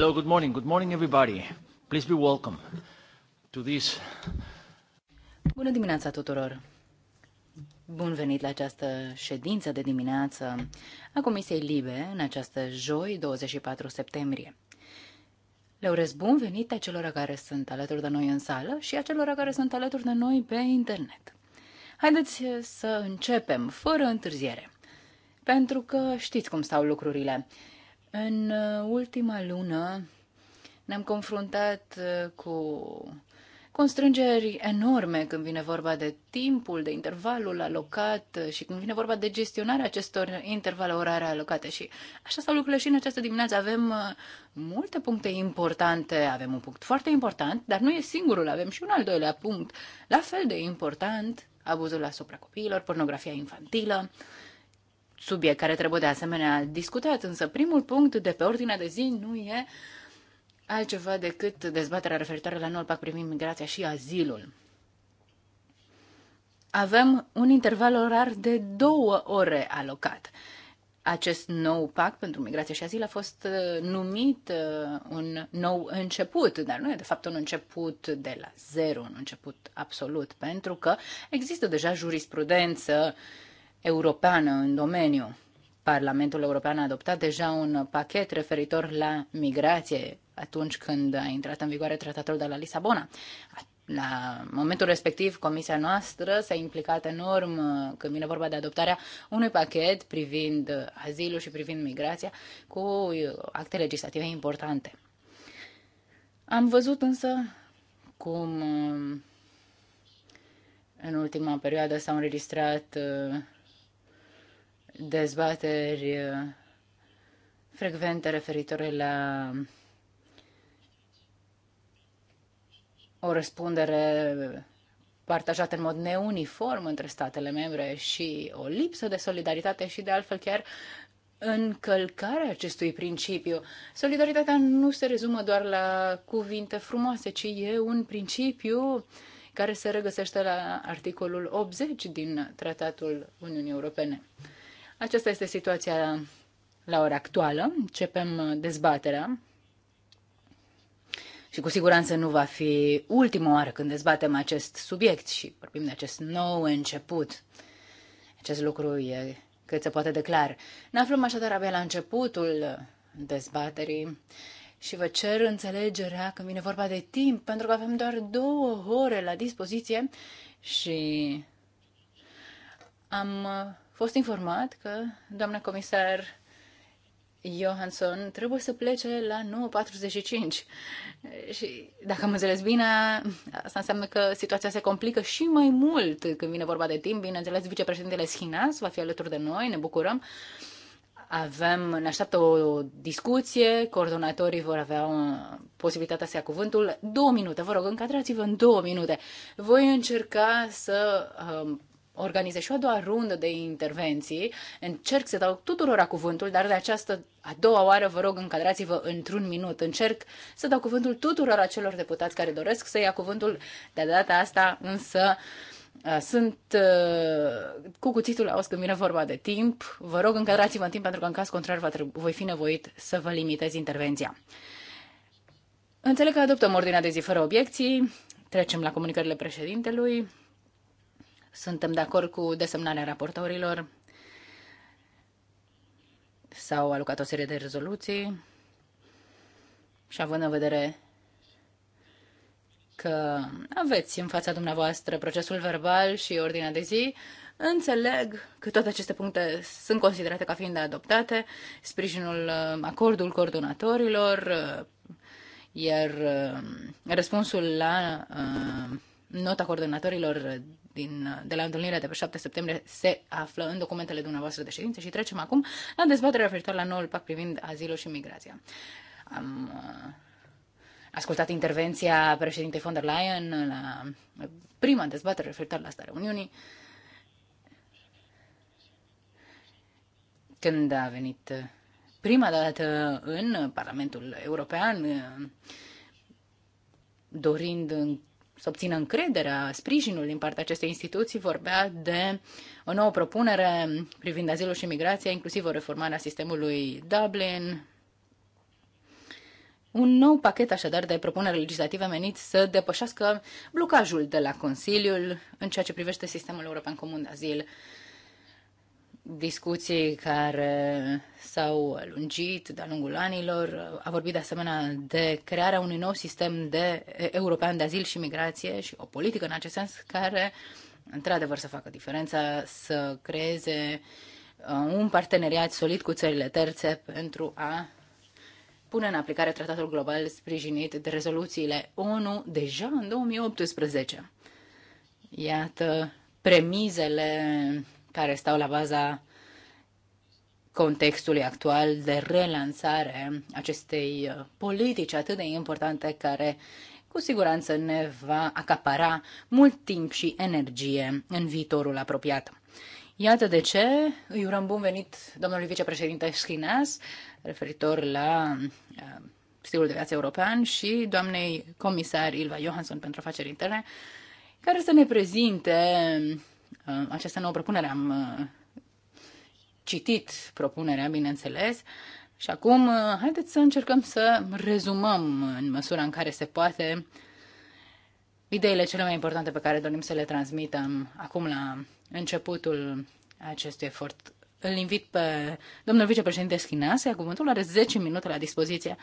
Hello, good morning. Good morning, everybody. Please be welcome to this. Bună dimineața tuturor! Bun venit la această ședință de dimineață a Comisiei Libe în această joi, 24 septembrie. Le urez bun venit acelor care sunt alături de noi în sală și acelor care sunt alături de noi pe internet. Haideți să începem fără întârziere, pentru că știți cum stau lucrurile. În uh, ultima lună ne-am confruntat uh, cu constrângeri enorme când vine vorba de timpul, de intervalul alocat uh, și când vine vorba de gestionarea acestor intervale orare alocate. Și așa stau lucrurile și în această dimineață. Avem multe puncte importante, avem un punct foarte important, dar nu e singurul, avem și un al doilea punct, la fel de important, abuzul asupra copiilor, pornografia infantilă subiect care trebuie de asemenea discutat, însă primul punct de pe ordinea de zi nu e altceva decât dezbaterea referitoare la noul pact privind migrația și azilul. Avem un interval orar de două ore alocat. Acest nou pact pentru migrație și azil a fost uh, numit uh, un nou început, dar nu e de fapt un început de la zero, un început absolut, pentru că există deja jurisprudență uh, europeană în domeniu. Parlamentul European a adoptat deja un pachet referitor la migrație atunci când a intrat în vigoare tratatul de la Lisabona. La momentul respectiv, comisia noastră s-a implicat enorm când vine vorba de adoptarea unui pachet privind azilul și privind migrația cu acte legislative importante. Am văzut însă cum în ultima perioadă s-au înregistrat dezbateri uh, frecvente referitoare la o răspundere partajată în mod neuniform între statele membre și o lipsă de solidaritate și de altfel chiar încălcarea acestui principiu. Solidaritatea nu se rezumă doar la cuvinte frumoase, ci e un principiu care se regăsește la articolul 80 din Tratatul Uniunii Europene. Aceasta este situația la ora actuală. Începem uh, dezbaterea. Și cu siguranță nu va fi ultima oară când dezbatem acest subiect și vorbim de acest nou început. Acest lucru e cât se poate de clar. Ne aflăm așadar abia la începutul dezbaterii și vă cer înțelegerea când vine vorba de timp, pentru că avem doar două ore la dispoziție și am uh, fost informat că doamna comisar Johansson trebuie să plece la 9.45. Și dacă am înțeles bine, asta înseamnă că situația se complică și mai mult când vine vorba de timp. Bineînțeles, vicepreședintele Schinas va fi alături de noi, ne bucurăm. Avem, ne așteaptă o discuție, coordonatorii vor avea o, uh, posibilitatea să ia cuvântul. Două minute, vă rog, încadrați-vă în două minute. Voi încerca să uh, Organizez și o a doua rundă de intervenții. Încerc să dau tuturora cuvântul, dar de această a doua oară vă rog încadrați-vă într-un minut. Încerc să dau cuvântul tuturor acelor deputați care doresc să ia cuvântul. De data asta însă sunt uh, cu cuțitul la os când vine vorba de timp. Vă rog încadrați-vă în timp pentru că în caz contrar va voi fi nevoit să vă limitez intervenția. Înțeleg că adoptăm ordinea de zi fără obiecții. Trecem la comunicările președintelui. Suntem de acord cu desemnarea raportorilor. S-au alocat o serie de rezoluții și având în vedere că aveți în fața dumneavoastră procesul verbal și ordinea de zi, Înțeleg că toate aceste puncte sunt considerate ca fiind adoptate, sprijinul, uh, acordul coordonatorilor, uh, iar uh, răspunsul la Nota coordonatorilor din, de la întâlnirea de pe 7 septembrie se află în documentele dumneavoastră de ședință și trecem acum la dezbaterea referitoare la noul pact privind azilul și migrația. Am uh, ascultat intervenția președintei von der Leyen la prima dezbatere referitoare la starea Uniunii. Când a venit prima dată în Parlamentul European, uh, dorind să obțină încrederea, sprijinul din partea acestei instituții, vorbea de o nouă propunere privind azilul și migrația, inclusiv o reformare a sistemului Dublin. Un nou pachet așadar de propuneri legislative menit să depășească blocajul de la Consiliul în ceea ce privește sistemul european comun de azil discuții care s-au lungit de-a lungul anilor. A vorbit de asemenea de crearea unui nou sistem de european de azil și migrație și o politică în acest sens care, într-adevăr, să facă diferența, să creeze uh, un parteneriat solid cu țările terțe pentru a pune în aplicare tratatul global sprijinit de rezoluțiile ONU deja în 2018. Iată premizele care stau la baza contextului actual de relansare acestei uh, politici atât de importante care cu siguranță ne va acapara mult timp și energie în viitorul apropiat. Iată de ce îi urăm bun venit domnului vicepreședinte Schinas, referitor la uh, stilul de viață european și doamnei comisar Ilva Johansson pentru afaceri interne, care să ne prezinte Uh, această nouă propunere. Am uh, citit propunerea, bineînțeles, și acum uh, haideți să încercăm să rezumăm în măsura în care se poate ideile cele mai importante pe care dorim să le transmitem acum la începutul acestui efort. Îl invit pe domnul vicepreședinte Schina să ia cuvântul, are 10 minute la dispoziție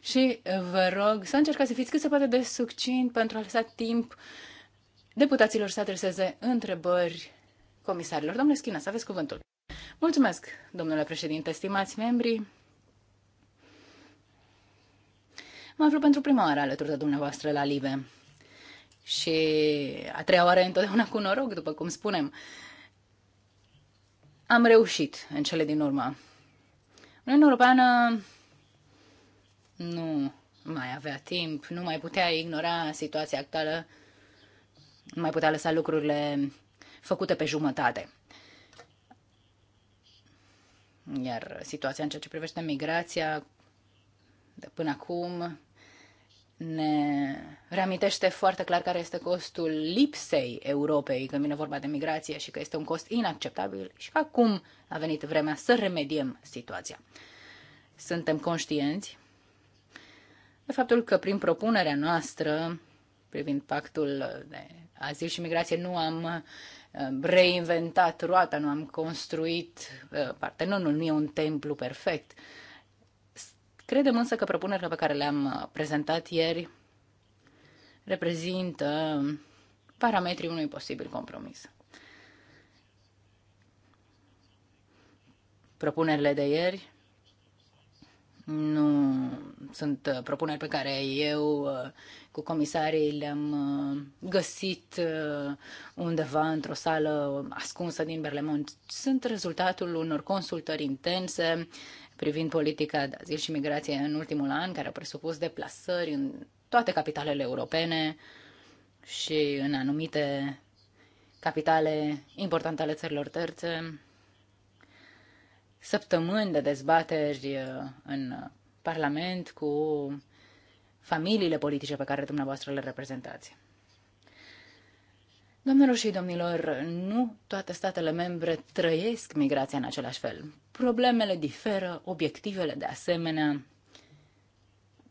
și vă rog să încercați să fiți cât se poate de succint pentru a lăsa timp uh, deputaților să adreseze întrebări comisarilor. Domnule Schina, să aveți cuvântul. Mulțumesc, domnule președinte, stimați membri. Mă aflu pentru prima oară alături de dumneavoastră la Live. Și a treia oară întotdeauna cu noroc, după cum spunem. Am reușit în cele din urmă. Uniunea Europeană nu mai avea timp, nu mai putea ignora situația actuală nu mai putea lăsa lucrurile făcute pe jumătate. Iar situația în ceea ce privește migrația de până acum ne reamintește foarte clar care este costul lipsei Europei când vine vorba de migrație și că este un cost inacceptabil și că acum a venit vremea să remediem situația. Suntem conștienți de faptul că prin propunerea noastră privind pactul de azil și migrație nu am uh, reinventat roata, nu am construit uh, Partenonul, nu e un templu perfect. Credem însă că propunerile pe care le-am uh, prezentat ieri reprezintă parametrii unui posibil compromis. Propunerile de ieri nu sunt uh, propuneri pe care eu uh, cu comisarii le-am uh, găsit undeva într-o sală ascunsă din Berlemont. Sunt rezultatul unor consultări intense privind politica de azil și migrație în ultimul an, care au presupus deplasări în toate capitalele europene și în anumite capitale importante ale țărilor terțe săptămâni de dezbateri uh, în Parlament cu familiile politice pe care dumneavoastră le reprezentați. Domnilor și domnilor, nu toate statele membre trăiesc migrația în același fel. Problemele diferă, obiectivele de asemenea.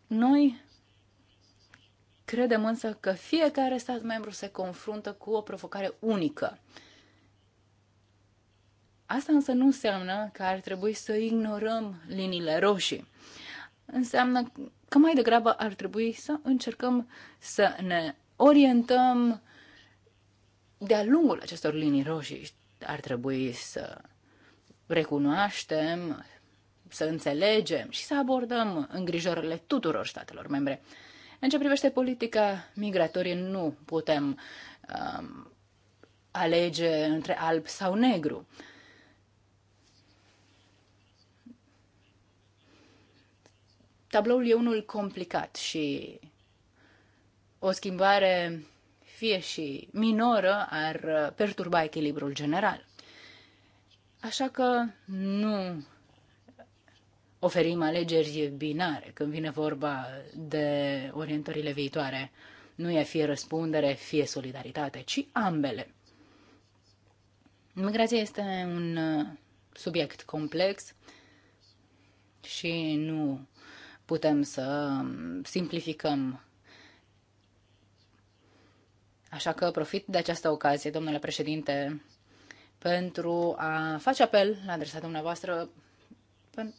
Noi credem însă că fiecare stat membru se confruntă cu o provocare unică Asta însă nu înseamnă că ar trebui să ignorăm liniile roșii. Înseamnă că mai degrabă ar trebui să încercăm să ne orientăm de-a lungul acestor linii roșii. Ar trebui să recunoaștem, să înțelegem și să abordăm îngrijorările tuturor statelor membre. În ce privește politica migratorie, nu putem um, alege între alb sau negru. Uh, tabloul e unul complicat și o schimbare, fie și minoră, ar uh, perturba echilibrul general. Așa că nu oferim alegeri binare când vine vorba de orientările viitoare. Nu e fie răspundere, fie solidaritate, ci ambele. Migrația este un uh, subiect complex și nu putem să simplificăm. Așa că profit de această ocazie, domnule președinte, pentru a face apel la adresa dumneavoastră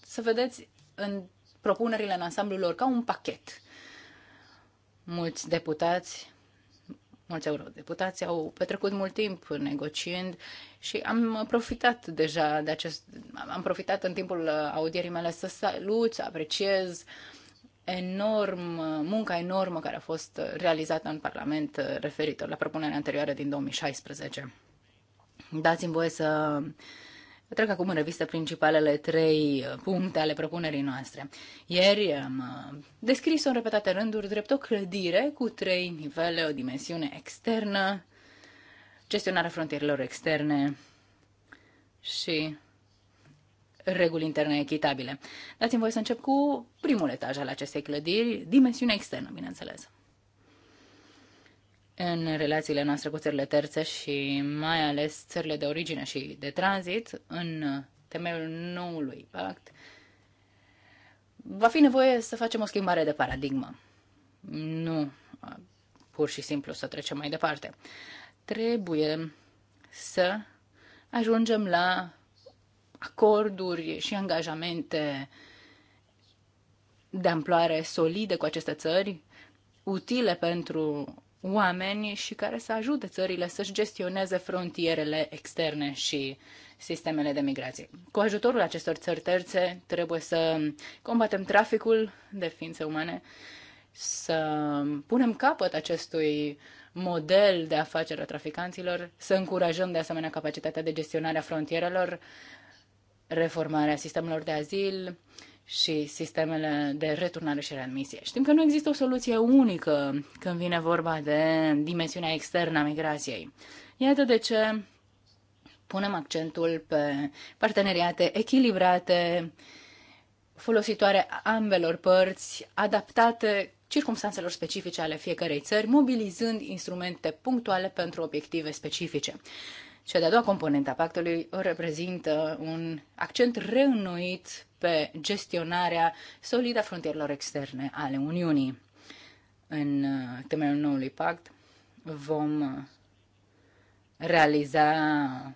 să vedeți în propunerile în ansamblul lor ca un pachet. Mulți deputați Mulți eurodeputați au petrecut mult timp negociind și am profitat deja de acest... Am profitat în timpul audierii mele să salut, să apreciez enorm, munca enormă care a fost realizată în Parlament referitor la propunerea anterioară din 2016. Dați-mi voie să Trec acum în revistă principalele trei uh, puncte ale propunerii noastre. Ieri am uh, descris-o în repetate rânduri drept o clădire cu trei nivele, o dimensiune externă, gestionarea frontierelor externe și reguli interne echitabile. Dați-mi voi să încep cu primul etaj al acestei clădiri, dimensiunea externă, bineînțeles în relațiile noastre cu țările terțe și mai ales țările de origine și de tranzit în temeiul noului pact, va fi nevoie să facem o schimbare de paradigmă. Nu pur și simplu să trecem mai departe. Trebuie să ajungem la acorduri și angajamente de amploare solide cu aceste țări, utile pentru oameni și care să ajute țările să-și gestioneze frontierele externe și sistemele de migrație. Cu ajutorul acestor țări terțe trebuie să combatem traficul de ființe umane, să punem capăt acestui model de afacere a traficanților, să încurajăm de asemenea capacitatea de gestionare a frontierelor, reformarea sistemelor de azil, și sistemele de returnare și readmisie. Știm că nu există o soluție unică când vine vorba de dimensiunea externă a migrației. Iată de ce punem accentul pe parteneriate echilibrate, folositoare ambelor părți, adaptate circumstanțelor specifice ale fiecarei țări, mobilizând instrumente punctuale pentru obiective specifice. Cea de-a doua componentă a pactului reprezintă un accent reînnoit pe gestionarea solidă a frontierelor externe ale Uniunii. În uh, temeiul noului pact vom uh, realiza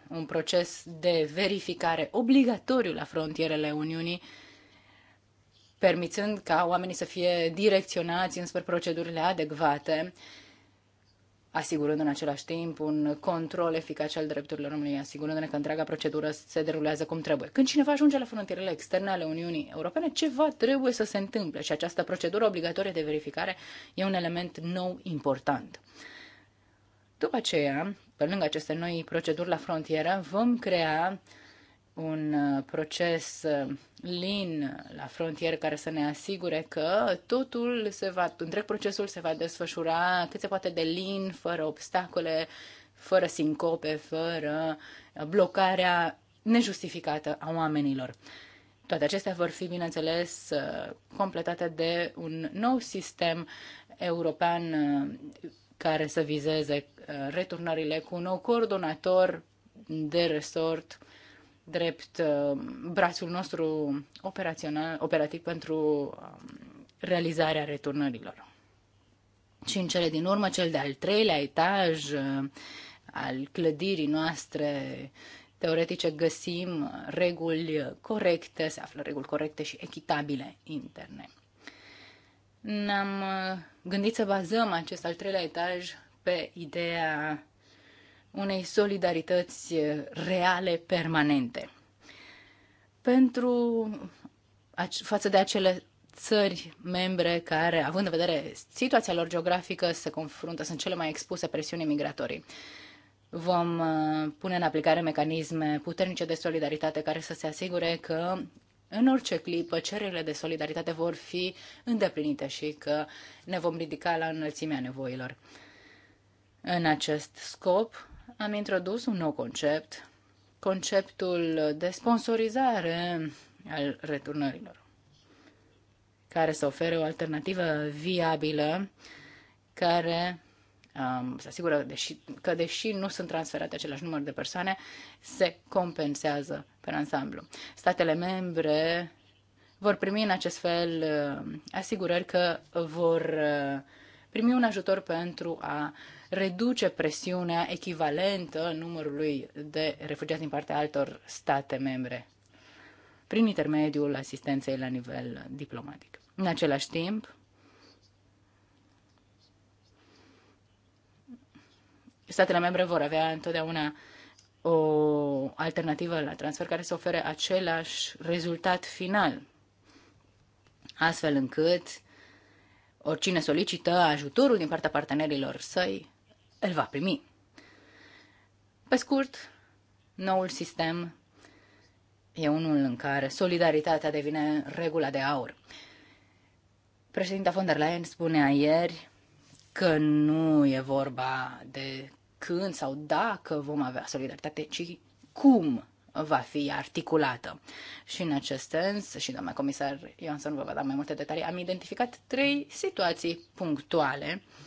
un proces de verificare obligatoriu la frontierele Uniunii, permițând ca oamenii să fie direcționați înspre procedurile adecvate asigurând în același timp un control eficace al drepturilor omului, asigurându-ne că întreaga procedură se derulează cum trebuie. Când cineva ajunge la frontierele externe ale Uniunii Europene, ceva trebuie să se întâmple și această procedură obligatorie de verificare e un element nou important. După aceea, pe lângă aceste noi proceduri la frontieră, vom crea uh, un uh, proces uh, lin la frontier care să ne asigure că totul se va, întreg procesul se va desfășura cât se poate de lin, fără obstacole, fără sincope, fără uh, blocarea nejustificată a oamenilor. Toate acestea vor fi, bineînțeles, completate de un nou sistem european care să vizeze returnările cu un nou coordonator de resort drept uh, brațul nostru operațional, operativ pentru um, realizarea returnărilor. Și în cele din urmă, cel de-al treilea etaj uh, al clădirii noastre teoretice găsim reguli corecte, se află reguli corecte și echitabile interne. Ne-am uh, gândit să bazăm acest al treilea etaj pe ideea unei solidarități eh, reale, permanente. Pentru față de acele țări membre care, având în vedere situația lor geografică, se confruntă, sunt cele mai expuse presiunii migratorii. Vom eh, pune în aplicare mecanisme puternice de solidaritate care să se asigure că în orice clipă cererile de solidaritate vor fi îndeplinite și că ne vom ridica la înălțimea nevoilor. În acest scop, am introdus un nou concept, conceptul de sponsorizare al returnărilor, care să ofere o alternativă viabilă care um, se asigură deși, că deși nu sunt transferate același număr de persoane, se compensează pe ansamblu. Statele membre vor primi în acest fel uh, asigurări că vor uh, primi un ajutor pentru a reduce presiunea echivalentă numărului de refugiați din partea altor state membre prin intermediul asistenței la nivel diplomatic. În același timp, statele membre vor avea întotdeauna o alternativă la transfer care să ofere același rezultat final, astfel încât oricine solicită ajutorul din partea partenerilor săi îl va primi. Pe scurt, noul sistem e unul în care solidaritatea devine regula de aur. Președinta von der Leyen spunea ieri că nu e vorba de când sau dacă vom avea solidaritate, ci cum va fi articulată. Și în acest sens, și doamna comisar eu să nu vă va da mai multe detalii, am identificat trei situații punctuale uh,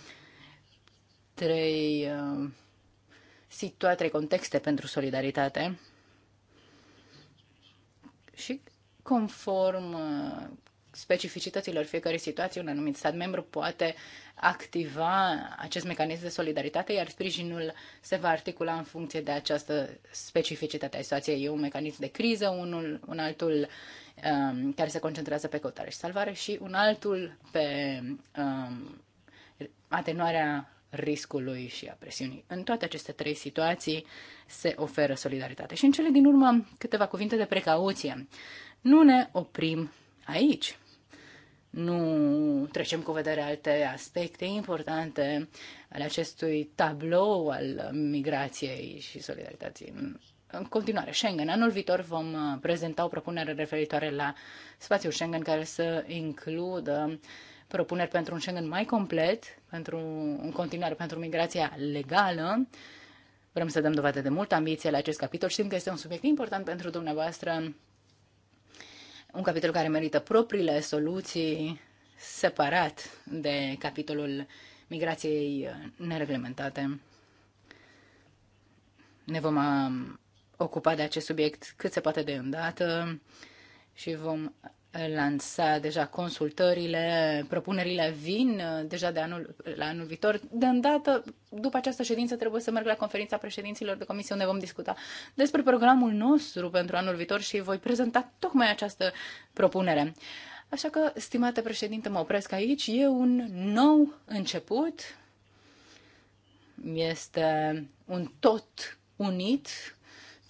trei uh, situații, trei contexte pentru solidaritate și conform uh, specificităților fiecărei situații, un anumit stat membru poate activa acest mecanism de solidaritate, iar sprijinul se va articula în funcție de această specificitate a situației. E un mecanism de criză, unul, un altul um, care se concentrează pe căutare și salvare și un altul pe um, atenuarea riscului și a presiunii. În toate aceste trei situații se oferă solidaritate. Și în cele din urmă, câteva cuvinte de precauție. Nu ne oprim aici. Nu trecem cu vedere alte aspecte importante ale acestui tablou al migrației și solidarității. În continuare, Schengen. Anul viitor vom prezenta o propunere referitoare la spațiul Schengen care să includă propuneri pentru un Schengen mai complet pentru, în continuare pentru migrația legală. Vrem să dăm dovadă de multă ambiție la acest capitol. Știm că este un subiect important pentru dumneavoastră, un capitol care merită propriile soluții separat de capitolul migrației nereglementate. Ne vom um, ocupa de acest subiect cât se poate de îndată și vom lansa deja consultările, propunerile vin uh, deja de anul, la anul viitor. De îndată, după această ședință, trebuie să merg la conferința președinților de comisie unde vom discuta despre programul nostru pentru anul viitor și voi prezenta tocmai această propunere. Așa că, stimate președinte, mă opresc aici. E un nou început. Este un tot unit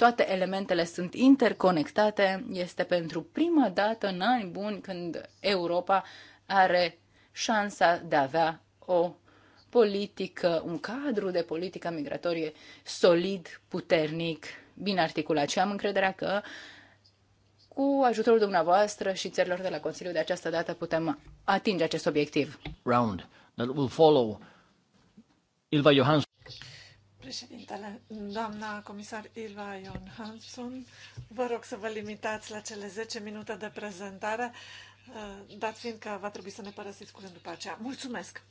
toate elementele sunt interconectate. Este pentru prima dată în ani buni când Europa are șansa de a avea o politică, un cadru de politică migratorie solid, puternic, bine articulat. Și am încrederea că cu ajutorul dumneavoastră și țărilor de la Consiliu de această dată putem atinge acest obiectiv. Round that will follow Ilva Johansson. Președintele, doamna comisar Ilva Ion Hansson, vă rog să vă limitați la cele 10 minute de prezentare, uh, dat fiind că va trebui să ne părăsiți curând după aceea. Mulțumesc!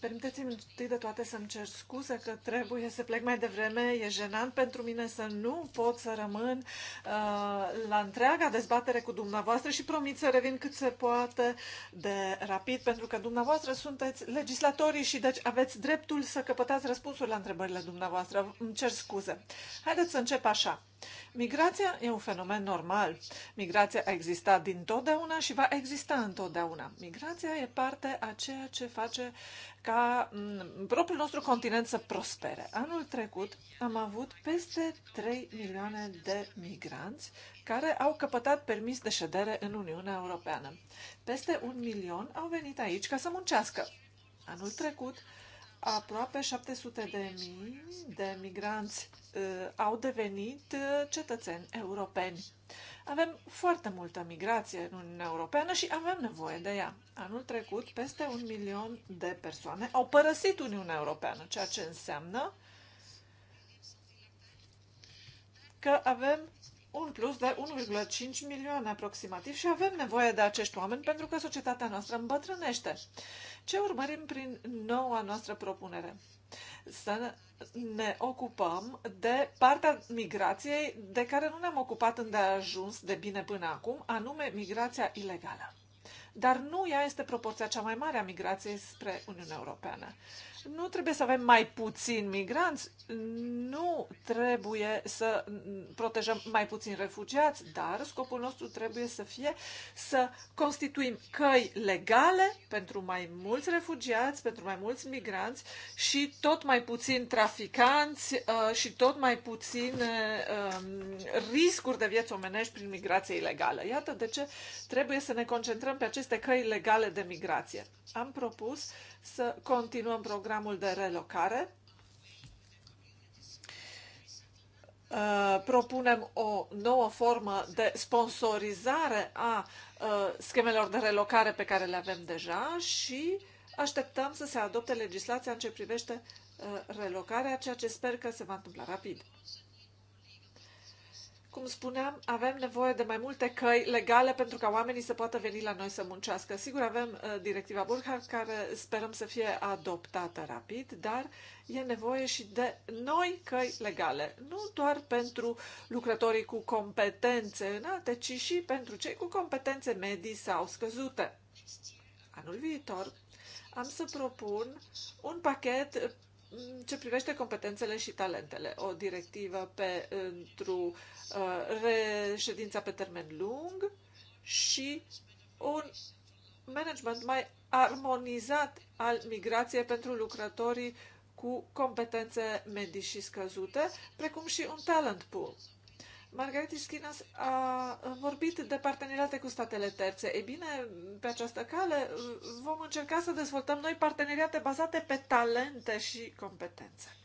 Permiteți-mi întâi de toate să-mi cer scuze că trebuie să plec mai devreme. E jenant pentru mine să nu pot să rămân uh, la întreaga dezbatere cu dumneavoastră și promit să revin cât se poate de rapid, pentru că dumneavoastră sunteți legislatorii și deci aveți dreptul să căpătați răspunsuri la întrebările dumneavoastră. Îmi cer scuze. Haideți să încep așa. Migrația e un fenomen normal. Migrația a existat dintotdeauna și va exista întotdeauna. Migrația e parte a ceea ce face ca mm, propriul nostru continent să prospere. Anul trecut am avut peste 3 milioane de migranți care au căpătat permis de ședere în Uniunea Europeană. Peste un milion au venit aici ca să muncească. Anul trecut, aproape 700 de mii de migranți uh, au devenit uh, cetățeni europeni. Avem foarte multă migrație în Uniunea Europeană și avem nevoie de ea. Anul trecut, peste un milion de persoane au părăsit Uniunea Europeană, ceea ce înseamnă că avem un plus de 1,5 milioane aproximativ și avem nevoie de acești oameni pentru că societatea noastră îmbătrânește. Ce urmărim prin noua noastră propunere? Să ne ocupăm de partea migrației de care nu ne-am ocupat îndeajuns de bine până acum, anume migrația ilegală. Dar nu ea este proporția cea mai mare a migrației spre Uniunea Europeană nu trebuie să avem mai puțin migranți, nu trebuie să protejăm mai puțin refugiați, dar scopul nostru trebuie să fie să constituim căi legale pentru mai mulți refugiați, pentru mai mulți migranți și tot mai puțin traficanți uh, și tot mai puțin uh, um, riscuri de vieți omenești prin migrație ilegală. Iată de ce trebuie să ne concentrăm pe aceste căi legale de migrație. Am propus să continuăm programul programul de relocare. Uh, propunem o nouă formă de sponsorizare a uh, schemelor de relocare pe care le avem deja și așteptăm să se adopte legislația în ce privește uh, relocarea, ceea ce sper că se va întâmpla rapid. Cum spuneam, avem nevoie de mai multe căi legale pentru ca oamenii să poată veni la noi să muncească. Sigur, avem uh, directiva Burkhardt, care sperăm să fie adoptată rapid, dar e nevoie și de noi căi legale. Nu doar pentru lucrătorii cu competențe înalte, ci și pentru cei cu competențe medii sau scăzute. Anul viitor am să propun un pachet ce privește competențele și talentele, o directivă pentru uh, reședința pe termen lung și un management mai armonizat al migrației pentru lucrătorii cu competențe medii și scăzute, precum și un talent pool. Margaritis Schinas a vorbit de parteneriate cu statele terțe. E bine, pe această cale vom încerca să dezvoltăm noi parteneriate bazate pe talente și competențe.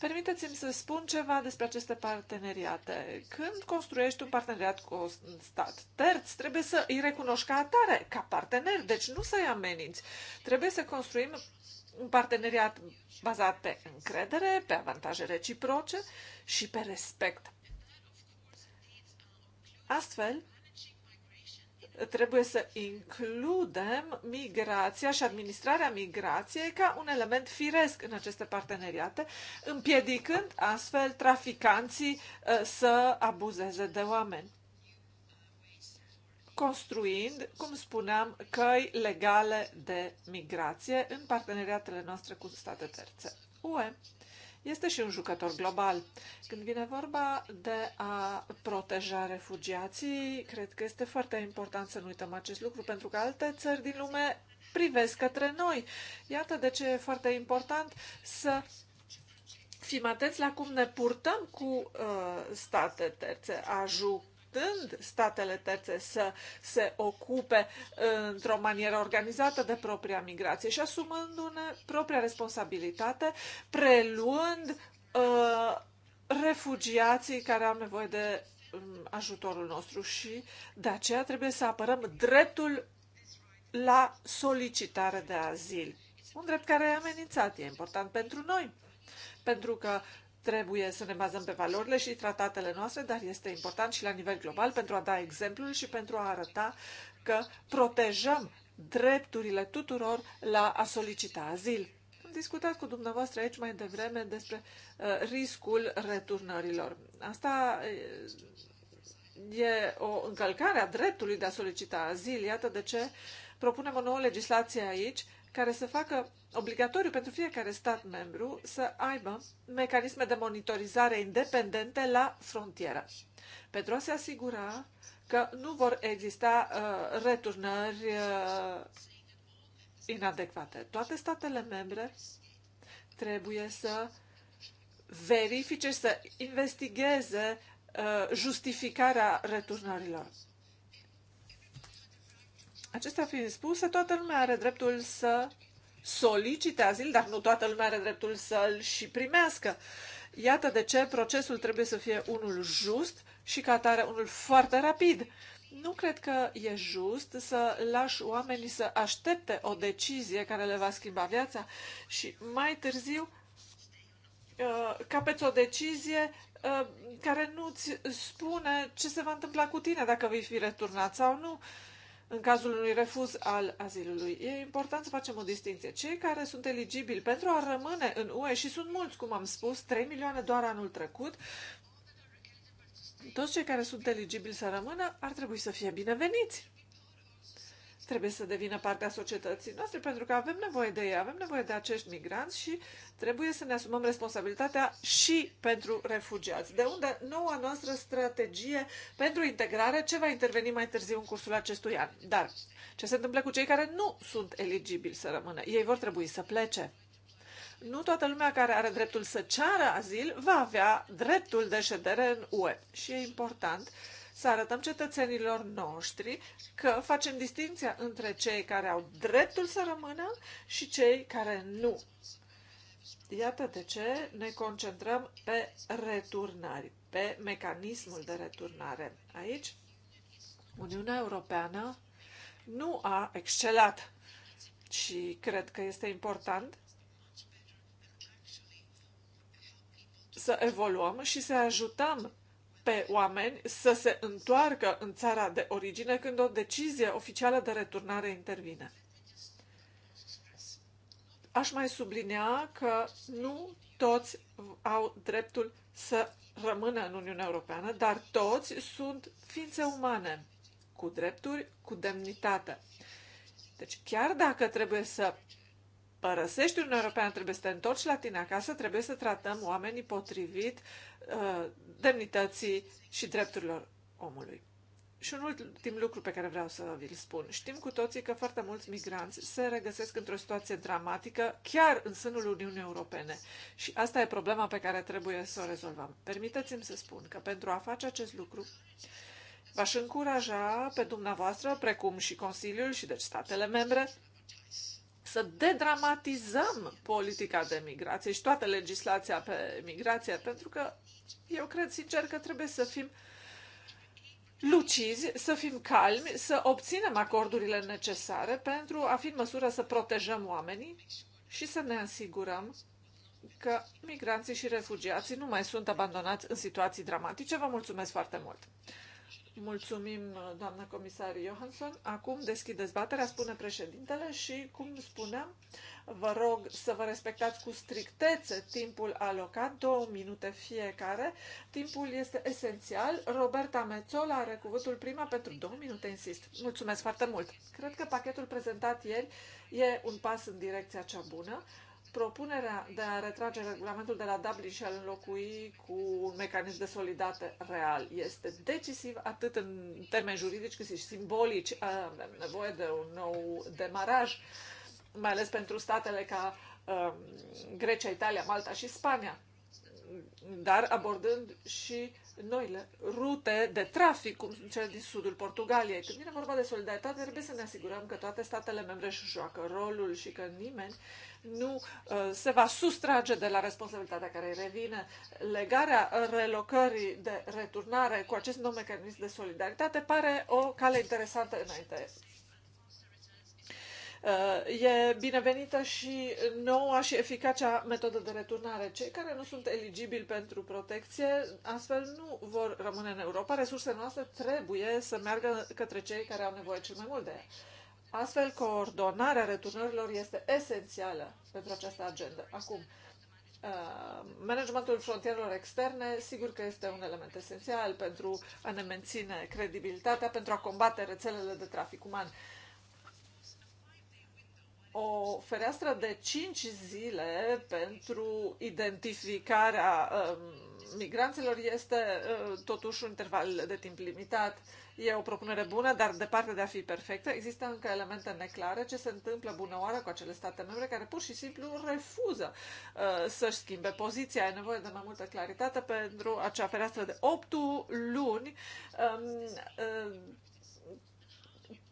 Permiteți-mi să spun ceva despre aceste parteneriate. Când construiești un parteneriat cu un stat terț, trebuie să îi recunoști ca atare, ca partener, deci nu să-i ameninți. Trebuie să construim un parteneriat bazat pe încredere, pe avantaje reciproce și pe respect. Astfel, trebuie să includem migrația și administrarea migrației ca un element firesc în aceste parteneriate, împiedicând astfel traficanții uh, să abuzeze de oameni construind, cum spuneam, căi legale de migrație în parteneriatele noastre cu state terțe. UE este și un jucător global. Când vine vorba de a proteja refugiații, cred că este foarte important să nu uităm acest lucru, pentru că alte țări din lume privesc către noi. Iată de ce e foarte important să fim atenți la cum ne purtăm cu uh, state terțe. A juca așteptând statele terțe să se ocupe uh, într-o manieră organizată de propria migrație și asumându-ne propria responsabilitate, preluând uh, refugiații care au nevoie de um, ajutorul nostru și de aceea trebuie să apărăm dreptul la solicitare de azil. Un drept care e amenințat, e important pentru noi, pentru că Trebuie să ne bazăm pe valorile și tratatele noastre, dar este important și la nivel global pentru a da exemplul și pentru a arăta că protejăm drepturile tuturor la a solicita azil. Am discutat cu dumneavoastră aici mai devreme despre uh, riscul returnărilor. Asta uh, e o încălcare a dreptului de a solicita azil. Iată de ce propunem o nouă legislație aici care să facă obligatoriu pentru fiecare stat membru să aibă mecanisme de monitorizare independente la frontieră, pentru a se asigura că nu vor exista uh, returnări uh, inadecvate. Toate statele membre trebuie să verifice, să investigheze uh, justificarea returnărilor. Acestea fiind spuse, toată lumea are dreptul să solicite azil, dar nu toată lumea are dreptul să-l și primească. Iată de ce procesul trebuie să fie unul just și ca atare unul foarte rapid. Nu cred că e just să lași oamenii să aștepte o decizie care le va schimba viața și mai târziu uh, capeți o decizie uh, care nu-ți spune ce se va întâmpla cu tine, dacă vei fi returnat sau nu. Uh, în cazul unui refuz al azilului. E important să facem o distinție. Cei care sunt eligibili pentru a rămâne în UE și sunt mulți, cum am spus, 3 milioane doar anul trecut, toți cei care sunt eligibili să rămână ar trebui să fie bineveniți trebuie să devină partea societății noastre, pentru că avem nevoie de ei, avem nevoie de acești migranți și trebuie să ne asumăm responsabilitatea și pentru refugiați. De unde noua noastră strategie pentru integrare, ce va interveni mai târziu în cursul acestui an. Dar ce se întâmplă cu cei care nu sunt eligibili să rămână? Ei vor trebui să plece. Nu toată lumea care are dreptul să ceară azil va avea dreptul de ședere în UE. Și e important uh, să arătăm cetățenilor noștri că facem distinția între cei care au dreptul să rămână și cei care nu. Iată de ce ne concentrăm pe returnări, pe mecanismul de returnare. Aici, Uniunea Europeană nu a excelat și cred că este important să evoluăm și să ajutăm pe oameni să se întoarcă în țara de origine când o decizie oficială de returnare intervine. Aș mai sublinia că nu toți au dreptul să rămână în Uniunea Europeană, dar toți sunt ființe umane, cu drepturi, cu demnitate. Deci chiar dacă trebuie să părăsești Uniunea Europeană, trebuie să te întorci la tine acasă, trebuie să tratăm oamenii potrivit uh, demnității și drepturilor omului. Și un ultim lucru pe care vreau să vi-l spun. Știm cu toții că foarte mulți migranți se regăsesc într-o situație dramatică chiar în sânul Uniunii Europene. Și asta e problema pe care trebuie să o rezolvăm. Permiteți-mi să spun că pentru a face acest lucru, v-aș încuraja pe dumneavoastră, precum și Consiliul și deci statele membre, să dedramatizăm politica de migrație și toată legislația pe migrație, pentru că eu cred sincer că trebuie să fim lucizi, să fim calmi, să obținem acordurile necesare pentru a fi în măsură să protejăm oamenii și să ne asigurăm că migranții și refugiații nu mai sunt abandonați în situații dramatice. Vă mulțumesc foarte mult! Mulțumim, doamnă comisar Johansson. Acum deschid dezbaterea, spune președintele și, cum spuneam, vă rog să vă respectați cu strictețe timpul alocat, două minute fiecare. Timpul este esențial. Roberta Mețola are cuvântul prima pentru două minute, insist. Mulțumesc foarte mult. Cred că pachetul prezentat ieri e un pas în direcția cea bună. Propunerea de a retrage regulamentul de la Dublin și a înlocui cu un mecanism de solidate real este decisiv atât în termeni juridici cât și simbolici. Avem nevoie de un nou demaraj, mai ales pentru statele ca um, Grecia, Italia, Malta și Spania, dar abordând și noile rute de trafic, cum sunt cele din sudul Portugaliei. Când vine vorba de solidaritate, trebuie să ne asigurăm că toate statele membre își joacă rolul și că nimeni nu uh, se va sustrage de la responsabilitatea care îi revine. Legarea relocării de returnare cu acest nou mecanism de solidaritate pare o cale interesantă înainte uh, e binevenită și noua și eficacea metodă de returnare. Cei care nu sunt eligibili pentru protecție, astfel nu vor rămâne în Europa. Resursele noastre trebuie să meargă către cei care au nevoie cel mai mult de ea. Astfel, coordonarea returnărilor este esențială pentru această agendă. Acum, uh, managementul frontierelor externe, sigur că este un element esențial pentru a ne menține credibilitatea, pentru a combate rețelele de trafic uman. O fereastră de 5 zile pentru identificarea uh, migranților este uh, totuși un interval de timp limitat. E o propunere bună, dar departe de a fi perfectă. Există încă elemente neclare ce se întâmplă bună oară cu acele state membre care pur și simplu refuză uh, să-și schimbe poziția. E nevoie de mai multă claritate pentru acea fereastră de 8 luni. Um, uh,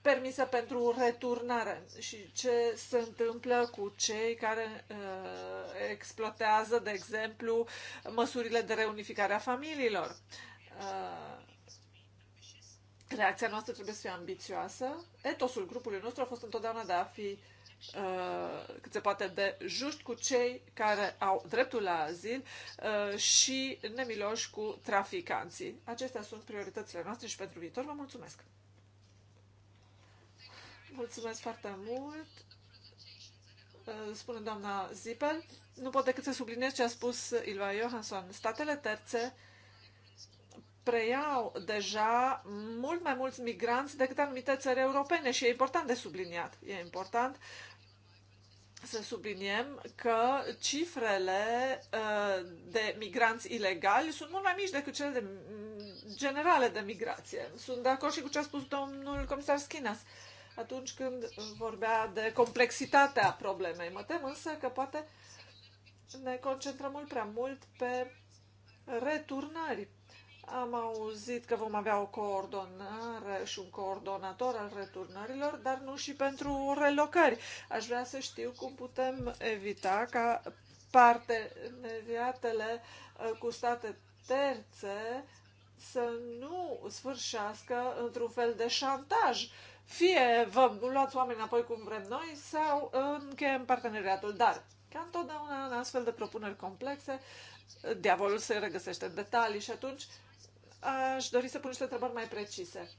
permisă pentru returnare și ce se întâmplă cu cei care uh, exploatează, de exemplu, măsurile de reunificare a familiilor. Uh, Reacția noastră trebuie să fie ambițioasă. Etosul grupului nostru a fost întotdeauna de a fi uh, cât se poate de just cu cei care au dreptul la azil uh, și nemiloși cu traficanții. Acestea sunt prioritățile noastre și pentru viitor. Vă mulțumesc! Mulțumesc foarte mult! Uh, spune doamna Zipel. Nu pot decât să subliniez ce a spus Ilva Johansson. Statele terțe preiau deja mult mai mulți migranți decât anumite țări europene și e important de subliniat. E important să subliniem că cifrele uh, de migranți ilegali sunt mult mai mici decât cele de mm, generale de migrație. Sunt de acord și cu ce a spus domnul comisar Schinas atunci când vorbea de complexitatea problemei. Mă tem însă că poate ne concentrăm mult prea mult pe returnări am auzit că vom avea o coordonare și un coordonator al returnărilor, dar nu și pentru relocări. Aș vrea să știu cum putem evita ca parteneriatele uh, cu state terțe să nu sfârșească într-un fel de șantaj. Fie vă luați oameni înapoi cum vrem noi sau încheiem parteneriatul. Dar, ca întotdeauna în astfel de propuneri complexe, diavolul se regăsește în detalii și atunci Aș dori să pun niște întrebări mai precise.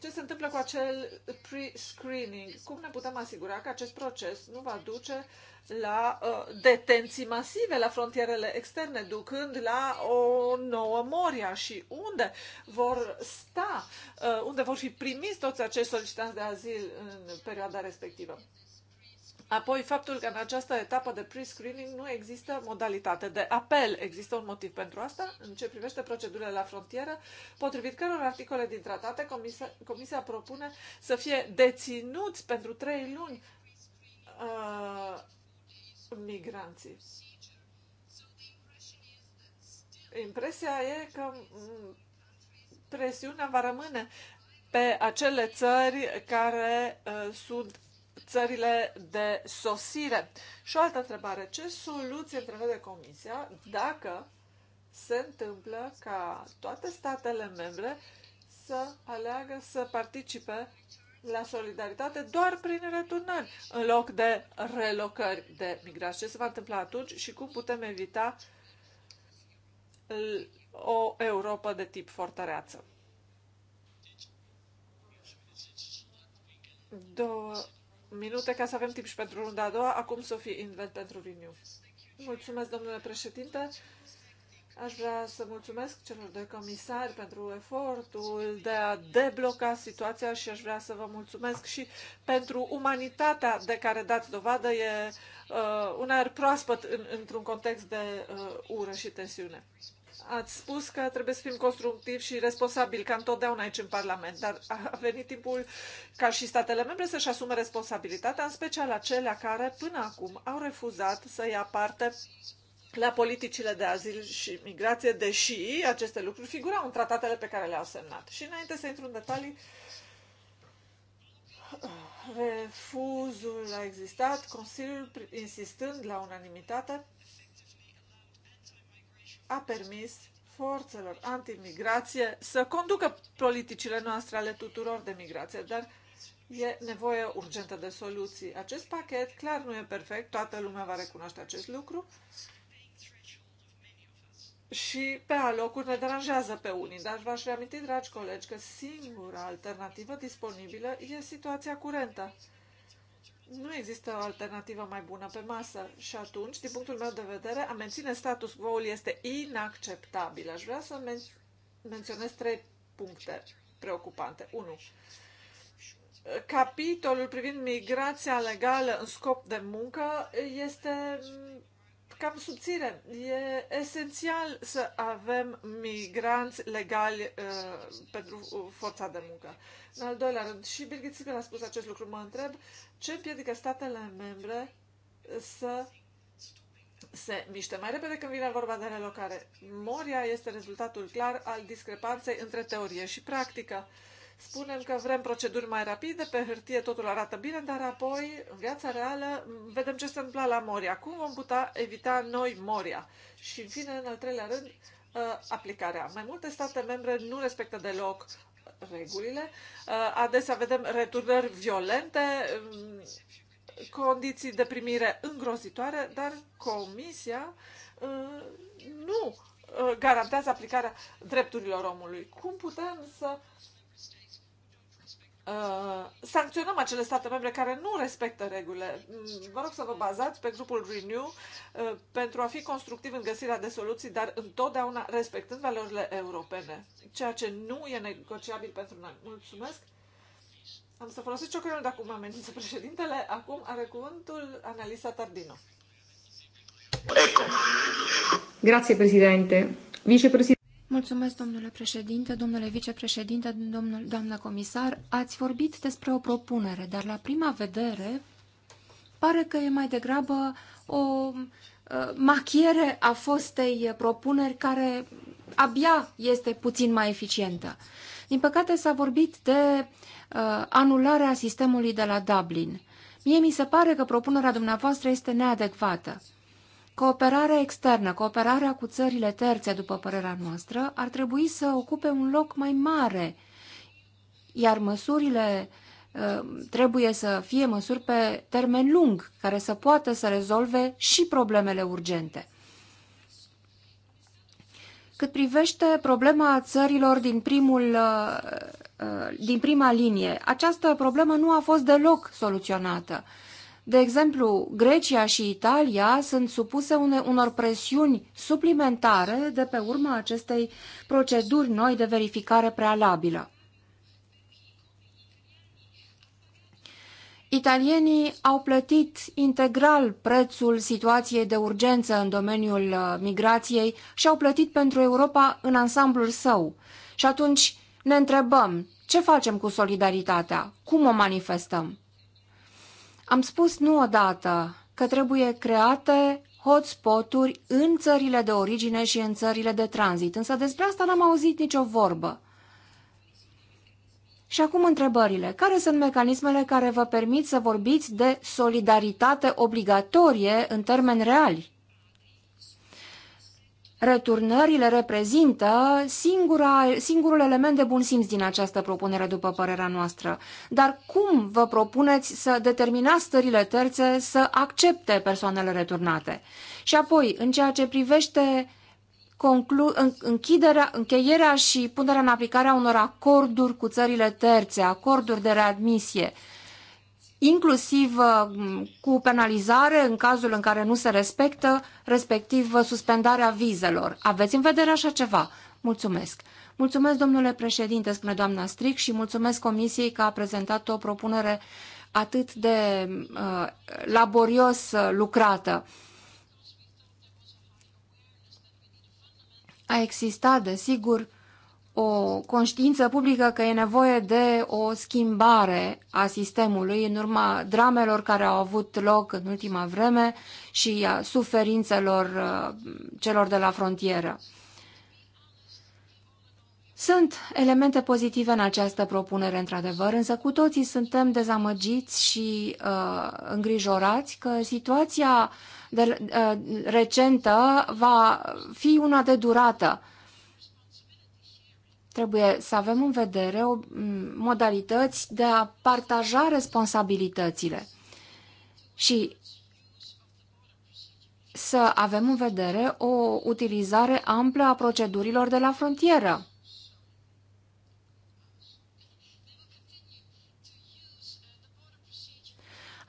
Ce se întâmplă cu acel pre-screening? Cum ne putem asigura că acest proces nu va duce la uh, detenții masive la frontierele externe, ducând la o nouă Moria și unde vor sta, uh, unde vor fi primiți toți acești solicitanți de azil în perioada respectivă? Apoi, faptul că în această etapă de pre-screening nu există modalitate de apel. Există un motiv pentru asta în ce privește procedurile la frontieră, potrivit căror articole din tratate, comisia, comisia propune să fie deținuți pentru trei luni uh, migranții. Impresia e că mm, presiunea va rămâne pe acele țări care uh, sunt țările de sosire. Și o altă întrebare. Ce soluție întrevede Comisia dacă se întâmplă ca toate statele membre să aleagă să participe la solidaritate doar prin returnări, în loc de relocări de migrați. Ce se va întâmpla atunci și cum putem evita o Europa de tip fortăreață? Două minute ca să avem timp și pentru runda a doua. Acum Sofie Invent pentru viniu. Mulțumesc, domnule președinte. Aș vrea să mulțumesc celor doi comisari pentru efortul de a debloca situația și aș vrea să vă mulțumesc și pentru umanitatea de care dați dovadă. E uh, un aer proaspăt în, într-un context de uh, ură și tensiune. Ați spus că trebuie să fim constructivi și responsabili, ca întotdeauna aici în Parlament, dar a venit timpul ca și statele membre să-și asume responsabilitatea, în special acelea care până acum au refuzat să ia parte la politicile de azil și migrație, deși aceste lucruri figurau în tratatele pe care le-au semnat. Și înainte să intru în detalii, refuzul a existat, Consiliul insistând la unanimitate a permis forțelor antimigrație să conducă politicile noastre ale tuturor de migrație, dar e nevoie urgentă de soluții. Acest pachet clar nu e perfect, toată lumea va recunoaște acest lucru și pe alocuri ne deranjează pe unii, dar v-aș reaminti, dragi colegi, că singura alternativă disponibilă e situația curentă nu există o alternativă mai bună pe masă și atunci, din punctul meu de vedere, a menține status quo-ul este inacceptabil. Aș vrea să men- menționez trei puncte preocupante. 1. Capitolul privind migrația legală în scop de muncă este cam subțire. E esențial să avem migranți legali uh, pentru uh, forța de muncă. În al doilea rând, și Birgit Sigur a spus acest lucru, mă întreb ce împiedică statele membre să se miște mai repede când vine vorba de relocare. Moria este rezultatul clar al discrepanței între teorie și practică. Uh, Spunem că vrem proceduri mai rapide, pe hârtie totul arată bine, dar apoi, în viața reală, vedem ce se întâmplă la Moria. Cum vom putea evita noi Moria? Și, în fine, în al treilea rând, uh, aplicarea. Mai multe state membre nu respectă deloc regulile. Uh, adesea vedem returnări violente, um, condiții de primire îngrozitoare, dar Comisia uh, nu garantează aplicarea drepturilor omului. Cum putem să Uh, sancționăm acele state membre care nu respectă regulile. Mm, vă rog să vă bazați pe grupul Renew uh, pentru a fi constructiv în găsirea de soluții, dar întotdeauna respectând valorile europene, ceea ce nu e negociabil pentru noi. Mulțumesc! Am să folosesc ciocanul, dacă acum amenință președintele. Acum are cuvântul Analisa Tardino. Ecco. Grazie, Presidente. Vicepresidente. Mulțumesc, domnule președinte, domnule vicepreședinte, domnul, doamnă comisar. Ați vorbit despre o propunere, dar la prima vedere pare că e mai degrabă o uh, machiere a fostei propuneri care abia este puțin mai eficientă. Din păcate s-a vorbit de uh, anularea sistemului de la Dublin. Mie mi se pare că propunerea dumneavoastră este neadecvată. Cooperarea externă, cooperarea cu țările terțe, după părerea noastră, ar trebui să ocupe un loc mai mare, iar măsurile ă, trebuie să fie măsuri pe termen lung, care să poată să rezolve și problemele urgente. Cât privește problema țărilor din, primul, ă, ă, din prima linie, această problemă nu a fost deloc soluționată. De exemplu, Grecia și Italia sunt supuse une, unor presiuni suplimentare de pe urma acestei proceduri noi de verificare prealabilă. Italienii au plătit integral prețul situației de urgență în domeniul uh, migrației și au plătit pentru Europa în ansamblul său. Și atunci ne întrebăm, ce facem cu solidaritatea? Cum o manifestăm? Am spus nu odată că trebuie create hotspoturi în țările de origine și în țările de tranzit, însă despre asta n-am auzit nicio vorbă. Și acum întrebările. Care sunt mecanismele care vă permit să vorbiți de solidaritate obligatorie în termeni reali? Returnările reprezintă singura, singurul element de bun simț din această propunere, după părerea noastră. Dar cum vă propuneți să determinați stările terțe să accepte persoanele returnate? Și apoi, în ceea ce privește conclu- închiderea, încheierea și punerea în aplicare a unor acorduri cu țările terțe, acorduri de readmisie, uh, inclusiv uh, cu penalizare în cazul în care nu se respectă, respectiv uh, suspendarea vizelor. Aveți în vedere așa ceva? Mulțumesc. Mulțumesc, domnule președinte, spune doamna Stric, și mulțumesc Comisiei că a prezentat o propunere atât de uh, laborios uh, lucrată. A existat, desigur, o conștiință publică că e nevoie de o schimbare a sistemului în urma dramelor care au avut loc în ultima vreme și a suferințelor uh, celor de la frontieră. Sunt elemente pozitive în această propunere, într-adevăr, însă cu toții suntem dezamăgiți și uh, îngrijorați că situația de, uh, recentă va fi una de durată. Uh, Trebuie să avem în vedere o, modalități de a partaja responsabilitățile și să avem în vedere o utilizare amplă a procedurilor de la frontieră.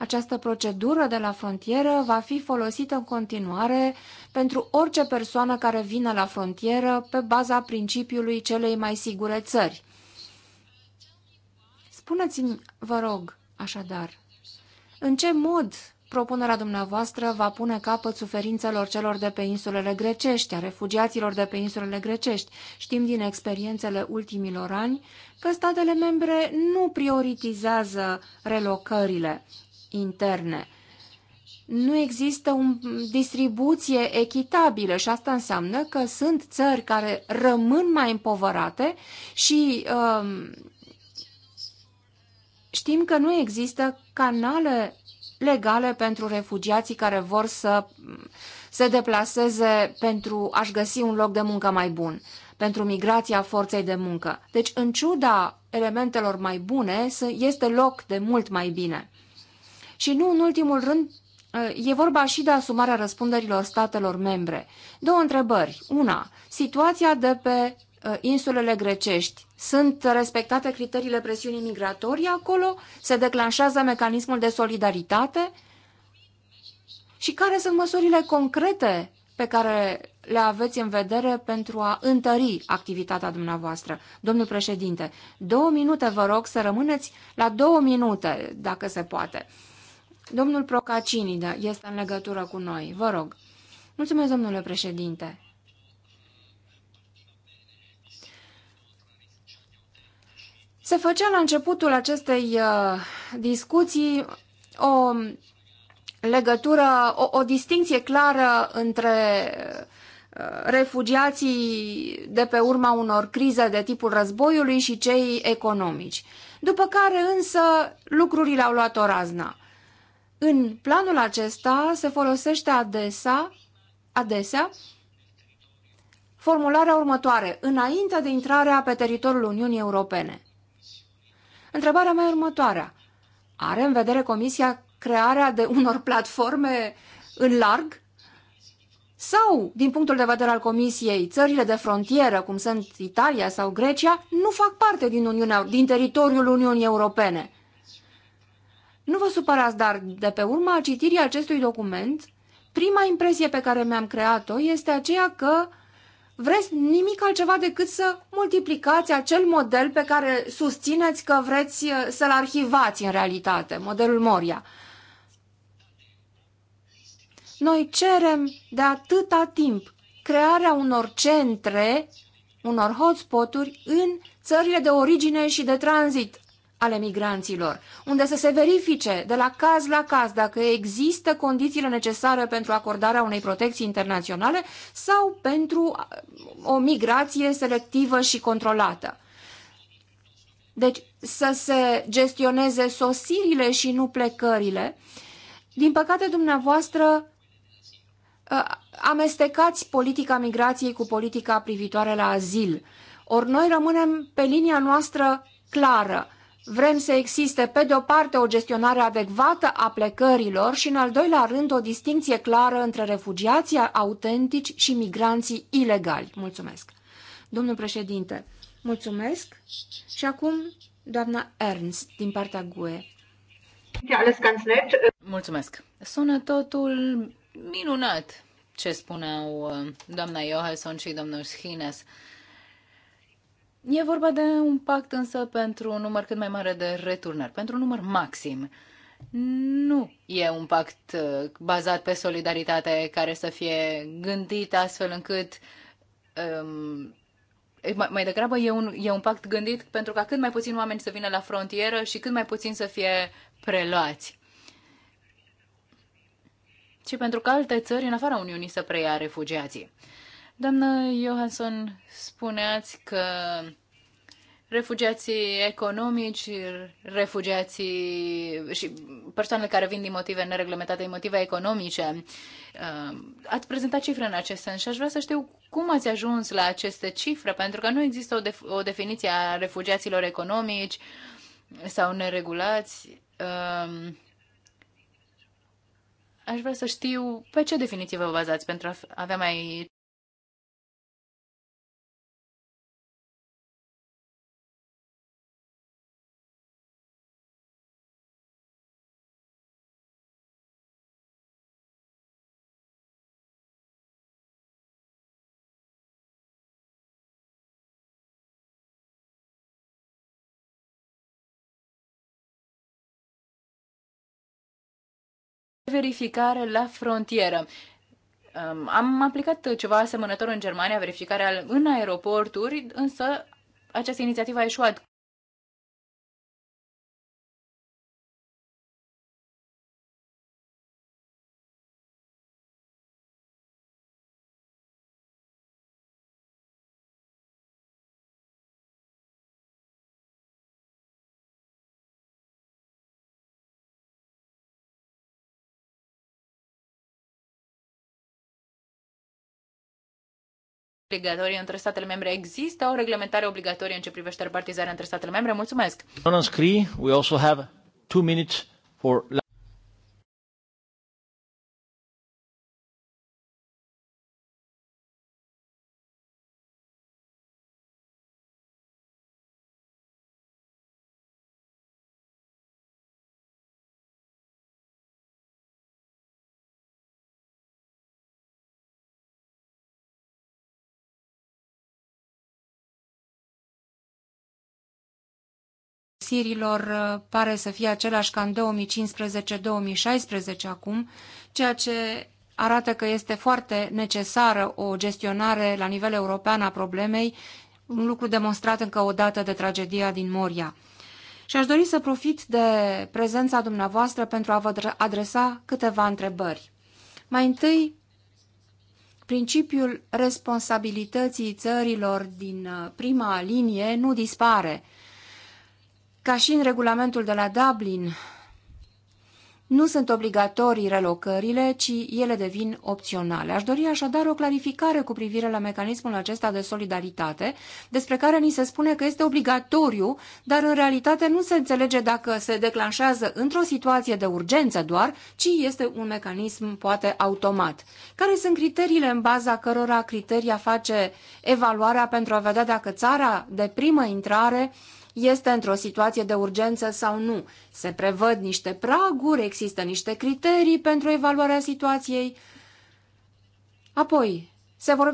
Această procedură de la frontieră va fi folosită în continuare pentru orice persoană care vine la frontieră pe baza principiului celei mai sigure țări. Spuneți-mi, vă rog, așadar, în ce mod propunerea dumneavoastră va pune capăt suferințelor celor de pe insulele grecești, a refugiaților de pe insulele grecești. Știm din experiențele ultimilor ani că statele membre nu prioritizează relocările interne. Nu există o distribuție echitabilă și asta înseamnă că sunt țări care rămân mai împovărate și um, știm că nu există canale legale pentru refugiații care vor să se deplaseze pentru a-și găsi un loc de muncă mai bun, pentru migrația forței de muncă. Deci, în ciuda elementelor mai bune, este loc de mult mai bine. Și nu în ultimul rând, uh, E vorba și de asumarea răspunderilor statelor membre. Două întrebări. Una, situația de pe uh, insulele grecești. Sunt respectate criteriile presiunii migratorii acolo? Se declanșează mecanismul de solidaritate? Și care sunt măsurile concrete pe care le aveți în vedere pentru a întări activitatea dumneavoastră. Domnul președinte, două minute vă rog să rămâneți la două minute, dacă se poate. Domnul Procacinida este în legătură cu noi. Vă rog. Mulțumesc, domnule președinte. Se făcea la începutul acestei uh, discuții o legătură, o, o distinție clară între uh, refugiații de pe urma unor crize de tipul războiului și cei economici. După care însă lucrurile au luat o razna. În planul acesta se folosește adesea, adesea formularea următoare, înainte de intrarea pe teritoriul Uniunii Europene. Întrebarea mea următoare: următoarea. Are în vedere Comisia crearea de unor platforme în larg? Sau, din punctul de vedere al Comisiei, țările de frontieră, cum sunt Italia sau Grecia, nu fac parte din, Uniunea, din teritoriul Uniunii Europene? Nu vă supărați, dar de pe urma citirii acestui document, prima impresie pe care mi-am creat-o este aceea că vreți nimic altceva decât să multiplicați acel model pe care susțineți că vreți uh, să-l arhivați în realitate, modelul Moria. Noi cerem de atâta timp crearea unor centre, unor hotspoturi în țările de origine și de tranzit ale migranților, unde să se verifice de la caz la caz dacă există condițiile necesare pentru acordarea unei protecții internaționale sau pentru uh, o migrație selectivă și controlată. Deci să se gestioneze sosirile și nu plecările. Din păcate, dumneavoastră uh, amestecați politica migrației cu politica privitoare la azil. Ori noi rămânem pe linia noastră clară Vrem să existe, pe de o parte, o gestionare adecvată a plecărilor și, în al doilea rând, o distinție clară între refugiații autentici și migranții ilegali. Mulțumesc. Domnul președinte, mulțumesc. Și acum, doamna Ernst, din partea GUE. Mulțumesc. Sună totul minunat ce spuneau uh, doamna Johansson și domnul Schines. E vorba de un pact însă pentru un număr cât mai mare de returnări, pentru un număr maxim. Nu e un pact uh, bazat pe solidaritate care să fie gândit astfel încât um, mai, mai degrabă e un, e un pact gândit pentru ca cât mai puțin oameni să vină la frontieră și cât mai puțin să fie preluați. Și pentru că alte țări în afara Uniunii să preia refugiații. Doamnă Johansson, spuneați că refugiații economici, refugiații și persoanele care vin din motive nereglementate, din motive economice. Uh, ați prezentat cifre în acest sens și aș vrea să știu cum ați ajuns la aceste cifre, pentru că nu există o, def- o definiție a refugiaților economici sau neregulați. Um, aș vrea să știu pe ce definiție vă bazați pentru a avea mai verificare la frontieră. Am aplicat ceva asemănător în Germania, verificarea în aeroporturi, însă această inițiativă a eșuat. obligatorie între statele membre. Există o reglementare obligatorie în ce privește repartizarea între statele membre? Mulțumesc! On screen, we also have two minutes for Sirilor uh, pare să fie același ca în 2015-2016 acum, ceea ce arată că este foarte necesară o gestionare la nivel european a problemei, un lucru demonstrat încă o dată de tragedia din Moria. Și aș dori să profit de prezența dumneavoastră pentru a vă adresa câteva întrebări. Mai întâi, principiul responsabilității țărilor din uh, prima linie nu dispare, ca și în regulamentul de la Dublin, nu sunt obligatorii relocările, ci ele devin opționale. Aș dori așadar o clarificare cu privire la mecanismul acesta de solidaritate, despre care ni se spune că este obligatoriu, dar în realitate nu se înțelege dacă se declanșează într-o situație de urgență doar, ci este un mecanism poate automat. Care sunt criteriile în baza cărora criteria face evaluarea pentru a vedea dacă țara de primă intrare uh, este într-o situație de urgență sau nu. Se prevăd niște praguri, există niște criterii pentru evaluarea situației. Apoi,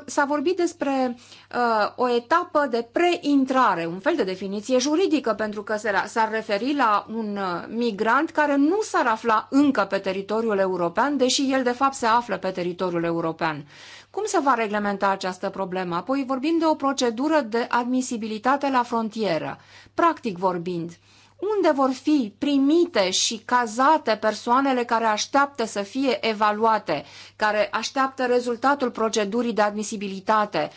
S-a vorbit despre uh, o etapă de preintrare, un fel de definiție juridică, pentru că s-ar referi la un uh, migrant care nu s-ar afla încă pe teritoriul european, deși el de fapt se află pe teritoriul european. Cum se va reglementa această problemă? Apoi vorbim de o procedură de admisibilitate la frontieră, practic vorbind. Uh, unde vor fi primite și cazate persoanele care așteaptă să fie evaluate, care așteaptă rezultatul procedurii de admisibilitate?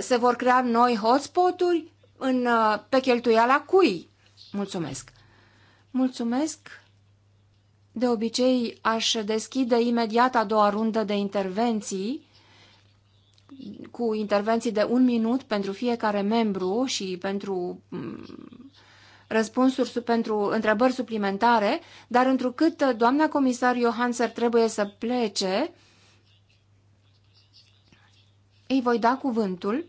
Se vor crea noi hotspot-uri în, pe cheltuiala cui? Mulțumesc! Mulțumesc! De obicei, aș deschide imediat a doua rundă de intervenții, cu intervenții de un minut pentru fiecare membru și pentru mm, răspunsuri pentru întrebări suplimentare, dar întrucât uh, doamna comisar Johanser trebuie să plece, îi voi da cuvântul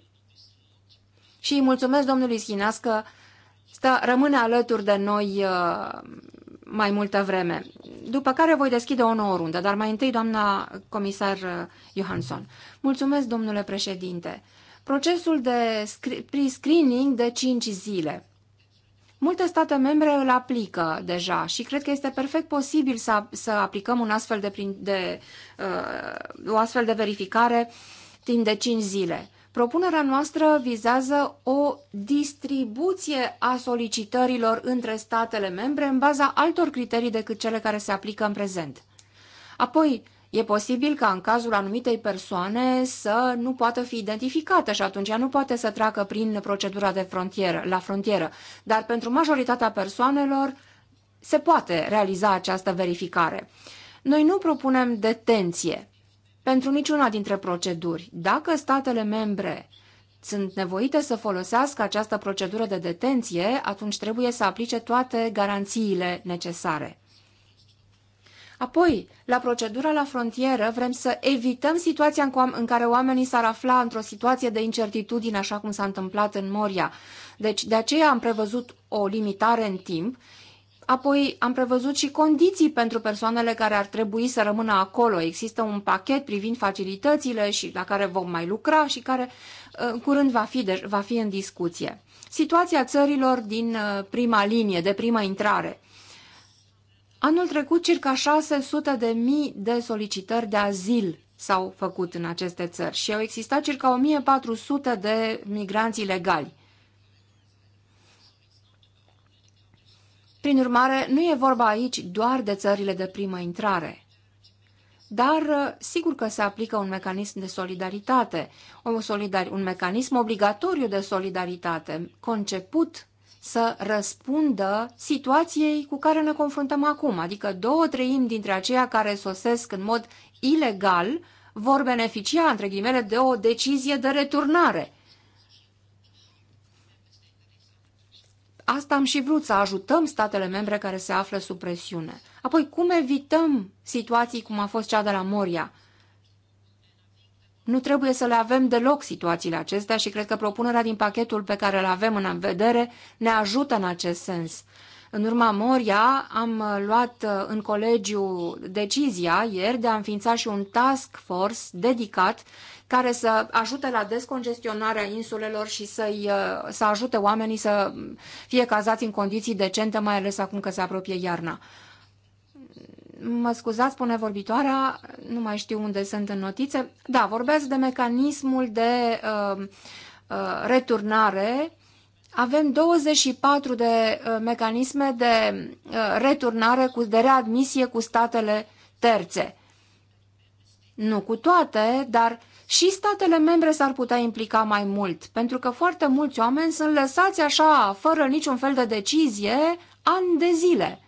și îi mulțumesc domnului Schinas că stă, rămâne alături de noi uh, mai multă vreme. După care voi deschide o nouă rundă, dar mai întâi doamna comisar uh, Johansson. Mulțumesc, domnule președinte. Procesul de pre-screening de 5 zile. Multe state membre îl aplică deja și cred că este perfect posibil să, să aplicăm un astfel de, de, uh, o astfel de verificare timp de 5 zile. Propunerea noastră vizează o distribuție a solicitărilor între statele membre în baza altor criterii decât cele care se aplică în prezent. Apoi, E posibil ca în cazul anumitei persoane să nu poată fi identificată și atunci ea nu poate să treacă prin procedura de frontieră, la frontieră. Dar pentru majoritatea persoanelor se poate realiza această verificare. Noi nu propunem detenție pentru niciuna dintre proceduri. Dacă statele membre sunt nevoite să folosească această procedură de detenție, atunci trebuie să aplice toate garanțiile necesare. Apoi, la procedura la frontieră, vrem să evităm situația în care oamenii s-ar afla într-o situație de incertitudine, așa cum s-a întâmplat în Moria. Deci, de aceea am prevăzut o limitare în timp, apoi am prevăzut și condiții pentru persoanele care ar trebui să rămână acolo. Există un pachet privind facilitățile și la care vom mai lucra și care uh, în curând va fi, va fi în discuție. Situația țărilor din uh, prima linie, de prima intrare – Anul trecut, circa 600 de mii de solicitări de azil s-au făcut în aceste țări și au existat circa 1400 de migranți ilegali. Prin urmare, nu e vorba aici doar de țările de primă intrare. Dar uh, sigur că se aplică un mecanism de solidaritate, un, solidar, un mecanism obligatoriu de solidaritate, conceput să răspundă situației cu care ne confruntăm acum, adică două treimi dintre aceia care sosesc în mod ilegal vor beneficia, între ghimele, de o decizie de returnare. Asta am și vrut, să ajutăm statele membre care se află sub presiune. Apoi, cum evităm situații cum a fost cea de la Moria? Nu trebuie să le avem deloc situațiile acestea și cred că propunerea din pachetul pe care îl avem în vedere ne ajută în acest sens. În urma Moria am luat uh, în colegiu decizia ieri de a înființa și un task force dedicat care să ajute la descongestionarea insulelor și să-i, uh, să ajute oamenii să fie cazați în condiții decente, mai ales acum că se apropie iarna. Mă scuzați, spune vorbitoarea, nu mai știu unde sunt în notițe. Da, vorbesc de mecanismul de uh, uh, returnare. Avem 24 de uh, mecanisme de uh, returnare, cu, de readmisie cu statele terțe. Nu cu toate, dar și statele membre s-ar putea implica mai mult, pentru că foarte mulți oameni sunt lăsați așa, fără niciun fel de decizie, ani de zile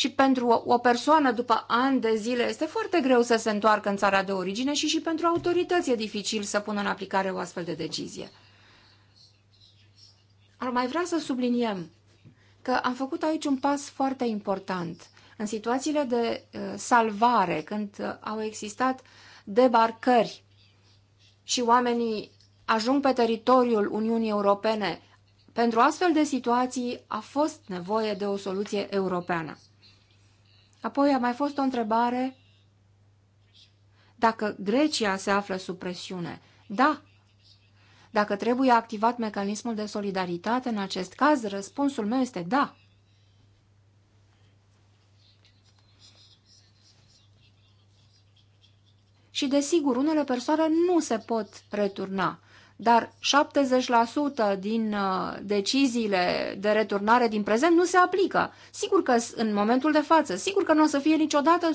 și pentru o persoană după ani de zile este foarte greu să se întoarcă în țara de origine și și pentru autorități e dificil să pună în aplicare o astfel de decizie. Ar mai vrea să subliniem că am făcut aici un pas foarte important. În situațiile de uh, salvare, când uh, au existat debarcări și oamenii ajung pe teritoriul Uniunii Europene, pentru astfel de situații a fost nevoie de o soluție europeană. Apoi a mai fost o întrebare dacă Grecia se află sub presiune. Da. Dacă trebuie activat mecanismul de solidaritate în acest caz, răspunsul meu este da. Și desigur, unele persoane nu se pot returna dar 70% din uh, deciziile de returnare din prezent nu se aplică. Sigur că în momentul de față, sigur că nu o să fie niciodată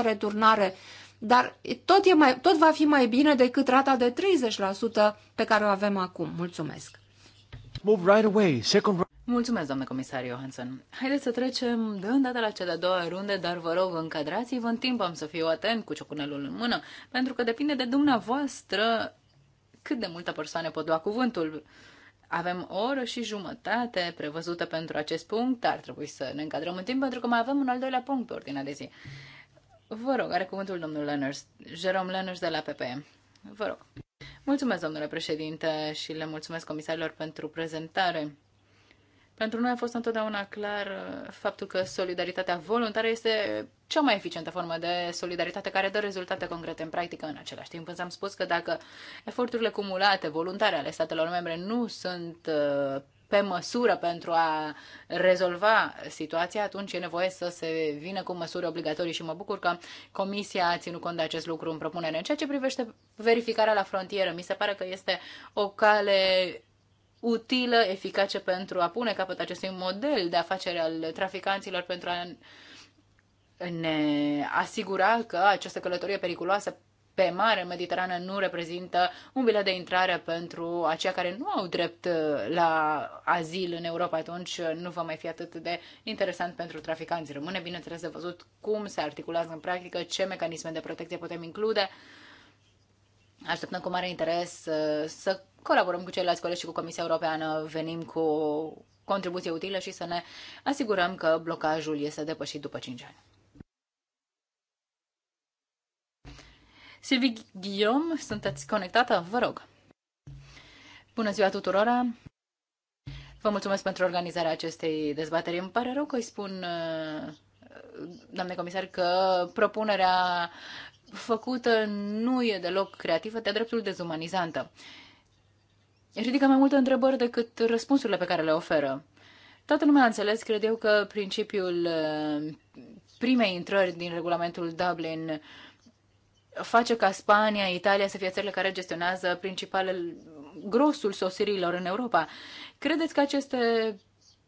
100% returnare, dar tot, e mai, tot va fi mai bine decât rata de 30% pe care o avem acum. Mulțumesc! Move right away. Second... Mulțumesc, doamnă comisar Johansson. Haideți să trecem de îndată la cea de-a doua runde, dar vă rog, încadrați-vă în timp, am să fiu atent cu ciocunelul în mână, pentru că depinde de dumneavoastră cât de multe persoane pot lua cuvântul. Avem o oră și jumătate prevăzută pentru acest punct, dar trebuie să ne încadrăm în timp pentru că mai avem un al doilea punct pe ordinea de zi. Vă rog, are cuvântul domnul Lenners, Jerome Lenners de la PPM. Vă rog. Mulțumesc, domnule președinte, și le mulțumesc comisarilor pentru prezentare. Pentru noi a fost întotdeauna clar uh, faptul că solidaritatea voluntară este cea mai eficientă formă de solidaritate care dă rezultate concrete în practică. În același timp însă am spus că dacă eforturile cumulate, voluntare ale statelor membre nu sunt uh, pe măsură pentru a rezolva situația, atunci e nevoie să se vină cu măsuri obligatorii și mă bucur că Comisia a ținut cont de acest lucru în propunere. În ceea ce privește verificarea la frontieră, mi se pare că este o cale utilă, eficace pentru a pune capăt acestui model de afacere al traficanților pentru a ne asigura că această călătorie periculoasă pe mare Mediterană nu reprezintă un bilet de intrare pentru aceia care nu au drept uh, la azil în Europa, atunci uh, nu va mai fi atât de interesant pentru traficanți. Rămâne, bineînțeles, de văzut cum se articulează în practică, ce mecanisme de protecție putem include. Așteptăm cu mare interes uh, să colaborăm cu ceilalți colegi și cu Comisia Europeană, venim cu contribuție utilă și să ne asigurăm că blocajul este depășit după 5 ani. Silvi Guillaume, sunteți conectată? Vă rog. Bună ziua tuturora! Vă mulțumesc pentru organizarea acestei dezbateri. Îmi pare rău că îi spun, uh, doamne comisar, că propunerea făcută nu e deloc creativă, de dreptul dezumanizantă ridică mai multe întrebări decât răspunsurile pe care le oferă. Toată lumea a înțeles, cred eu, că principiul eh, primei intrări din regulamentul Dublin face ca Spania, Italia să fie țările care gestionează principalele grosul sosirilor în Europa. Credeți că aceste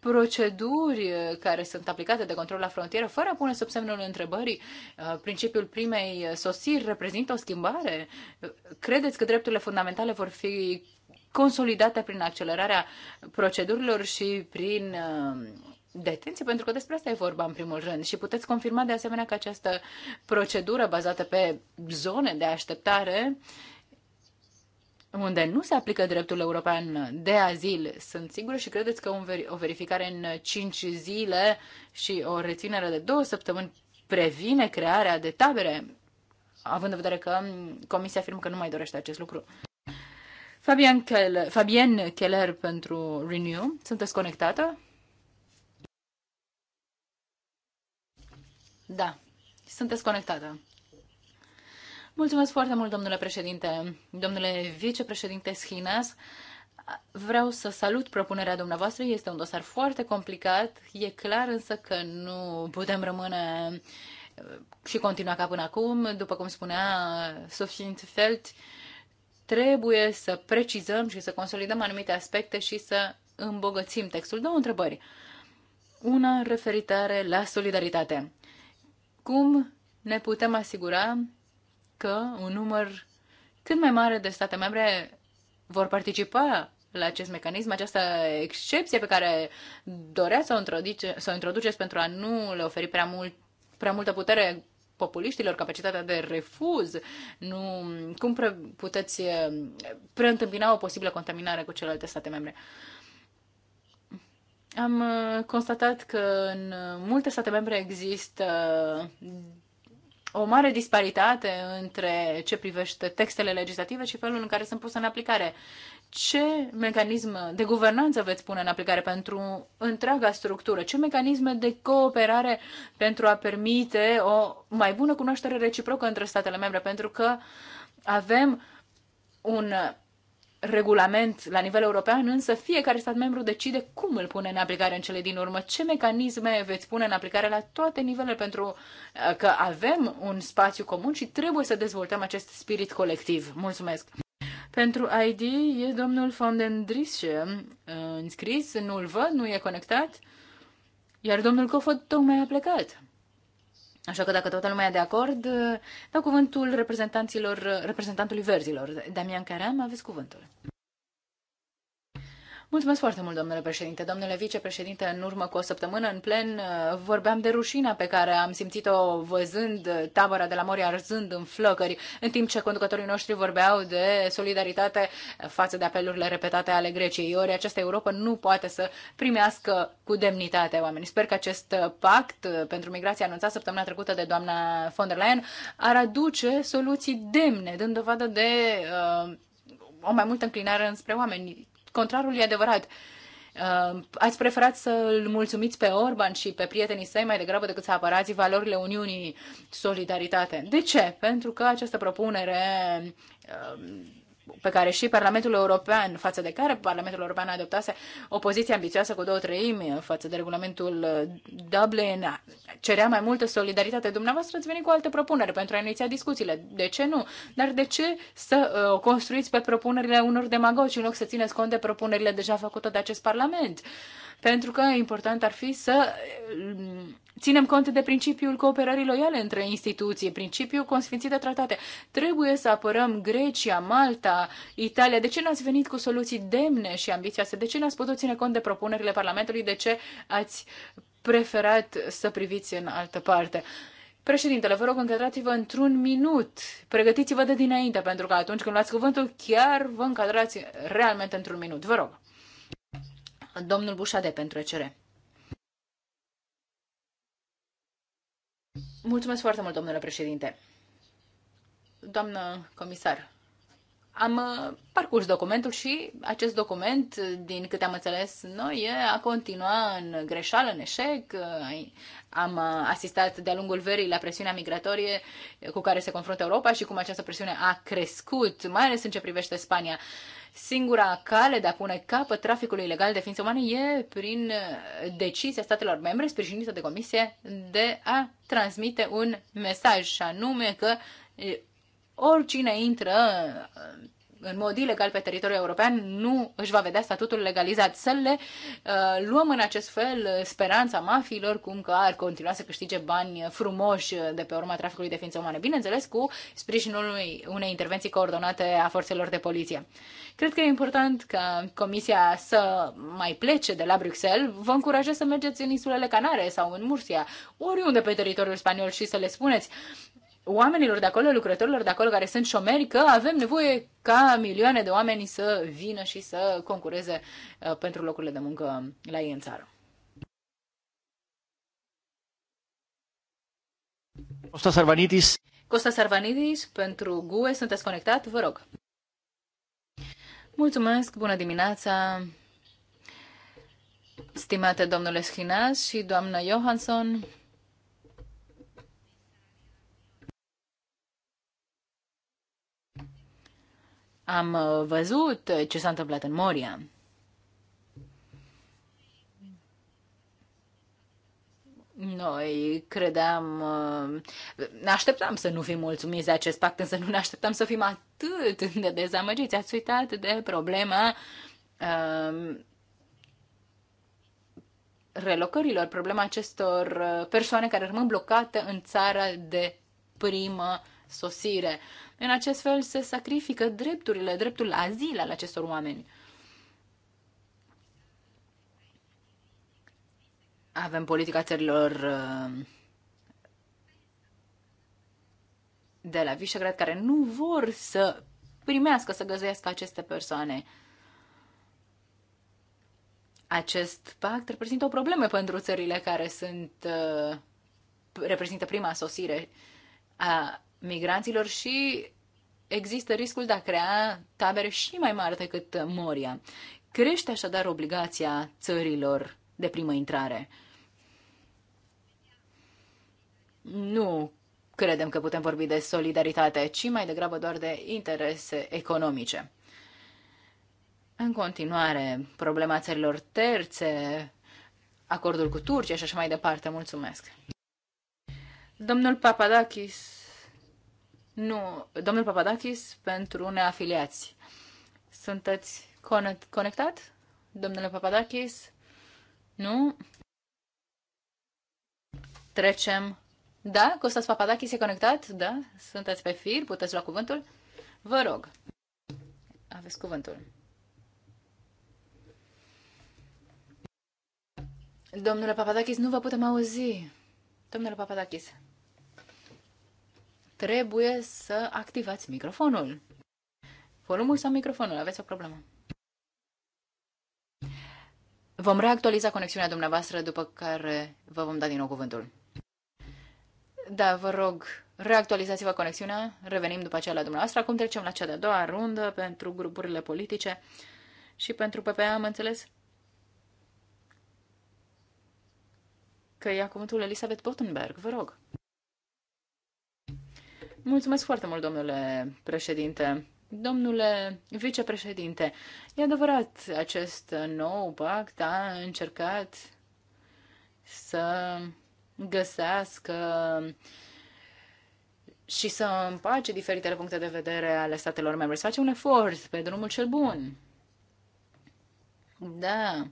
proceduri eh, care sunt aplicate de control la frontieră, fără a pune sub semnul întrebării, eh, principiul primei sosiri reprezintă o schimbare? Credeți că drepturile fundamentale vor fi consolidată prin accelerarea procedurilor și prin uh, detenție, pentru că despre asta e vorba în primul rând și puteți confirma de asemenea că această procedură bazată pe zone de așteptare unde nu se aplică dreptul european de azil, sunt sigură și credeți că o verificare în 5 zile și o reținere de două săptămâni previne crearea de tabere, având în vedere că um, Comisia afirmă că nu mai dorește acest lucru. Fabian Keller, Fabien Keller pentru Renew. Sunteți conectată? Da, sunteți conectată. Mulțumesc foarte mult, domnule președinte, domnule vicepreședinte Schinas. Vreau să salut propunerea dumneavoastră. Este un dosar foarte complicat. E clar însă că nu putem rămâne uh, și continua ca până acum. După cum spunea Sofie felt. uh, trebuie să precizăm și să consolidăm anumite aspecte și să îmbogățim textul. Două întrebări. Una referitare la solidaritate. Cum ne putem asigura că un număr cât mai mare de state membre vor participa la acest mecanism, această excepție pe care dorea să o, introduce, să o introduceți pentru a nu le oferi prea, mult, prea multă putere populiștilor, capacitatea de refuz, nu, cum pre, puteți eh, preîntâmpina o posibilă contaminare cu celelalte state membre. Am eh, constatat că în multe state membre există o mare disparitate între ce privește textele legislative și felul în care sunt puse în aplicare. Ce mecanism de guvernanță veți pune în aplicare pentru întreaga structură? Ce mecanisme de cooperare pentru a permite o mai bună cunoaștere reciprocă între statele membre? Pentru că avem un regulament la nivel european, însă fiecare stat membru decide cum îl pune în aplicare în cele din urmă, ce mecanisme veți pune în aplicare la toate nivelele, pentru uh, că avem un spațiu comun și trebuie să dezvoltăm acest spirit colectiv. Mulțumesc! Pentru ID e domnul von den Drische uh, înscris, nu-l văd, nu e conectat, iar domnul Cofot tocmai a plecat. Așa că dacă toată lumea e de acord, dau cuvântul reprezentanților, reprezentantului verzilor. Damian Caram, aveți cuvântul. Mulțumesc foarte mult, domnule președinte. Domnule vicepreședinte, în urmă cu o săptămână în plen vorbeam de rușinea pe care am simțit-o văzând tabăra de la mori arzând în flăcări, în timp ce conducătorii noștri vorbeau de solidaritate față de apelurile repetate ale Greciei. Ori această Europa nu poate să primească cu demnitate oamenii. Sper că acest pact pentru migrație anunțat săptămâna trecută de doamna von der Leyen ar aduce soluții demne, dând dovadă de uh, o mai multă înclinare înspre oameni contrarul e adevărat. Uh, ați preferat să îl mulțumiți pe Orban și pe prietenii săi mai degrabă decât să apărați valorile Uniunii Solidaritate. De ce? Pentru că această propunere uh, pe care și Parlamentul European, față de care Parlamentul European adoptase o poziție ambițioasă cu două treimi față de regulamentul uh, Dublin, cerea mai multă solidaritate. Dumneavoastră ați venit cu alte propuneri pentru a iniția discuțiile. De ce nu? Dar de ce să uh, construiți pe propunerile unor demagogi în loc să țineți cont de propunerile deja făcute de acest Parlament? Pentru că important ar fi să uh, ținem cont de principiul cooperării loiale între instituții, principiul consfințit de tratate. Trebuie să apărăm Grecia, Malta, Italia. De ce n-ați venit cu soluții demne și ambițioase? De ce n-ați putut ține cont de propunerile Parlamentului? De ce ați preferat să priviți în altă parte? Președintele, vă rog, încadrați-vă într-un minut. Pregătiți-vă de dinainte, pentru că atunci când luați cuvântul, chiar vă încadrați realmente într-un minut. Vă rog. Domnul Bușade pentru ECR. Mulțumesc foarte mult, domnule președinte. Doamnă comisar, am uh, parcurs documentul și acest document, uh, din câte am înțeles noi, e a continua în greșeală, în eșec. Uh, am asistat de-a lungul verii la presiunea migratorie cu care se confruntă Europa și cum această presiune a crescut, mai ales în ce privește Spania. Singura cale de a pune capăt traficului ilegal de ființe umane e prin decizia statelor membre sprijinită de comisie de a transmite un mesaj, și anume că oricine intră uh, în mod ilegal pe teritoriul european nu își va vedea statutul legalizat. Să le uh, luăm în acest fel uh, speranța mafiilor cum că ar continua să câștige bani frumoși de pe urma traficului de ființe umane. Bineînțeles, cu sprijinul unei, unei intervenții coordonate a forțelor de poliție. Cred că e important ca Comisia să mai plece de la Bruxelles. Vă încurajez să mergeți în insulele Canare sau în Mursia, oriunde pe teritoriul spaniol și să le spuneți oamenilor de acolo, lucrătorilor de acolo care sunt șomeri, că avem nevoie ca milioane de oameni să vină și să concureze uh, pentru locurile de muncă la ei în țară. Costa Sarvanitis. Costa Sarvanitis, pentru GUE, sunteți conectat? Vă rog. Mulțumesc, bună dimineața, stimate domnule Schinas și doamnă Johansson. Am uh, văzut uh, ce s-a întâmplat în Moria. Noi credeam, uh, ne așteptam să nu fim mulțumiți de acest pact, însă nu ne așteptam să fim atât de dezamăgiți. Ați uitat de problema uh, relocărilor, problema acestor persoane care rămân blocate în țara de primă sosire. Uh, în acest fel se sacrifică drepturile, dreptul azil al acestor oameni. Avem politica țărilor uh, de la Visegrad care nu vor să primească, să găzuiască aceste persoane. Acest pact reprezintă o problemă pentru țările care sunt uh, reprezintă prima sosire a migranților și există riscul de a crea tabere și mai mari decât Moria. Crește așadar obligația țărilor de primă intrare. Nu credem că putem vorbi de solidaritate, ci mai degrabă doar de interese economice. În continuare, problema țărilor terțe, acordul cu Turcia și așa mai departe. Mulțumesc. Domnul Papadakis nu, domnul Papadakis, pentru neafiliați. Sunteți conectat, domnule Papadakis? Nu? Trecem. Da, Costas Papadakis e conectat? Da, sunteți pe fir, puteți lua cuvântul? Vă rog, aveți cuvântul. Domnule Papadakis, nu vă putem auzi. Domnule Papadakis trebuie să activați microfonul. Volumul sau microfonul? Aveți o problemă. Vom reactualiza conexiunea dumneavoastră, după care vă vom da din nou cuvântul. Da, vă rog, reactualizați-vă conexiunea, revenim după aceea la dumneavoastră. Acum trecem la cea de-a doua rundă pentru grupurile politice și pentru PPA, am înțeles? Că ia cuvântul Elisabeth Bottenberg, vă rog. Mulțumesc foarte mult, domnule președinte. Domnule vicepreședinte, e adevărat, acest nou pact a încercat să găsească și să împace diferitele puncte de vedere ale statelor membre, să face un efort pe drumul cel bun. Da,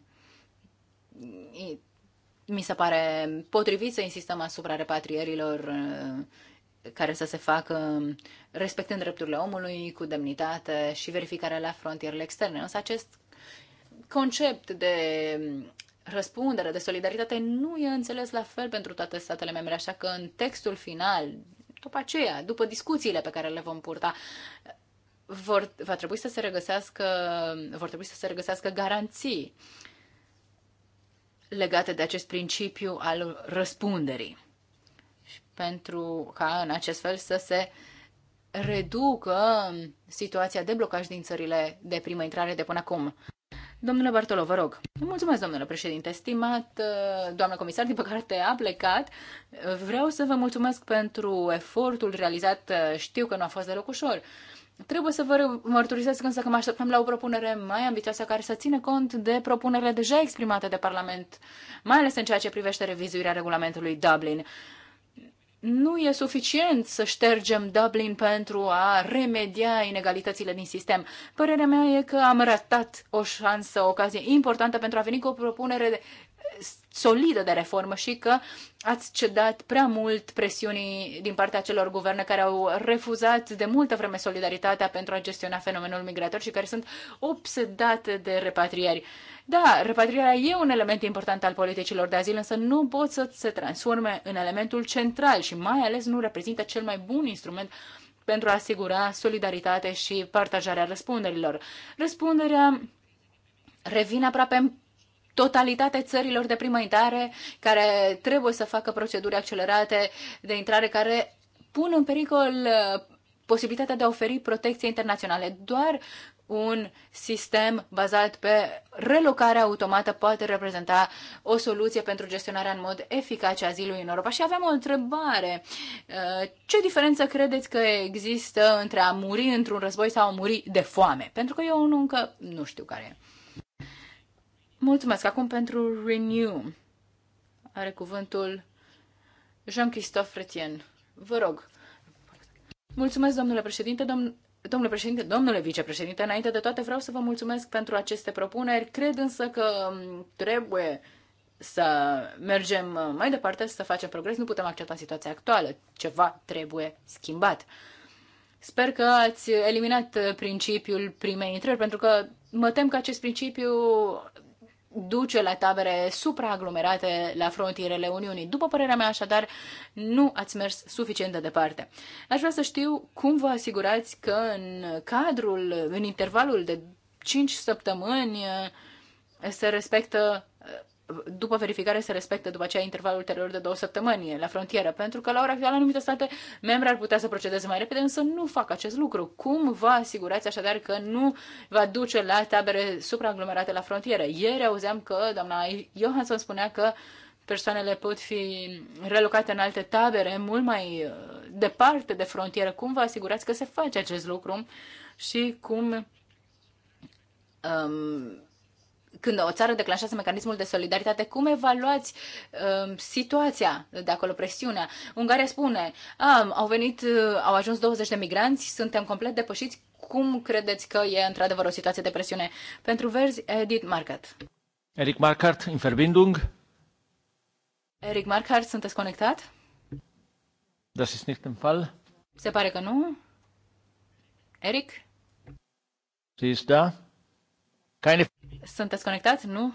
mi se pare potrivit să insistăm asupra repatrierilor care să se facă um, respectând drepturile omului, cu demnitate și verificarea la frontierele externe. Însă acest concept de um, răspundere, de solidaritate nu e înțeles la fel pentru toate statele membre, așa că în textul final, după aceea, după discuțiile pe care le vom purta, vor, va trebui să se regăsească, vor trebui să se regăsească garanții legate de acest principiu al răspunderii pentru ca în acest fel să se reducă situația de blocaj din țările de primă intrare de până acum. Domnule Bartolo, vă rog. Mulțumesc, domnule președinte. Stimat uh, doamnă comisar, din păcate a plecat. Vreau să vă mulțumesc pentru efortul realizat. Uh, știu că nu a fost deloc ușor. Trebuie să vă mărturisesc însă că mă așteptam la o propunere mai ambițioasă care să țină cont de propunerile deja exprimate de Parlament, mai ales în ceea ce privește revizuirea regulamentului Dublin nu e suficient să ștergem Dublin pentru a remedia inegalitățile din sistem. Părerea mea e că am ratat o șansă, o ocazie importantă pentru a veni cu o propunere solidă de reformă și că ați cedat prea mult presiunii din partea celor guverne care au refuzat de multă vreme solidaritatea pentru a gestiona fenomenul migrator și care sunt obsedate de repatrieri. Da, repatrierea e un element important al politicilor de azil, însă nu pot să se transforme în elementul central și mai ales nu reprezintă cel mai bun instrument pentru a asigura solidaritate și partajarea răspunderilor. Răspunderea revine aproape în totalitatea țărilor de intrare care trebuie să facă proceduri accelerate de intrare care pun în pericol uh, posibilitatea de a oferi protecție internaționale. Doar un sistem bazat pe relocarea automată poate reprezenta o soluție pentru gestionarea în mod eficace a zilului în Europa. Și aveam o întrebare. Uh, ce diferență credeți că există între a muri într-un război sau a muri de foame? Pentru că eu nu încă nu știu care e. Mulțumesc. Acum pentru Renew. Are cuvântul Jean-Christophe Retien. Vă rog. Mulțumesc, domnule președinte, domn... Domnule președinte, domnule vicepreședinte, înainte de toate vreau să vă mulțumesc pentru aceste propuneri. Cred însă că um, trebuie să mergem uh, mai departe, să facem progres. Nu putem accepta situația actuală. Ceva trebuie schimbat. Sper că ați eliminat uh, principiul primei intrări, pentru că mă tem că acest principiu duce la tabere supraaglomerate la frontierele Uniunii. După părerea mea, așadar, nu ați mers suficient de departe. Aș vrea să știu cum vă asigurați că în cadrul, în intervalul de 5 săptămâni, se respectă după verificare se respectă după aceea intervalul ulterior de două săptămâni la frontieră, pentru că la ora actuală anumite state membre ar putea să procedeze mai repede, însă nu fac acest lucru. Cum vă asigurați așadar că nu va duce la tabere supraaglomerate la frontieră? Ieri auzeam că doamna Johansson spunea că persoanele pot fi relocate în alte tabere mult mai uh, departe de frontieră. Cum vă asigurați că se face acest lucru și cum um, când o țară declanșează mecanismul de solidaritate, cum evaluați um, situația de acolo, presiunea? Ungaria spune, A, au venit, uh, au ajuns 20 de migranți, suntem complet depășiți. Cum credeți că e într-adevăr o situație de presiune? Pentru verzi, Edith Markert. Eric Markert, în Verbindung. Eric Markert, sunteți conectat? Das ist nicht im Fall. Se pare că nu. Eric? Sie ist da. Keine sunteți conectați? Nu?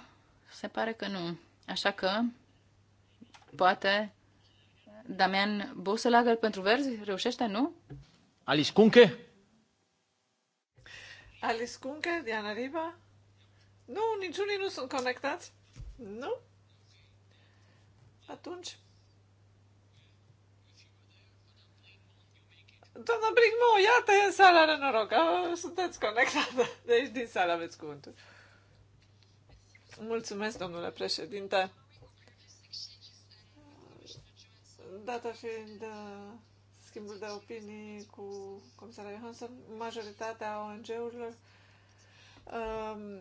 Se pare că nu. Așa că, poate, Damian Buselager pentru verzi reușește, nu? Alice Cunche? Alice Cunche, Diana Riva? Nu, niciunii nu sunt conectați. Nu? Atunci... Doamna Brigmo, iată, e în sala de noroc. Sunteți conectată. Deci din sala aveți cuvântul. Mulțumesc, domnule președinte. Data fiind uh, schimbul de opinii cu comisarul Johansson, majoritatea ONG-urilor um,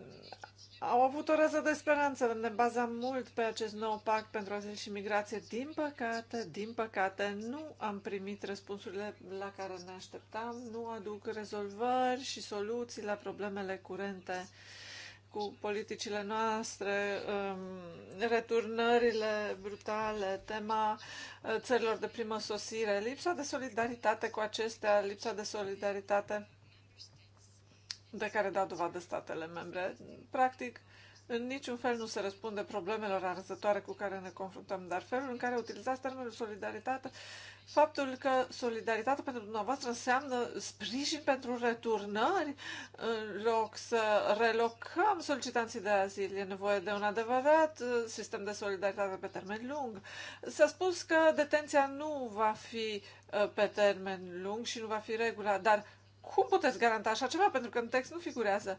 au avut o rază de speranță. Ne bazam mult pe acest nou pact pentru azil și migrație. Din păcate, din păcate, nu am primit răspunsurile la care ne așteptam, nu aduc rezolvări și soluții la problemele curente cu politicile noastre, um, returnările brutale, tema uh, țărilor de primă sosire, lipsa de solidaritate cu acestea, lipsa de solidaritate de care dau dovadă statele membre. Practic, în niciun fel nu se răspunde problemelor arzătoare cu care ne confruntăm, dar felul în care utilizați termenul solidaritate, faptul că solidaritatea pentru dumneavoastră înseamnă sprijin pentru returnări, în loc să relocăm solicitanții de azil, e nevoie de un adevărat uh, sistem de solidaritate pe termen lung. S-a spus că detenția nu va fi uh, pe termen lung și nu va fi regulă, dar cum puteți garanta așa ceva? Pentru că în text nu figurează.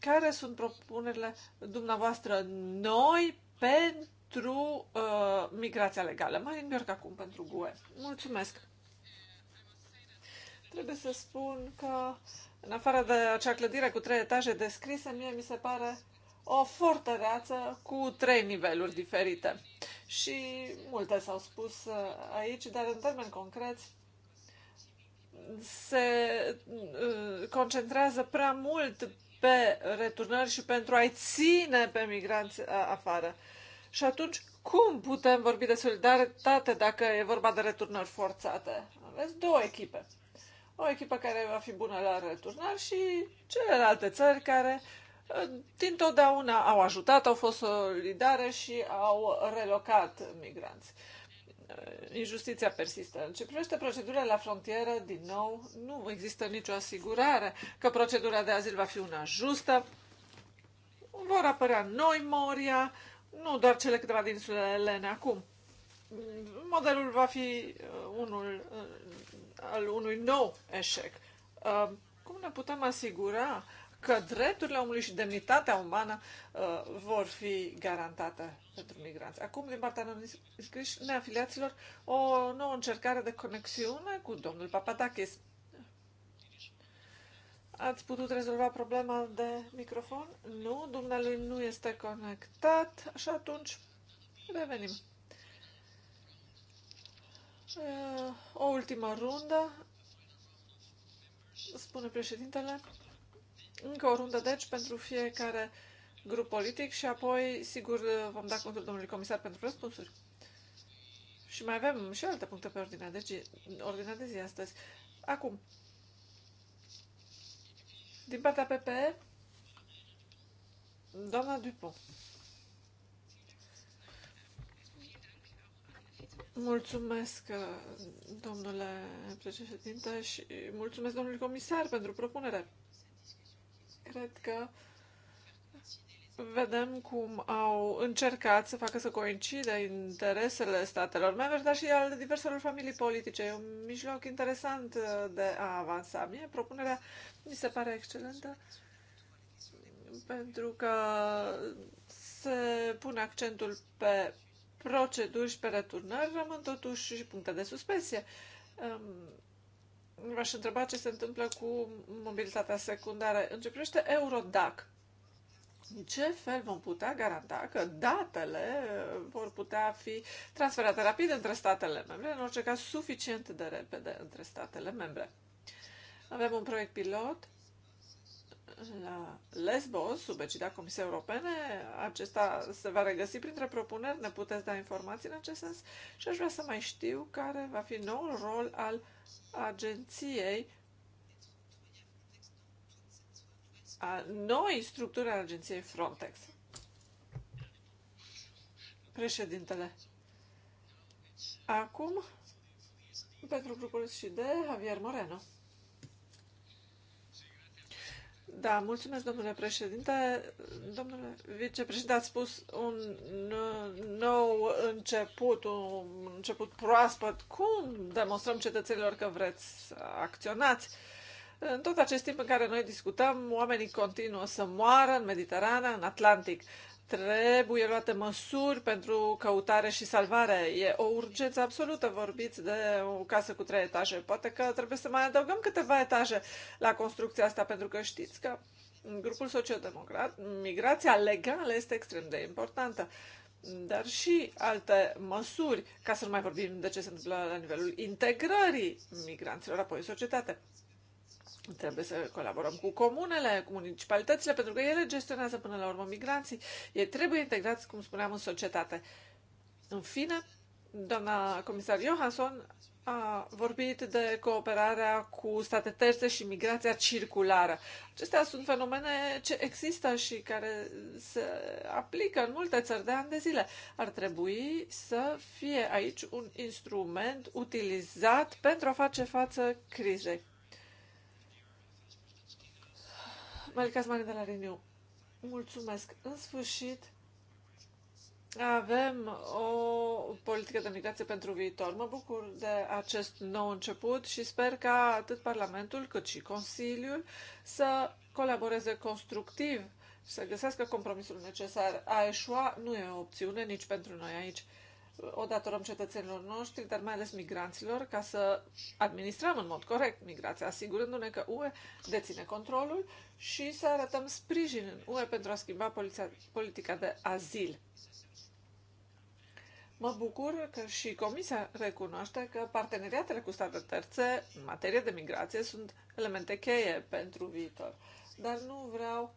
Care sunt propunerile dumneavoastră noi pentru uh, migrația legală? Mai încerc acum pentru GUE. Mulțumesc! Trebuie să spun că, în afară de acea clădire cu trei etaje descrise, mie mi se pare o fortăreață cu trei niveluri diferite. Și multe s-au spus uh, aici, dar în termeni concreți se uh, concentrează prea mult pe returnări și pentru a-i ține pe migranți afară. Și atunci, cum putem vorbi de solidaritate dacă e vorba de returnări forțate? Aveți două echipe. O echipă care va fi bună la returnări și celelalte țări care ă, din totdeauna au ajutat, au fost solidare și au relocat migranți. Eh, injustiția persistă. În ce privește procedura la frontieră, din nou, nu există nicio asigurare că procedura de azil va fi una justă. Vor apărea noi Moria, nu doar cele câteva din Elene acum. Modelul va fi eh, unul eh, al unui nou eșec. Cum ne putem asigura că drepturile omului și demnitatea umană uh, vor fi garantate pentru migranți. Acum, din partea noastră, iscriși neafiliaților, o nouă încercare de conexiune cu domnul Papadakis. Ați putut rezolva problema de microfon? Nu, dumnealui nu este conectat și atunci revenim. Uh, o ultimă rundă, spune președintele. Încă o rundă, deci, pentru fiecare grup politic și apoi, sigur, vom da contul domnului comisar pentru răspunsuri. Și mai avem și alte puncte pe ordinea de zi, ordinea de zi astăzi. Acum, din partea PPE, doamna Dupont. Mulțumesc, domnule președinte, și mulțumesc domnului comisar pentru propunere. Cred că vedem cum au încercat să facă să coincide interesele statelor membre, dar și al diverselor familii politice. E un mijloc interesant de a avansa. Mie propunerea mi se pare excelentă pentru că se pune accentul pe proceduri și pe returnări, rămân totuși și puncte de suspensie v-aș întreba ce se întâmplă cu mobilitatea secundară. Începește Eurodac, în ce fel vom putea garanta că datele vor putea fi transferate rapid între statele membre, în orice caz suficient de repede între statele membre? Avem un proiect pilot la Lesbos, sub egida Comisiei Europene. Acesta se va regăsi printre propuneri. Ne puteți da informații în acest sens? Și aș vrea să mai știu care va fi noul rol al uh, agenției, a noi structuri a agenției Frontex. Președintele. Acum, pentru grupul și de Javier Moreno. Da, mulțumesc, domnule președinte. Domnule vicepreședinte, ați spus un nou început, un început proaspăt. Cum demonstrăm cetățenilor că vreți să acționați? În tot acest timp în care noi discutăm, oamenii continuă să moară în Mediterana, în Atlantic. Trebuie luate măsuri pentru căutare și salvare. E o urgență absolută. Vorbiți de o casă cu trei etaje. Poate că trebuie să mai adăugăm câteva etaje la construcția asta, pentru că știți că în grupul sociodemocrat migrația legală este extrem de importantă dar și alte măsuri, ca să nu mai vorbim de ce se întâmplă la nivelul integrării migranților apoi în societate. Trebuie să colaborăm cu comunele, cu municipalitățile, pentru că ele gestionează până la urmă migranții. Ei trebuie integrați, cum spuneam, în societate. În fine, doamna comisar Johansson a vorbit de cooperarea cu state terțe și migrația circulară. Acestea sunt fenomene ce există și care se aplică în multe țări de ani de zile. Ar trebui să fie aici un instrument utilizat pentru a face față crizei. Malika Mare de la Reniu, Mulțumesc. În sfârșit, avem o politică de migrație pentru viitor. Mă bucur de acest nou început și sper ca atât Parlamentul cât și Consiliul să colaboreze constructiv să găsească compromisul necesar. A eșua nu e o opțiune nici pentru noi aici o datorăm cetățenilor noștri, dar mai ales migranților, ca să administrăm în mod corect migrația, asigurându-ne că UE deține controlul și să arătăm sprijin în UE pentru a schimba politica de azil. Mă bucur că și Comisia recunoaște că parteneriatele cu state terțe în materie de migrație sunt elemente cheie pentru viitor. Dar nu vreau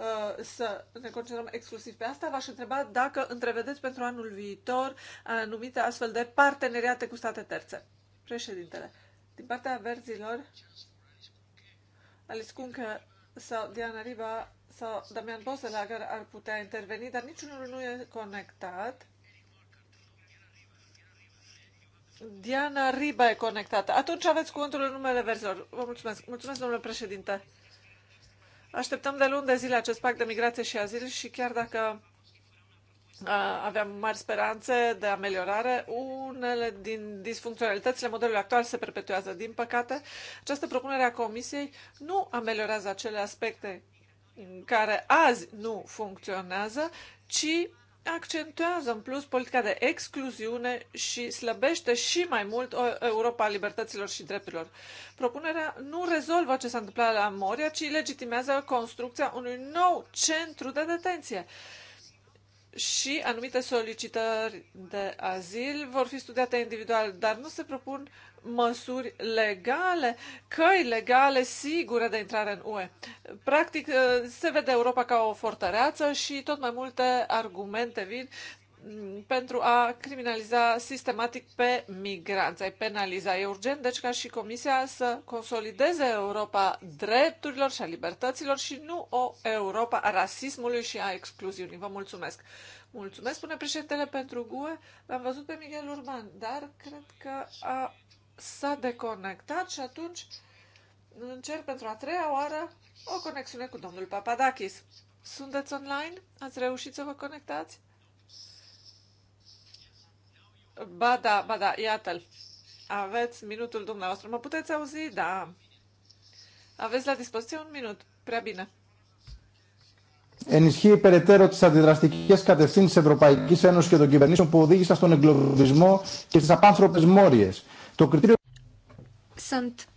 Uh, să ne concentrăm exclusiv pe asta, v-aș întreba dacă întrevedeți pentru anul viitor anumite astfel de parteneriate cu state terțe. Președintele, din partea verzilor, Alice Cuncă sau Diana Riba sau Damian Boselager ar putea interveni, dar niciunul nu e conectat. Diana Riba e conectată. Atunci aveți cuvântul în numele verzilor. Vă mulțumesc. Mulțumesc, domnule președinte. Așteptăm de luni de zile acest pact de migrație și azil și chiar dacă aveam mari speranțe de ameliorare. Unele din disfuncționalitățile modelului actual se perpetuează. Din păcate, această propunere a Comisiei nu ameliorează acele aspecte care azi nu funcționează, ci accentuează în plus politica de excluziune și slăbește și mai mult o uh, Europa a libertăților și drepturilor. Propunerea nu rezolvă ce s-a întâmplat la Moria, ci legitimează construcția unui nou centru de detenție. Și anumite solicitări de azil vor fi studiate individual, dar nu se propun măsuri legale, căi legale sigure de intrare în UE. Practic, eh, se vede Europa ca o fortăreață și tot mai multe argumente vin mm, pentru a criminaliza sistematic pe migranți, ai penaliza. E urgent, deci, ca și Comisia să consolideze Europa drepturilor și a libertăților și nu o Europa a rasismului și a excluziunii. Vă mulțumesc! Mulțumesc, spune președintele pentru GUE. L-am văzut pe Miguel Urban, dar cred că a s-a deconectat și atunci încerc pentru a treia oară o conexiune cu domnul Papadakis. Sunteți online? Ați reușit să vă conectați? Ba da, ba da, iată-l. Aveți minutul dumneavoastră. Mă puteți auzi? Da. Aveți la dispoziție un minut. Prea bine. Ενισχύει περαιτέρω τι αντιδραστικέ κατευθύνσει τη Ευρωπαϊκή Ένωση και των κυβερνήσεων που οδήγησαν στον εγκλωβισμό και στι απάνθρωπε μόριε. Sunt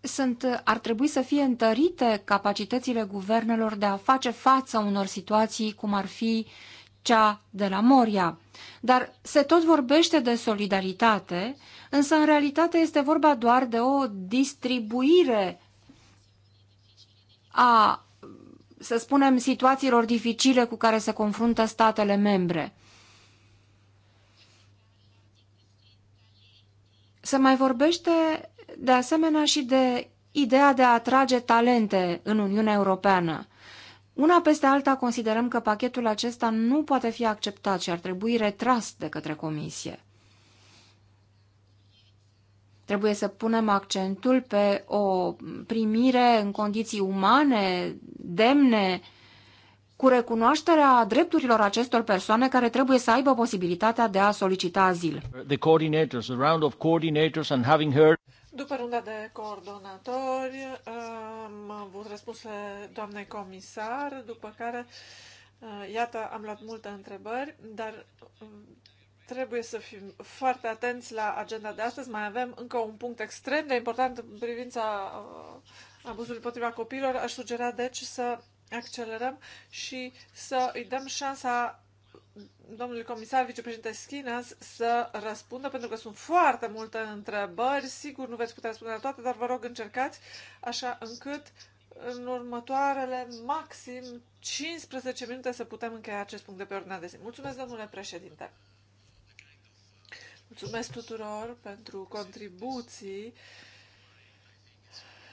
sunt, ar trebui să fie întărite capacitățile guvernelor de a face față unor situații cum ar fi cea de la Moria. Dar se tot vorbește de solidaritate, însă în realitate este vorba doar de o distribuire a, să spunem, situațiilor dificile cu care se confruntă statele membre. Se mai vorbește de asemenea și de ideea de a atrage talente în Uniunea Europeană. Una peste alta considerăm că pachetul acesta nu poate fi acceptat și ar trebui retras de către Comisie. Trebuie să punem accentul pe o primire în condiții umane, demne, cu recunoașterea drepturilor acestor persoane care trebuie să aibă posibilitatea de a solicita azil. The coordinators, the round of coordinators and having heard... După runda de coordonatori, am avut răspunsul doamnei comisar, după care, uh, iată, am luat multe întrebări, dar um, trebuie să fim foarte atenți la agenda de astăzi. Mai avem încă un punct extrem de important în privința uh, abuzului împotriva copiilor. Aș sugera, deci, să accelerăm și să îi dăm șansa domnului comisar vicepreședinte Schinas să răspundă, pentru că sunt foarte multe întrebări. Sigur, nu veți putea răspunde la toate, dar vă rog încercați așa încât în următoarele maxim 15 minute să putem încheia acest punct de pe ordinea de zi. Mulțumesc, domnule președinte! Mulțumesc tuturor pentru contribuții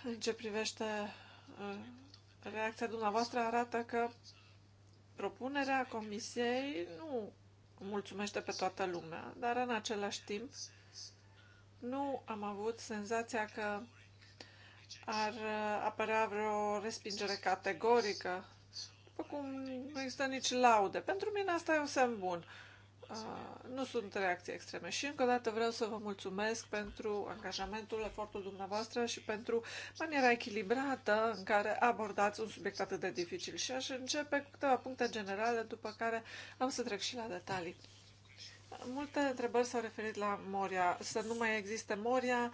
în ce privește uh, Reacția dumneavoastră arată că propunerea Comisiei nu mulțumește pe toată lumea, dar în același timp nu am avut senzația că ar apărea vreo respingere categorică, după cum nu există nici laude. Pentru mine asta e un semn bun uh, nu sunt reacții extreme. Și încă o dată vreau să vă mulțumesc pentru angajamentul, efortul dumneavoastră și pentru maniera echilibrată în care abordați un subiect atât de dificil. Și aș începe cu câteva puncte generale, după care am să trec și la detalii. Multe întrebări s-au referit la Moria. Să nu mai existe Moria,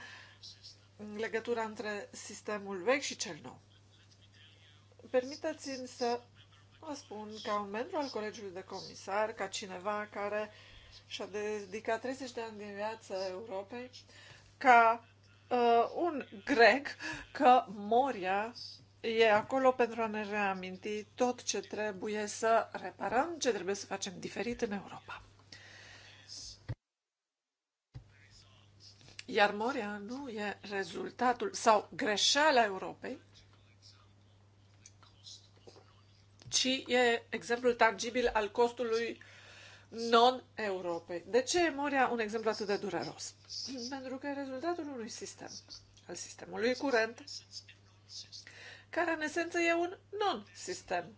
legătura între sistemul vechi și cel nou. Permiteți-mi să Vă spun ca un membru al Colegiului de Comisar, ca cineva care și-a dedicat 30 de ani din viața Europei, ca uh, un grec, că Moria e acolo pentru a ne reaminti tot ce trebuie să reparăm, ce trebuie să facem diferit în Europa. Iar Moria nu e rezultatul sau greșeala Europei, ci e exemplul tangibil al costului non-Europei. De ce e Moria un exemplu atât de dureros? Pentru că e rezultatul unui sistem, al sistemului curent, care în esență e un non-sistem.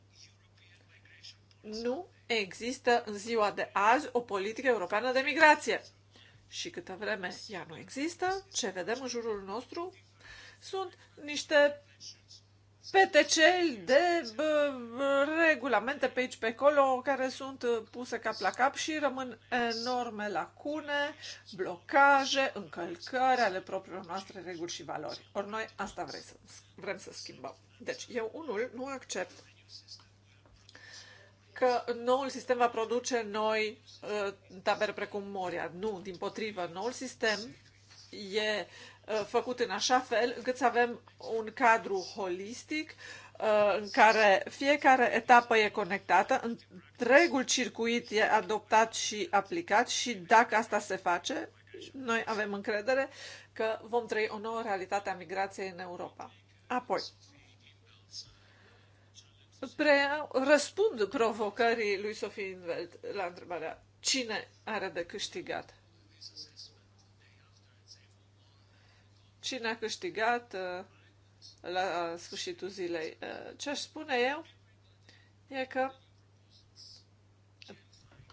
Nu există în ziua de azi o politică europeană de migrație. Și câtă vreme ea nu există, ce vedem în jurul nostru sunt niște peteceli de regulamente pe aici, pe acolo, care sunt puse cap la cap și rămân enorme lacune, blocaje, încălcări ale propriilor noastre reguli și valori. Ori noi asta vrem. să, vrem să schimbăm. Deci, eu unul nu accept că noul sistem va produce noi ă, tabere precum Moria. Nu, din potrivă, noul sistem e Uh, făcut în așa fel încât să avem un cadru holistic uh, în care fiecare etapă e conectată, întregul circuit e adoptat și aplicat și dacă asta se face, noi avem încredere că vom trăi o nouă realitate a migrației în Europa. Apoi, răspund provocării lui Sofie Invelt la întrebarea cine are de câștigat cine a câștigat uh, la uh, sfârșitul zilei. Uh, ce aș spune eu e că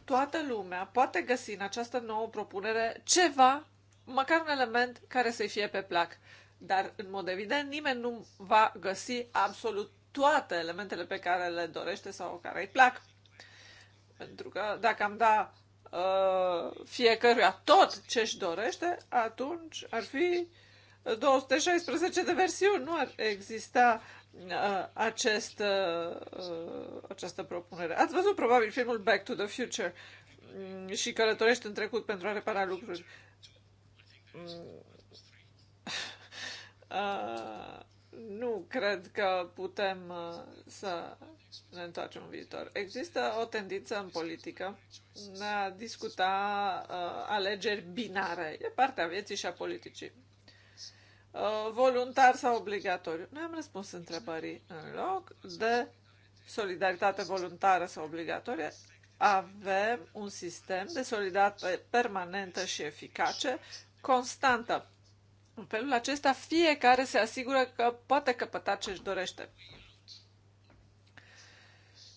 toată lumea poate găsi în această nouă propunere ceva, măcar un element care să-i fie pe plac. Dar, în mod evident, nimeni nu va găsi absolut toate elementele pe care le dorește sau care îi plac. Pentru că dacă am da uh, fiecăruia tot ce își dorește, atunci ar fi 216 de versiuni. Nu ar exista uh, acest, uh, uh, această propunere. Ați văzut probabil filmul Back to the Future mm, și călătorești în trecut pentru a repara lucruri. Mm. uh, nu cred că putem uh, să ne întoarcem în viitor. Există o tendință în politică de a discuta uh, alegeri binare. E partea vieții și a politicii Uh, voluntar sau obligatoriu. Noi am răspuns întrebării în loc de solidaritate voluntară sau obligatorie. Avem un sistem de solidaritate permanentă și eficace, constantă. În felul acesta, fiecare se asigură că poate căpăta ce își dorește.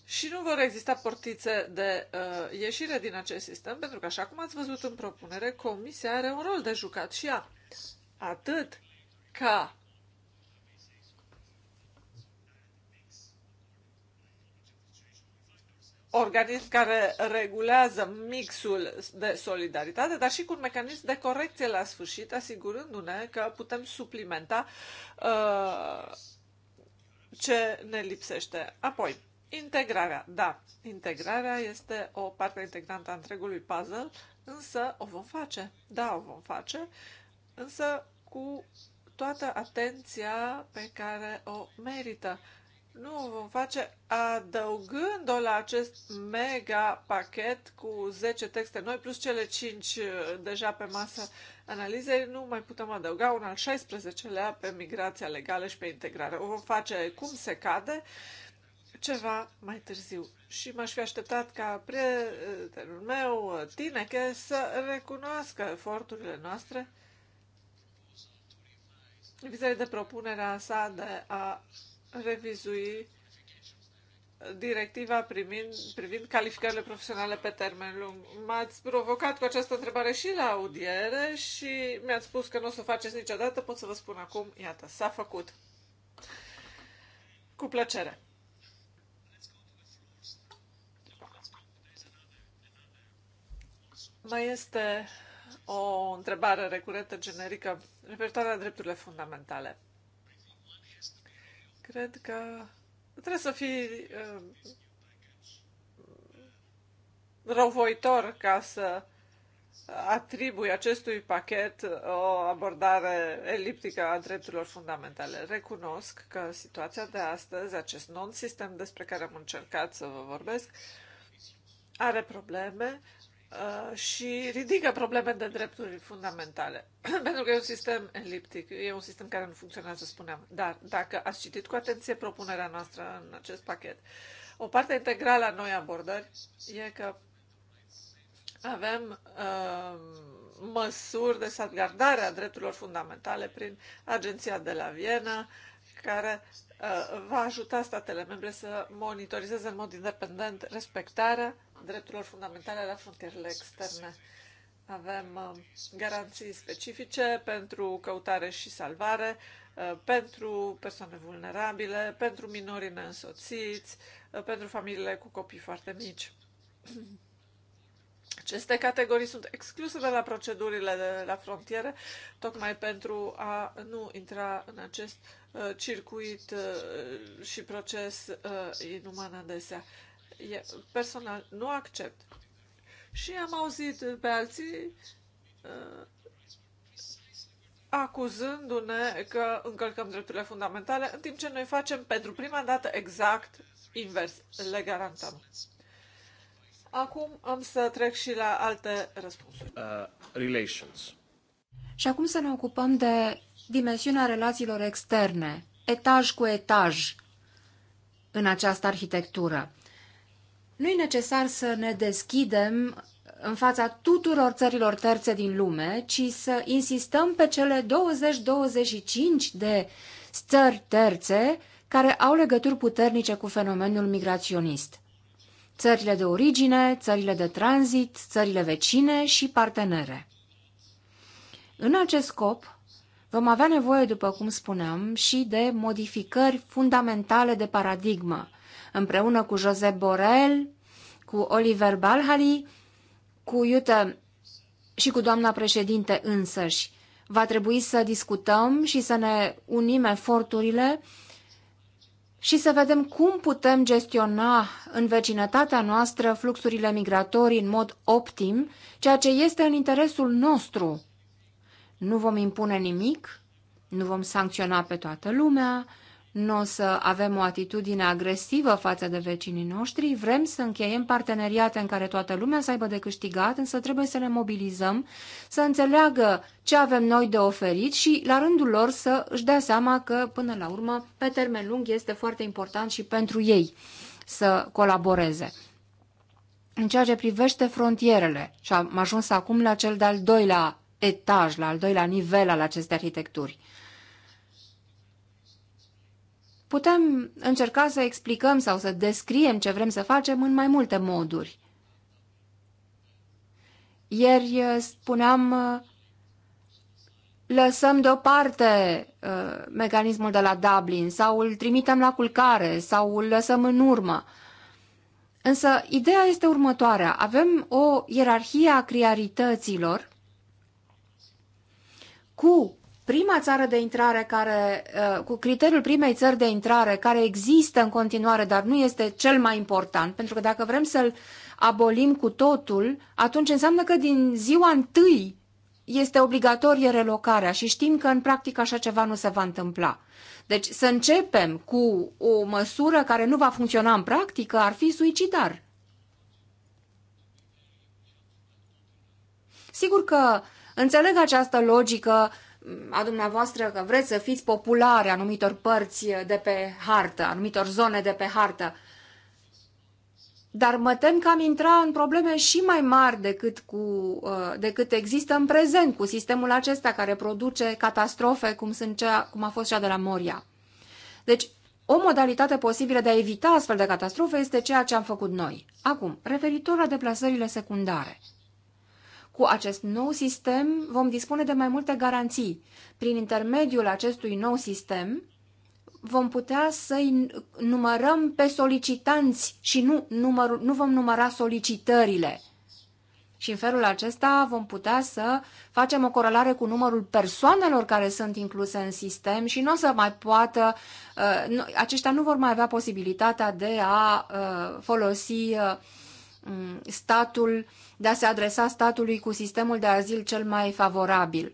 Și nu vor exista portițe de uh, ieșire din acest sistem, pentru că, așa cum ați văzut în propunere, Comisia are un rol de jucat și ea. Atât ca organism care regulează mixul de solidaritate, dar și cu un mecanism de corecție la sfârșit, asigurându-ne că putem suplimenta uh, ce ne lipsește. Apoi, integrarea. Da, integrarea este o parte integrantă a întregului puzzle, însă o vom face. Da, o vom face, însă cu toată atenția pe care o merită. Nu o vom face adăugând-o la acest mega pachet cu 10 texte noi, plus cele 5 uh, deja pe masă analizei, nu mai putem adăuga un al 16-lea pe migrația legală și pe integrare. O vom face cum se cade, ceva mai târziu. Și m-aș fi așteptat ca prietenul meu, uh, Tineche, să recunoască eforturile noastre vizare de propunerea sa de a revizui directiva primind, privind calificările profesionale pe termen lung. M-ați provocat cu această întrebare și la audiere și mi-ați spus că nu o să o faceți niciodată. Pot să vă spun acum, iată, s-a făcut. Cu plăcere. Mai este o întrebare recurentă generică referitoare la drepturile fundamentale. Cred că trebuie să fii uh, răuvoitor ca să atribui acestui pachet o abordare eliptică a drepturilor fundamentale. Recunosc că situația de astăzi, acest non-sistem despre care am încercat să vă vorbesc, are probleme, Uh, și ridică probleme de drepturi fundamentale. Pentru că e un sistem eliptic, e un sistem care nu funcționează, spuneam. Dar dacă ați citit cu atenție propunerea noastră în acest pachet, o parte integrală a noi abordări e că avem uh, măsuri de salvgardare a drepturilor fundamentale prin Agenția de la Viena, care uh, va ajuta statele membre să monitorizeze în mod independent respectarea drepturilor fundamentale la frontierele externe. Avem uh, garanții specifice pentru căutare și salvare, uh, pentru persoane vulnerabile, pentru minorii neînsoțiți, uh, pentru familiile cu copii foarte mici. Aceste categorii sunt excluse de la procedurile de la frontiere, tocmai pentru a nu intra în acest uh, circuit uh, și proces uh, inuman adesea personal nu accept. Și am auzit pe alții uh, acuzându-ne că încălcăm drepturile fundamentale, în timp ce noi facem pentru prima dată exact invers, le garantăm. Acum am să trec și la alte răspunsuri. Uh, relations. Și acum să ne ocupăm de dimensiunea relațiilor externe, etaj cu etaj în această arhitectură nu e necesar să ne deschidem în fața tuturor țărilor terțe din lume, ci să insistăm pe cele 20-25 de țări terțe care au legături puternice cu fenomenul migraționist. Țările de origine, țările de tranzit, țările vecine și partenere. În acest scop, vom avea nevoie, după cum spuneam, și de modificări fundamentale de paradigmă, împreună cu José Borel, cu Oliver Balhali, cu Iută și cu doamna președinte însăși. Va trebui să discutăm și să ne unim eforturile și să vedem cum putem gestiona în vecinătatea noastră fluxurile migratorii în mod optim, ceea ce este în interesul nostru. Nu vom impune nimic, nu vom sancționa pe toată lumea, nu o să avem o atitudine agresivă față de vecinii noștri, vrem să încheiem parteneriate în care toată lumea să aibă de câștigat, însă trebuie să ne mobilizăm, să înțeleagă ce avem noi de oferit și, la rândul lor, să își dea seama că, până la urmă, pe termen lung este foarte important și pentru ei să colaboreze. În ceea ce privește frontierele, și am ajuns acum la cel de-al doilea etaj, la al doilea nivel al acestei arhitecturi, Putem încerca să explicăm sau să descriem ce vrem să facem în mai multe moduri. Ieri uh, spuneam, uh, lăsăm deoparte uh, mecanismul de la Dublin sau îl trimitem la culcare sau îl lăsăm în urmă. Însă, ideea este următoarea. Avem o ierarhie a criarităților cu prima țară de intrare care, uh, cu criteriul primei țări de intrare care există în continuare, dar nu este cel mai important, pentru că dacă vrem să-l abolim cu totul, atunci înseamnă că din ziua întâi este obligatorie relocarea și știm că în practică așa ceva nu se va întâmpla. Deci să începem cu o măsură care nu va funcționa în practică ar fi suicidar. Sigur că înțeleg această logică a dumneavoastră că vreți să fiți populare anumitor părți de pe hartă, anumitor zone de pe hartă. Dar mă tem că am intra în probleme și mai mari decât, cu, uh, decât există în prezent cu sistemul acesta care produce catastrofe cum, sunt cea, cum a fost cea de la Moria. Deci, o modalitate posibilă de a evita astfel de catastrofe este ceea ce am făcut noi. Acum, referitor la deplasările secundare – cu acest nou sistem vom dispune de mai multe garanții. Prin intermediul acestui nou sistem vom putea să-i numărăm pe solicitanți și nu, număr, nu vom număra solicitările. Și în felul acesta vom putea să facem o corelare cu numărul persoanelor care sunt incluse în sistem și nu o să mai poată, uh, aceștia nu vor mai avea posibilitatea de a uh, folosi uh, statul, de a se adresa statului cu sistemul de azil cel mai favorabil,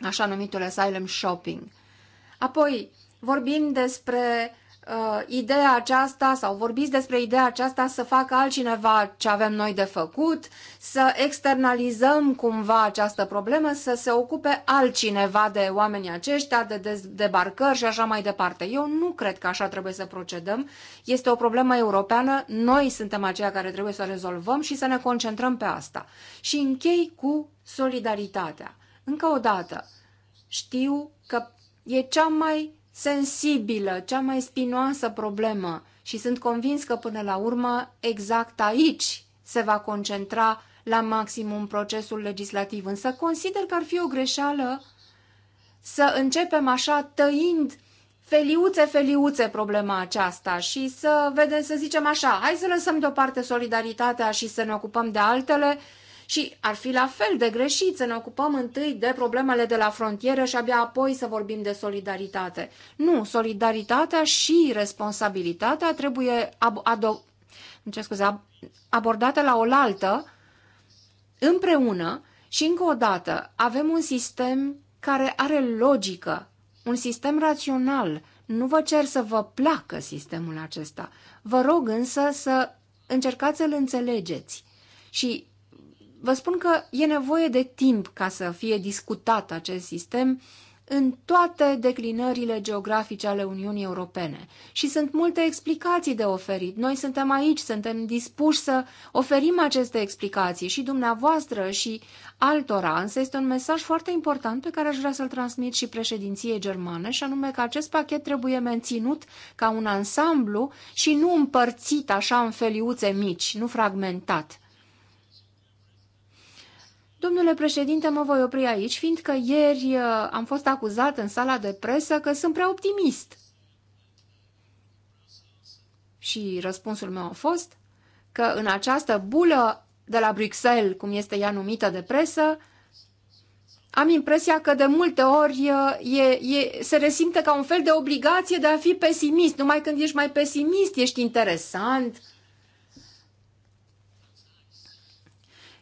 așa numitul asylum shopping. Apoi, vorbim despre uh, ideea aceasta sau vorbiți despre ideea aceasta să facă altcineva ce avem noi de făcut, să externalizăm cumva această problemă, să se ocupe altcineva de oamenii aceștia, de debarcări și așa mai departe. Eu nu cred că așa trebuie să procedăm. Este o problemă europeană, noi suntem aceia care trebuie să o rezolvăm și să ne concentrăm pe asta. Și închei cu solidaritatea. Încă o dată, știu că e cea mai sensibilă, cea mai spinoasă problemă și sunt convins că până la urmă exact aici se va concentra la maximum procesul legislativ. Însă consider că ar fi o greșeală să începem așa tăind feliuțe, feliuțe problema aceasta și să vedem, să zicem așa, hai să lăsăm deoparte solidaritatea și să ne ocupăm de altele și ar fi la fel de greșit să ne ocupăm întâi de problemele de la frontieră și abia apoi să vorbim de solidaritate. Nu, solidaritatea și responsabilitatea trebuie ab- ado- ce scuze, ab- abordate la oaltă împreună și încă o dată avem un sistem care are logică, un sistem rațional. Nu vă cer să vă placă sistemul acesta. Vă rog însă să încercați să-l înțelegeți. Și vă spun că e nevoie de timp ca să fie discutat acest sistem în toate declinările geografice ale Uniunii Europene. Și sunt multe explicații de oferit. Noi suntem aici, suntem dispuși să oferim aceste explicații și dumneavoastră și altora, însă este un mesaj foarte important pe care aș vrea să-l transmit și președinției germane, și anume că acest pachet trebuie menținut ca un ansamblu și nu împărțit așa în feliuțe mici, nu fragmentat. Domnule președinte, mă voi opri aici, fiindcă ieri uh, am fost acuzat în sala de presă că sunt prea optimist. Și răspunsul meu a fost că în această bulă de la Bruxelles, cum este ea numită de presă, am impresia că de multe ori uh, e, e, se resimte ca un fel de obligație de a fi pesimist. Numai când ești mai pesimist, ești interesant.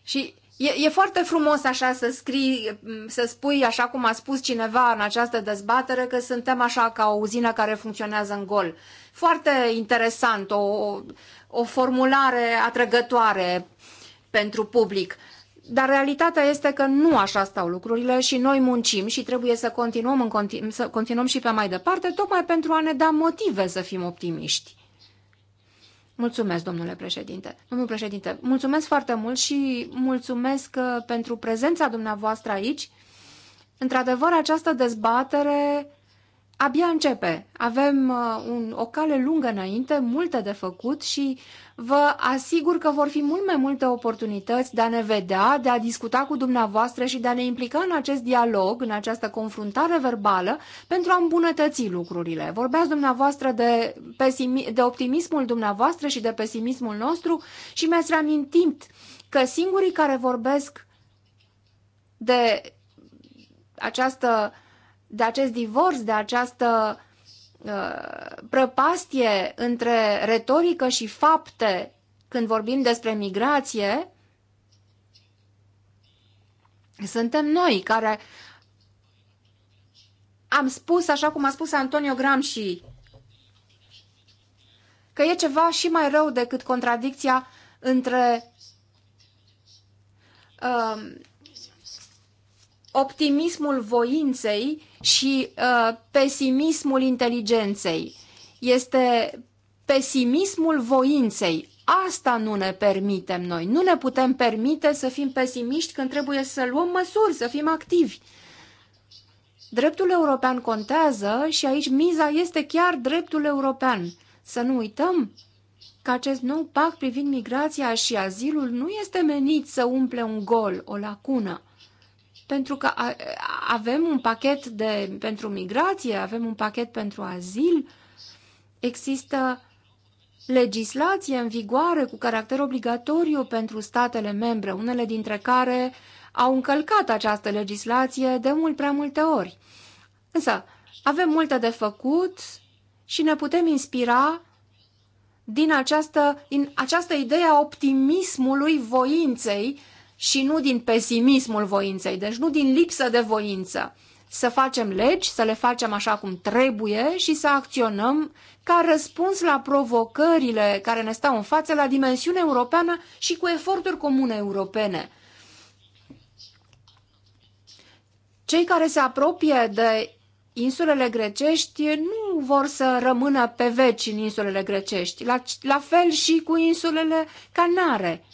Și E, e foarte frumos așa să scrii, să spui, așa cum a spus cineva în această dezbatere, că suntem așa ca o uzină care funcționează în gol. Foarte interesant, o, o formulare atrăgătoare pentru public. Dar realitatea este că nu așa stau lucrurile și noi muncim și trebuie să continuăm, în continu- să continuăm și pe mai departe, tocmai pentru a ne da motive să fim optimiști. Mulțumesc, domnule președinte. Domnul președinte, mulțumesc foarte mult și mulțumesc uh, pentru prezența dumneavoastră aici. Într-adevăr, această dezbatere abia începe. Avem uh, un, o cale lungă înainte, multe de făcut și vă asigur că vor fi mult mai multe oportunități de a ne vedea, de a discuta cu dumneavoastră și de a ne implica în acest dialog, în această confruntare verbală, pentru a îmbunătăți lucrurile. Vorbeați dumneavoastră de, pesimi, de optimismul dumneavoastră și de pesimismul nostru și mi-ați reamintit că singurii care vorbesc de această uh, de acest divorț, de această uh, prăpastie între retorică și fapte când vorbim despre migrație, suntem noi care am spus, așa cum a spus Antonio Gramsci, că e ceva și mai rău decât contradicția între uh, optimismul voinței și uh, pesimismul inteligenței. Este pesimismul voinței. Asta nu ne permitem noi. Nu ne putem permite să fim pesimiști când trebuie să luăm măsuri, să fim activi. Dreptul european contează și aici miza este chiar dreptul european. Să nu uităm că acest nou pact privind migrația și azilul nu este menit să umple un gol, o lacună pentru că avem un pachet de, pentru migrație, avem un pachet pentru azil, există legislație în vigoare cu caracter obligatoriu pentru statele membre, unele dintre care au încălcat această legislație de mult prea multe ori. Însă, avem multe de făcut și ne putem inspira din această, din această idee a optimismului voinței și nu din pesimismul voinței, deci nu din lipsă de voință. Să facem legi, să le facem așa cum trebuie și să acționăm ca răspuns la provocările care ne stau în față la dimensiune europeană și cu eforturi comune europene. Cei care se apropie de insulele grecești nu vor să rămână pe veci în insulele grecești, la, la fel și cu insulele Canare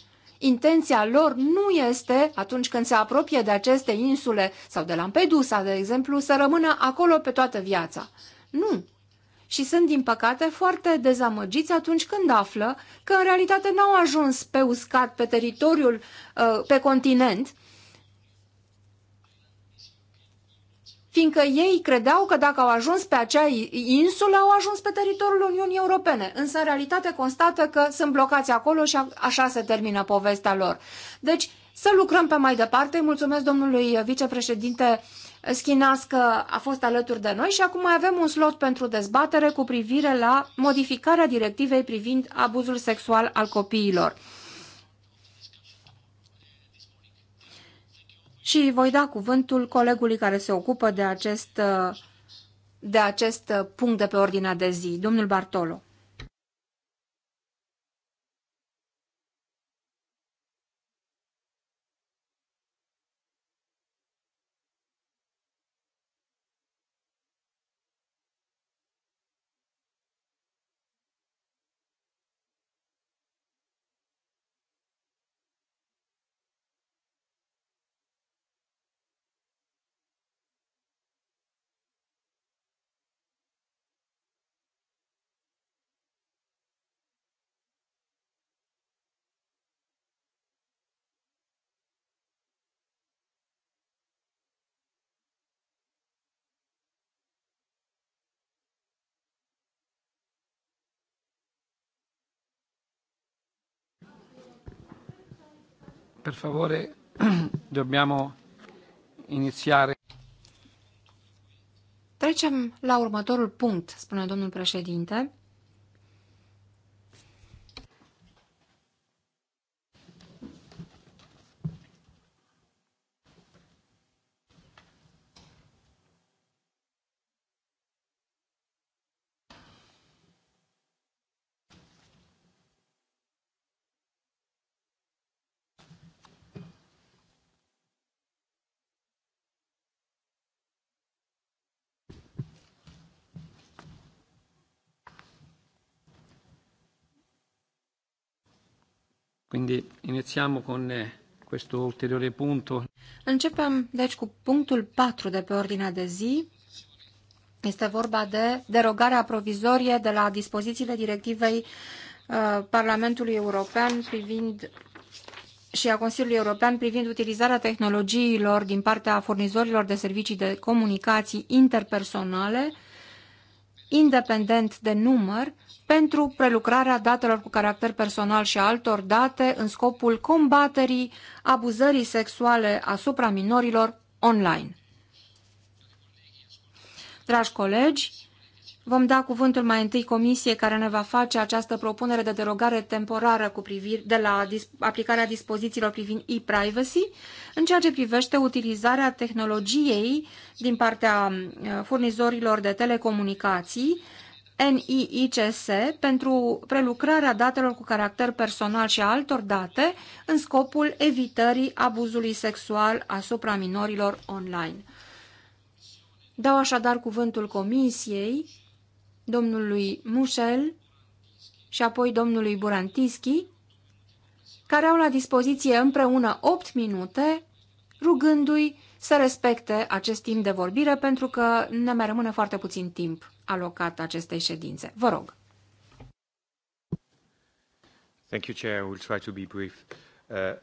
intenția lor nu este, atunci când se apropie de aceste insule sau de Lampedusa, de exemplu, să rămână acolo pe toată viața. Nu, și sunt, din păcate, foarte dezamăgiți atunci când află că, în realitate, n-au ajuns pe uscat pe teritoriul, uh, pe continent, fiindcă ei credeau că dacă au ajuns pe acea insulă, au ajuns pe teritoriul Uniunii Europene. Însă, în realitate, constată că sunt blocați acolo și așa se termină povestea lor. Deci, să lucrăm pe mai departe. Mulțumesc domnului vicepreședinte Schinas că a fost alături de noi și acum mai avem un slot pentru dezbatere cu privire la modificarea directivei privind abuzul sexual al copiilor. și voi da cuvântul colegului care se ocupă de acest, de acest punct de pe ordinea de zi, domnul Bartolo. Per favore, dobbiamo iniziare. Trecem la următorul punct, spune domnul președinte. Quindi iniziamo con eh, questo ulteriore punto. Începem deci cu punctul 4 de pe ordinea de zi. Este vorba de derogarea provizorie de la dispozițiile directivei uh, Parlamentului European privind și a Consiliului European privind utilizarea tehnologiilor din partea furnizorilor de servicii de comunicații interpersonale independent de număr pentru prelucrarea datelor cu caracter personal și altor date în scopul combaterii abuzării sexuale asupra minorilor online. Dragi colegi, Vom da cuvântul mai întâi comisiei care ne va face această propunere de derogare temporară cu privire de la dis aplicarea dispozițiilor privind e-privacy în ceea ce privește utilizarea tehnologiei din partea uh, furnizorilor de telecomunicații NIICS pentru prelucrarea datelor cu caracter personal și a altor date în scopul evitării abuzului sexual asupra minorilor online. Dau așadar cuvântul comisiei domnului Mușel și apoi domnului Burantischi, care au la dispoziție împreună 8 minute, rugându-i să respecte acest timp de vorbire, pentru că ne mai rămâne foarte puțin timp alocat acestei ședințe. Vă rog. Thank you, Chair. We'll try to be brief.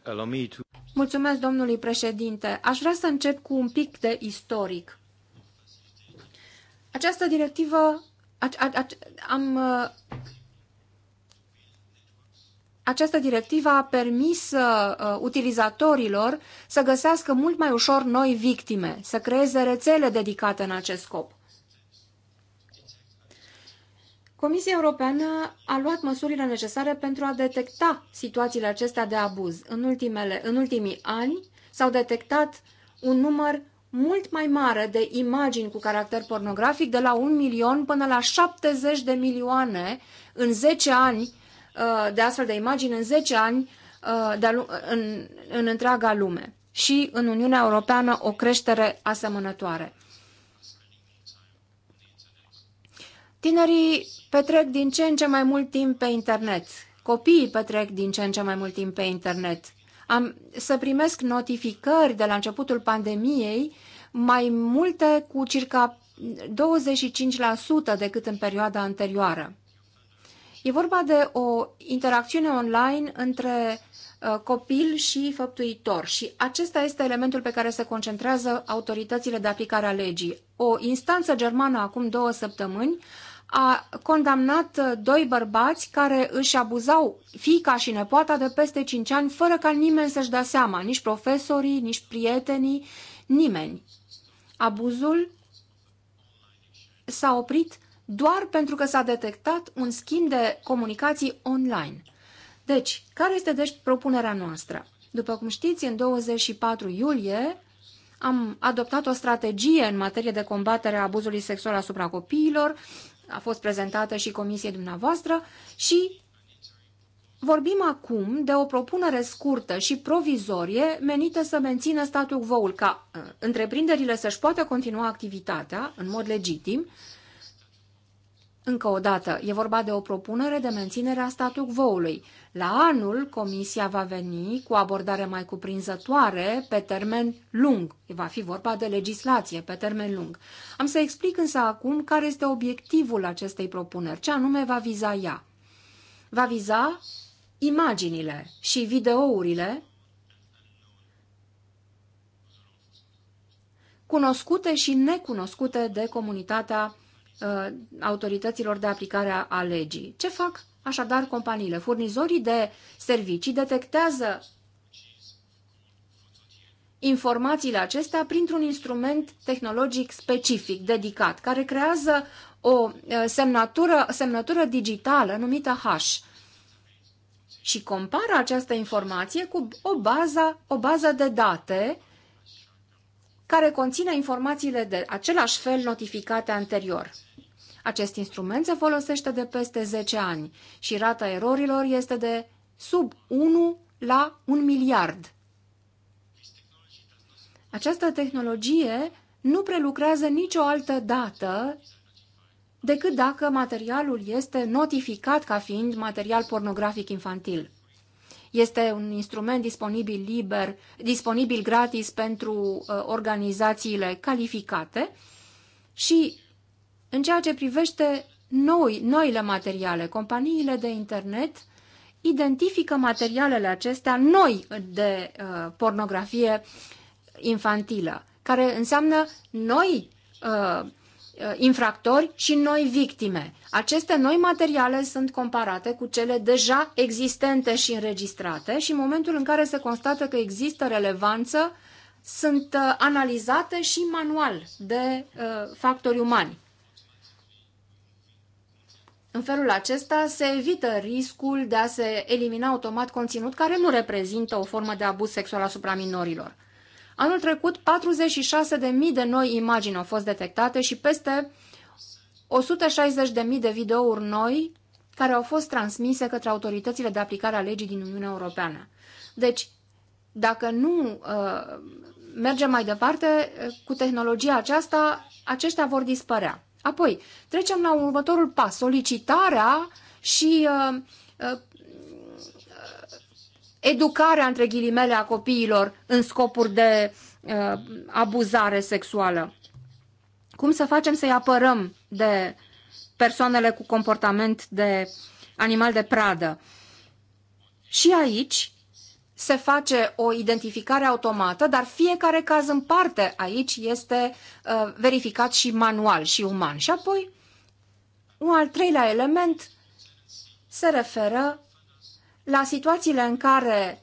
Uh, Mulțumesc, domnului președinte. Aș vrea să încep cu un pic de istoric. Această directivă am, uh, această directivă a permis uh, uh, utilizatorilor să găsească mult mai ușor noi victime, să creeze rețele dedicate în acest scop. Comisia Europeană a luat măsurile necesare pentru a detecta situațiile acestea de abuz. În, ultimele, în ultimii ani s-au detectat un număr mult mai mare de imagini cu caracter pornografic, de la un milion până la 70 de milioane în 10 ani, uh, de astfel de imagini în 10 ani uh, de în, în întreaga lume și în Uniunea Europeană o creștere asemănătoare. Tinerii petrec din ce în ce mai mult timp pe internet. Copiii petrec din ce în ce mai mult timp pe internet am, să primesc notificări de la începutul pandemiei mai multe cu circa 25% decât în perioada anterioară. E vorba de o interacțiune online între uh, copil și făptuitor și acesta este elementul pe care se concentrează autoritățile de aplicare a legii. O instanță germană acum două săptămâni a condamnat uh, doi bărbați care își abuzau fica și nepoata de peste 5 ani fără ca nimeni să-și dea seama, nici profesorii, nici prietenii, nimeni. Abuzul s-a oprit doar pentru că s-a detectat un schimb de comunicații online. Deci, care este deci propunerea noastră? După cum știți, în 24 iulie am adoptat o strategie în materie de combatere a abuzului sexual asupra copiilor, a fost prezentată și comisiei dumneavoastră și vorbim acum de o propunere scurtă și provizorie menită să mențină statul quo-ul ca uh, întreprinderile să-și poată continua activitatea în mod legitim, încă o dată, e vorba de o propunere de menținere a statu quo-ului. La anul, Comisia va veni cu o abordare mai cuprinzătoare pe termen lung. Va fi vorba de legislație pe termen lung. Am să explic însă acum care este obiectivul acestei propuneri, ce anume va viza ea. Va viza imaginile și videourile cunoscute și necunoscute de comunitatea Uh, autorităților de aplicare a legii. Ce fac așadar companiile? Furnizorii de servicii detectează informațiile acestea printr-un instrument tehnologic specific, dedicat, care creează o uh, semnătură, semnătură digitală numită hash și compară această informație cu o bază, o bază de date care conține informațiile de același fel notificate anterior. Acest instrument se folosește de peste 10 ani și rata erorilor este de sub 1 la 1 miliard. Această tehnologie nu prelucrează nicio altă dată decât dacă materialul este notificat ca fiind material pornografic infantil. Este un instrument disponibil liber, disponibil gratis pentru uh, organizațiile calificate și în ceea ce privește noi, noile materiale, companiile de internet identifică materialele acestea noi de uh, pornografie infantilă, care înseamnă noi uh, uh, infractori și noi victime. Aceste noi materiale sunt comparate cu cele deja existente și înregistrate și în momentul în care se constată că există relevanță, sunt uh, analizate și manual de uh, factori umani. În felul acesta se evită riscul de a se elimina automat conținut care nu reprezintă o formă de abuz sexual asupra minorilor. Anul trecut, 46.000 de noi imagini au fost detectate și peste 160.000 de videouri noi care au fost transmise către autoritățile de aplicare a legii din Uniunea Europeană. Deci, dacă nu uh, mergem mai departe uh, cu tehnologia aceasta, aceștia vor dispărea. Apoi, trecem la următorul pas, solicitarea și uh, uh, uh, educarea, între ghilimele, a copiilor în scopuri de uh, abuzare sexuală. Cum să facem să-i apărăm de persoanele cu comportament de animal de pradă? Și aici se face o identificare automată, dar fiecare caz în parte aici este uh, verificat și manual și uman. Și apoi, un al treilea element se referă la situațiile în care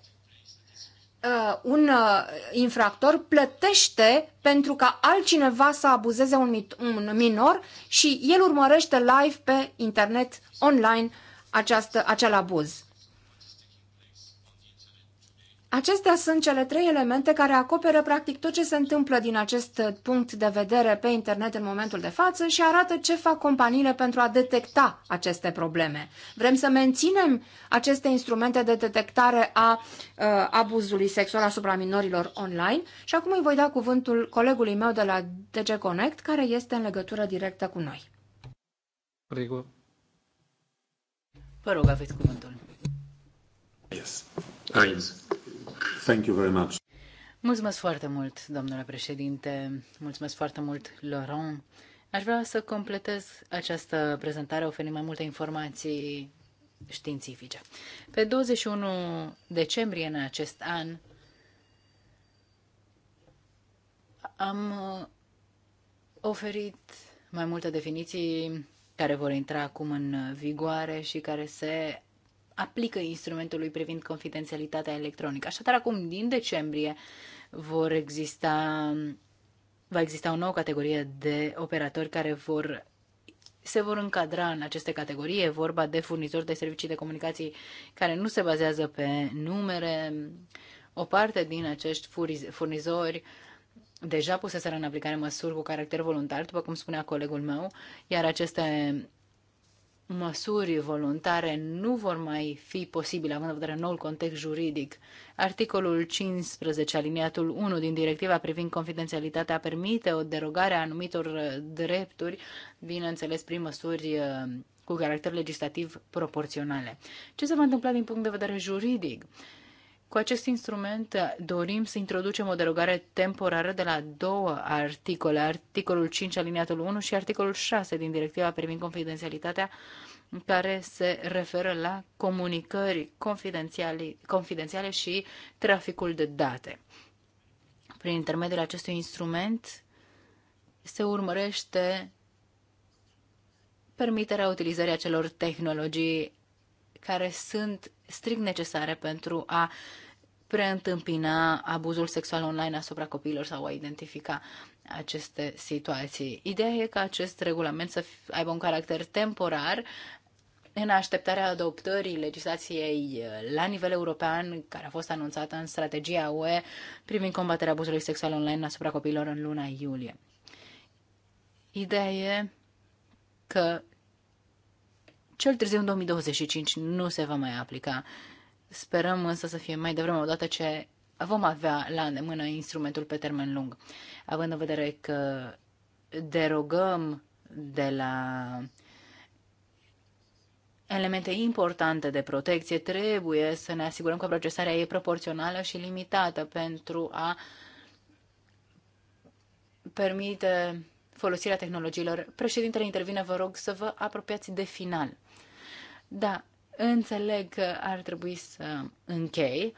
uh, un uh, infractor plătește pentru ca altcineva să abuzeze un, un minor și el urmărește live pe internet, online, această, acel abuz. Acestea sunt cele trei elemente care acoperă practic tot ce se întâmplă din acest punct de vedere pe internet în momentul de față și arată ce fac companiile pentru a detecta aceste probleme. Vrem să menținem aceste instrumente de detectare a uh, abuzului sexual asupra minorilor online și acum îi voi da cuvântul colegului meu de la DG Connect care este în legătură directă cu noi. Rigo. Vă rog, aveți cuvântul. Yes. Aici. Thank you very much. Mulțumesc foarte mult, domnule președinte. Mulțumesc foarte mult, Laurent. Aș vrea să completez această prezentare oferind mai multe informații științifice. Pe 21 decembrie în acest an am uh, oferit mai multe definiții care vor intra acum în vigoare și care se aplică instrumentului privind confidențialitatea electronică. Așadar, acum, din decembrie, vor exista, va exista o nouă categorie de operatori care vor se vor încadra în aceste categorii. E vorba de furnizori de servicii de comunicații care nu se bazează pe numere. O parte din acești furnizori deja puseseră în aplicare măsuri cu caracter voluntar, după cum spunea colegul meu, iar aceste măsuri voluntare nu vor mai fi posibile, având în vedere noul context juridic. Articolul 15, aliniatul 1 din directiva privind confidențialitatea, permite o derogare a anumitor uh, drepturi, bineînțeles, prin măsuri uh, cu caracter legislativ proporționale. Ce se va întâmpla din punct de vedere juridic? Cu acest instrument dorim să introducem o derogare temporară de la două articole, articolul 5 aliniatul 1 și articolul 6 din directiva privind confidențialitatea, care se referă la comunicări confidențiale, și traficul de date. Prin intermediul acestui instrument se urmărește permiterea utilizării acelor tehnologii care sunt strict necesare pentru a preîntâmpina abuzul sexual online asupra copiilor sau a identifica aceste situații. Ideea e ca acest regulament să aibă un caracter temporar în așteptarea adoptării legislației uh, la nivel european, care a fost anunțată în strategia UE privind combaterea abuzului sexual online asupra copiilor în luna iulie. Ideea e că cel târziu în 2025 nu se va mai aplica. Sperăm însă să fie mai devreme odată ce vom avea la îndemână instrumentul pe termen lung. Având în vedere că derogăm de la elemente importante de protecție, trebuie să ne asigurăm că procesarea e proporțională și limitată pentru a permite folosirea tehnologiilor. Președintele intervine, vă rog să vă apropiați de final. Da, înțeleg că ar trebui să închei.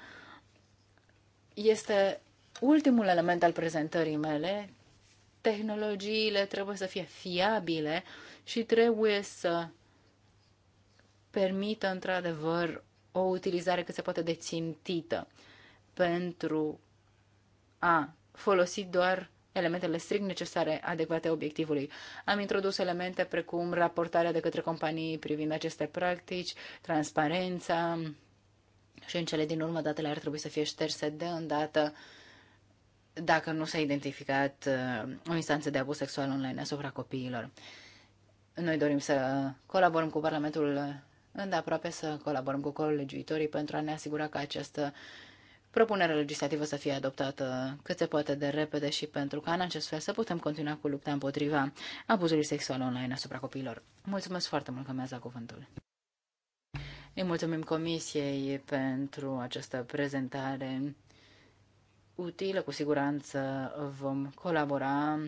Este ultimul element al prezentării mele. Tehnologiile trebuie să fie fiabile și trebuie să permită într-adevăr o utilizare cât se poate de țintită pentru a folosi doar elementele strict necesare adecvate obiectivului. Am introdus elemente precum raportarea de către companii privind aceste practici, transparența și în cele din urmă datele ar trebui să fie șterse de îndată dacă nu s-a identificat uh, o instanță de abuz sexual online asupra copiilor. Noi dorim să colaborăm cu Parlamentul uh, îndeaproape, să colaborăm cu colegiuitorii pentru a ne asigura că această propunerea legislativă să fie adoptată cât se poate de repede și pentru ca în acest fel să putem continua cu lupta împotriva abuzului sexual online asupra copiilor. Mulțumesc foarte mult că mi-ați dat cuvântul. Îi mulțumim Comisiei pentru această prezentare utilă. Cu siguranță vom colabora.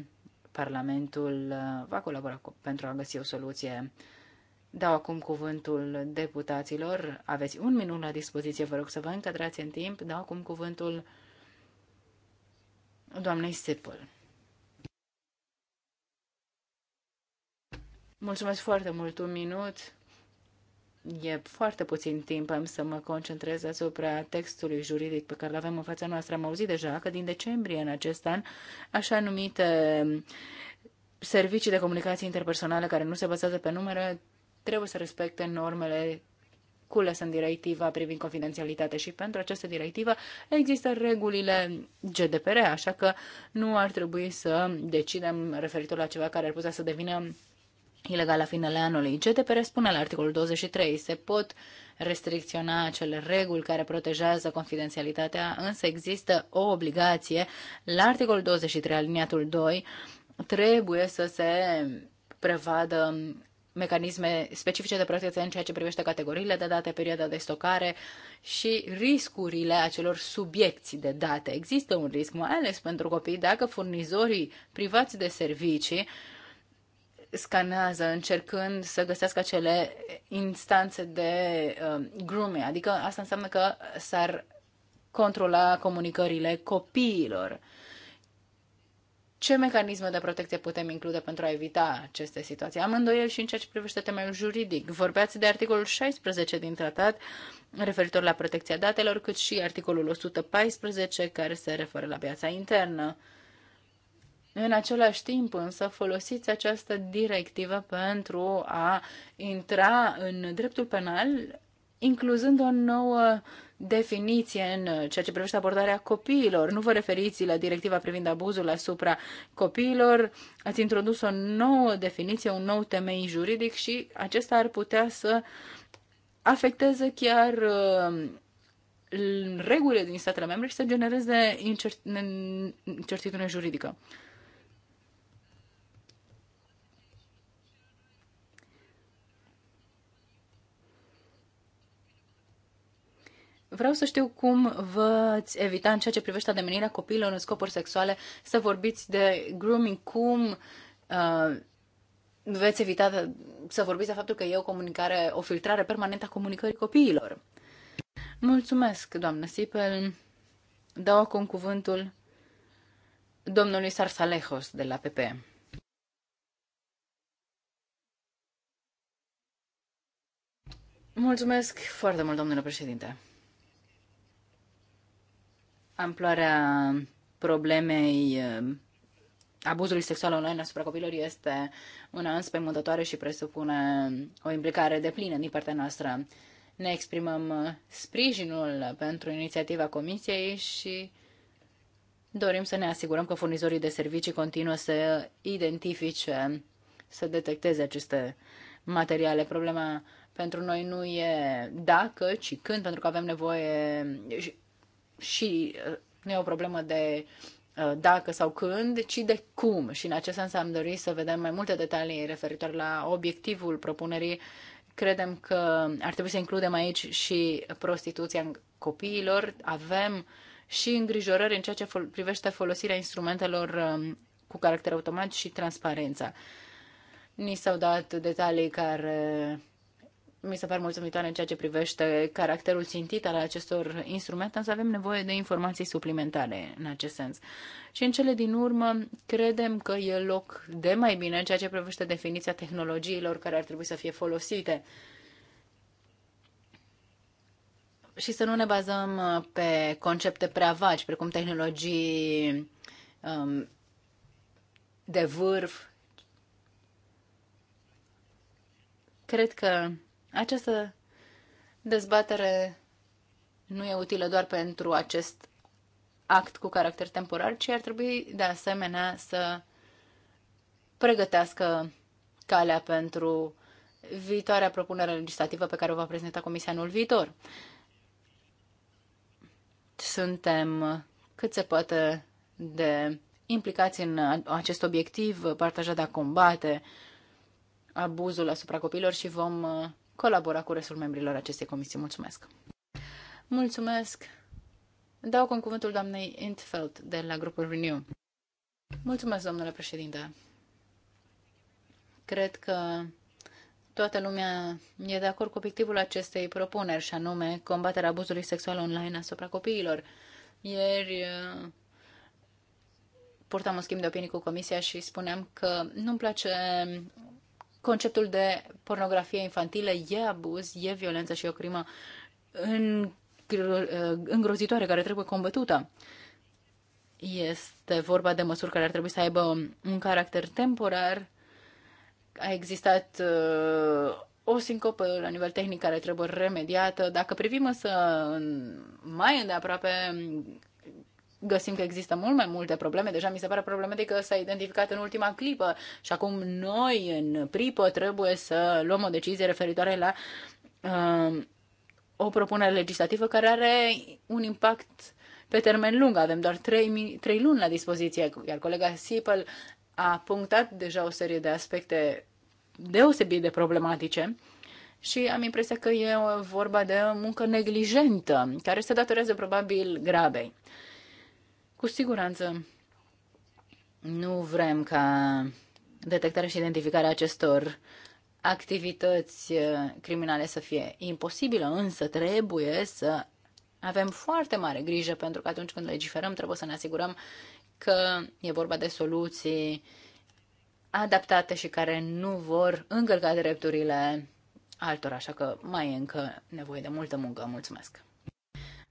Parlamentul uh, va colabora pentru a găsi o soluție Dau acum cuvântul deputaților. Aveți un minut la dispoziție, vă rog să vă încadrați în timp. Dau acum cuvântul doamnei Sepăl. Mulțumesc foarte mult, un minut. E foarte puțin timp, am să mă concentrez asupra textului juridic pe care îl avem în fața noastră. Am auzit deja că din decembrie în acest an, așa numite servicii de comunicație interpersonale care nu se bazează pe numere trebuie să respecte normele cules în directiva privind confidențialitate și pentru această directivă există regulile GDPR, așa că nu ar trebui să decidem referitor la ceva care ar putea să devină ilegal la finele anului. GDPR spune la articolul 23, se pot restricționa acele reguli care protejează confidențialitatea, însă există o obligație la articolul 23, aliniatul 2, trebuie să se prevadă mecanisme specifice de protecție în ceea ce privește categoriile de date, perioada de stocare și riscurile acelor subiecți de date. Există un risc, mai ales pentru copii, dacă furnizorii privați de servicii scanează încercând să găsească acele instanțe de uh, grooming. Adică asta înseamnă că s-ar controla comunicările copiilor. Uh, ce mecanisme de protecție putem include pentru a evita aceste situații? Am îndoiel și în ceea ce privește temeiul juridic. Vorbeați de articolul 16 din tratat referitor la protecția datelor, cât și articolul 114 care se referă la piața internă. În același timp însă folosiți această directivă pentru a intra în dreptul penal, incluzând o nouă definiție în ceea ce privește abordarea copiilor. Nu vă referiți la directiva privind abuzul asupra copiilor. Ați introdus o nouă definiție, un nou temei juridic și acesta ar putea să afecteze chiar uh, regulile din statele membre și să genereze incert- incertitudine juridică. Vreau să știu cum vă evita în ceea ce privește ademenirea copiilor în scopuri sexuale să vorbiți de grooming, cum uh, veți evita să vorbiți de faptul că e o comunicare, o filtrare permanentă a comunicării copiilor. Mulțumesc, doamnă Sipel. Dau acum cuvântul domnului Sarsalejos de la PP. Mulțumesc foarte mult, domnule președinte. Amploarea problemei eh, abuzului sexual online asupra copilor este una înspăimântătoare și presupune o implicare deplină din partea noastră. Ne exprimăm eh, sprijinul pentru inițiativa Comisiei și dorim să ne asigurăm că furnizorii de servicii continuă să identifice, să detecteze aceste materiale. Problema pentru noi nu e dacă, ci când, pentru că avem nevoie și uh, nu e o problemă de uh, dacă sau când, ci de cum. Și în acest sens am dorit să vedem mai multe detalii referitor la obiectivul propunerii. Credem că ar trebui să includem aici și prostituția copiilor. Avem și îngrijorări în ceea ce privește folosirea instrumentelor um, cu caracter automat și transparența. Ni s-au dat detalii care mi se par mulțumitoare în ceea ce privește caracterul țintit al acestor instrumente, însă avem nevoie de informații suplimentare în acest sens. Și în cele din urmă, credem că e loc de mai bine în ceea ce privește definiția tehnologiilor care ar trebui să fie folosite și să nu ne bazăm uh, pe concepte prea vagi, precum tehnologii um, de vârf. Cred că această dezbatere nu e utilă doar pentru acest act cu caracter temporar, ci ar trebui de asemenea să pregătească calea pentru viitoarea propunere legislativă pe care o va prezenta Comisia anul viitor. Suntem cât se poate de implicați în acest obiectiv partajat de a combate abuzul asupra copiilor și vom uh, colabora cu restul membrilor acestei comisii. Mulțumesc! Mulțumesc! Dau cu cuvântul doamnei Intfeld de la grupul Renew. Mulțumesc, domnule președinte! Cred că toată lumea e de acord cu obiectivul acestei propuneri, și anume combaterea abuzului sexual online asupra copiilor. Ieri uh, purtam un schimb de opinii cu comisia și spuneam că nu-mi place conceptul de pornografie infantilă e abuz, e violență și e o crimă uh, îngrozitoare care trebuie combătută. Este vorba de măsuri care ar trebui să aibă un caracter temporar. A existat uh, o sincopă la nivel tehnic care trebuie remediată. Dacă privim însă mai îndeaproape găsim că există mult mai multe probleme. Deja mi se pare de că s-a identificat în ultima clipă și acum noi, în pripă, trebuie să luăm o decizie referitoare la uh, o propunere legislativă care are un impact pe termen lung. Avem doar trei luni la dispoziție, iar colega Sipel a punctat deja o serie de aspecte deosebit de problematice și am impresia că e vorba de muncă neglijentă, care se datorează probabil grabei. Cu siguranță nu vrem ca detectarea și identificarea acestor activități eh, criminale să fie imposibilă, însă trebuie să avem foarte mare grijă pentru că atunci când legiferăm trebuie să ne asigurăm că e vorba de soluții adaptate și care nu vor încălca drepturile altora, așa că mai e încă nevoie de multă muncă. Mulțumesc!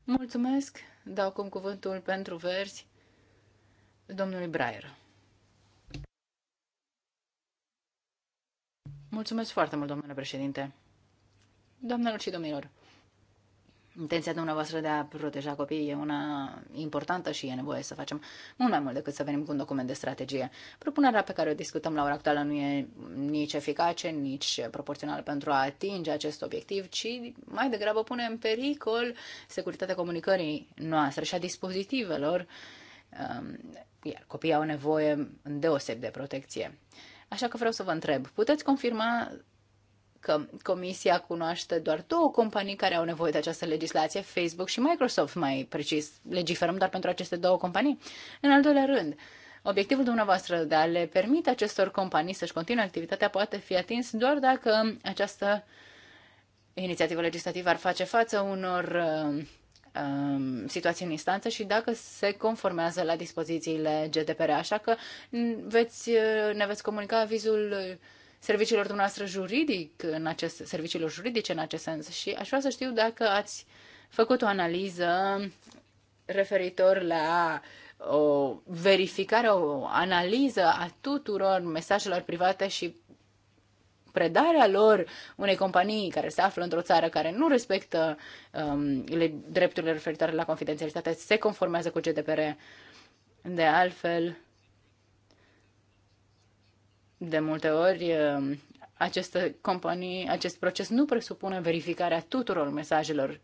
Mulțumesc! Dau acum cuvântul pentru verzi domnului Braier. Mulțumesc foarte mult, domnule președinte. Doamnelor și domnilor, Intenția dumneavoastră de a proteja copiii e una importantă și e nevoie să facem mult mai mult decât să venim cu un document de strategie. Propunerea pe care o discutăm la ora actuală nu e nici eficace, nici proporțională pentru a atinge acest obiectiv, ci mai degrabă pune în pericol securitatea comunicării noastre și a dispozitivelor, um, iar copiii au nevoie îndeoseb de protecție. Așa că vreau să vă întreb, puteți confirma că Comisia cunoaște doar două companii care au nevoie de această legislație, Facebook și Microsoft, mai precis. Legiferăm doar pentru aceste două companii. În al doilea rând, Obiectivul dumneavoastră de a le permite acestor companii să-și continue activitatea poate fi atins doar dacă această inițiativă legislativă ar face față unor uh, um, situații în instanță și dacă se conformează la dispozițiile GDPR. Așa că mm, veți, uh, ne veți comunica avizul uh, serviciilor dumneavoastră juridic în acest, serviciilor juridice în acest sens și aș vrea să știu dacă ați făcut o analiză referitor la o verificare, o analiză a tuturor mesajelor private și predarea lor unei companii care se află într-o țară care nu respectă um, drepturile referitoare la confidențialitate se conformează cu GDPR. De altfel, de multe ori, uh, aceste companii, acest proces nu presupune verificarea tuturor mesajelor.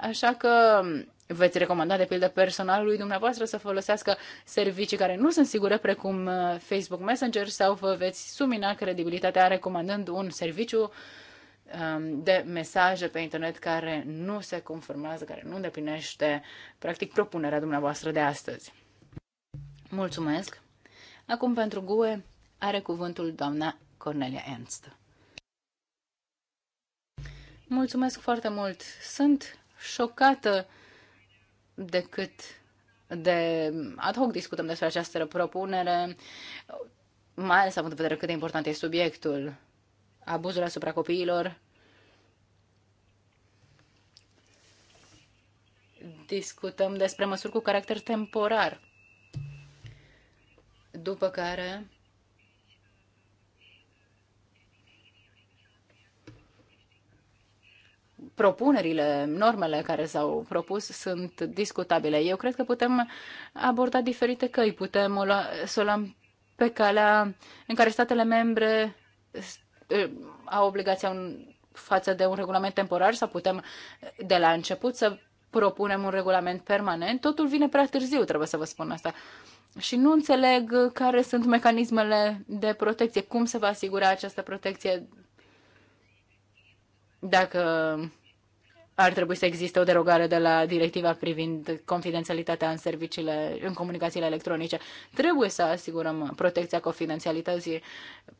Așa că veți recomanda, de pildă, personalului dumneavoastră să folosească servicii care nu sunt sigure, precum uh, Facebook Messenger, sau vă veți sumina credibilitatea recomandând un serviciu um, de mesaje pe internet care nu se conformează, care nu îndeplinește, practic, propunerea dumneavoastră de astăzi. Mulțumesc! Acum pentru GUE, are cuvântul doamna Cornelia Ernst. Mulțumesc foarte mult. Sunt șocată de cât de ad hoc discutăm despre această propunere, mai ales având în vedere cât de important e subiectul, abuzul asupra copiilor. Discutăm despre măsuri cu caracter temporar, după care propunerile, normele care s-au propus sunt discutabile. Eu cred că putem aborda diferite căi. Putem lua, să o luăm pe calea în care statele membre eh, au obligația un, față de un regulament temporar sau putem eh, de la început să propunem un regulament permanent. Totul vine prea târziu, trebuie să vă spun asta. Și nu înțeleg care sunt mecanismele de protecție, cum se va asigura această protecție dacă ar trebui să existe o derogare de la directiva privind confidențialitatea în serviciile, în comunicațiile electronice. Trebuie să asigurăm protecția confidențialității.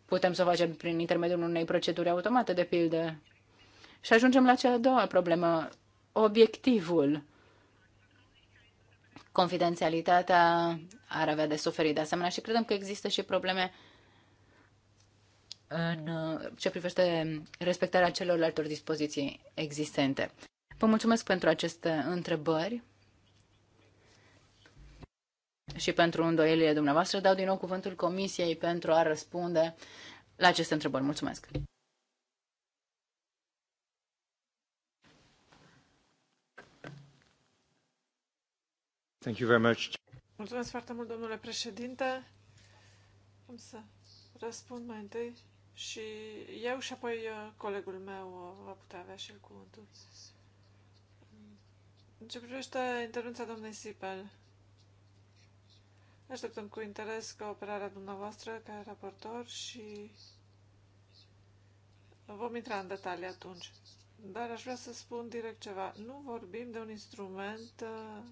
Putem să o facem prin intermediul unei proceduri automate, de pildă. Și ajungem la cea doua problemă, obiectivul. Confidențialitatea ar avea de suferit de asemenea și credem că există și probleme în uh, ce privește respectarea celorlalte dispoziții existente. Vă mulțumesc pentru aceste întrebări și pentru îndoielile dumneavoastră. Dau din nou cuvântul Comisiei pentru a răspunde la aceste întrebări. Mulțumesc! Thank you very much. Mulțumesc foarte mult, domnule președinte. Am să răspund mai întâi și eu și apoi uh, colegul meu uh, va putea avea și el cuvântul. În ce privește intervenția doamnei Sipel, așteptăm cu interes cooperarea dumneavoastră ca raportor și vom intra în detalii atunci. Dar aș vrea să spun direct ceva. Nu vorbim de un instrument uh,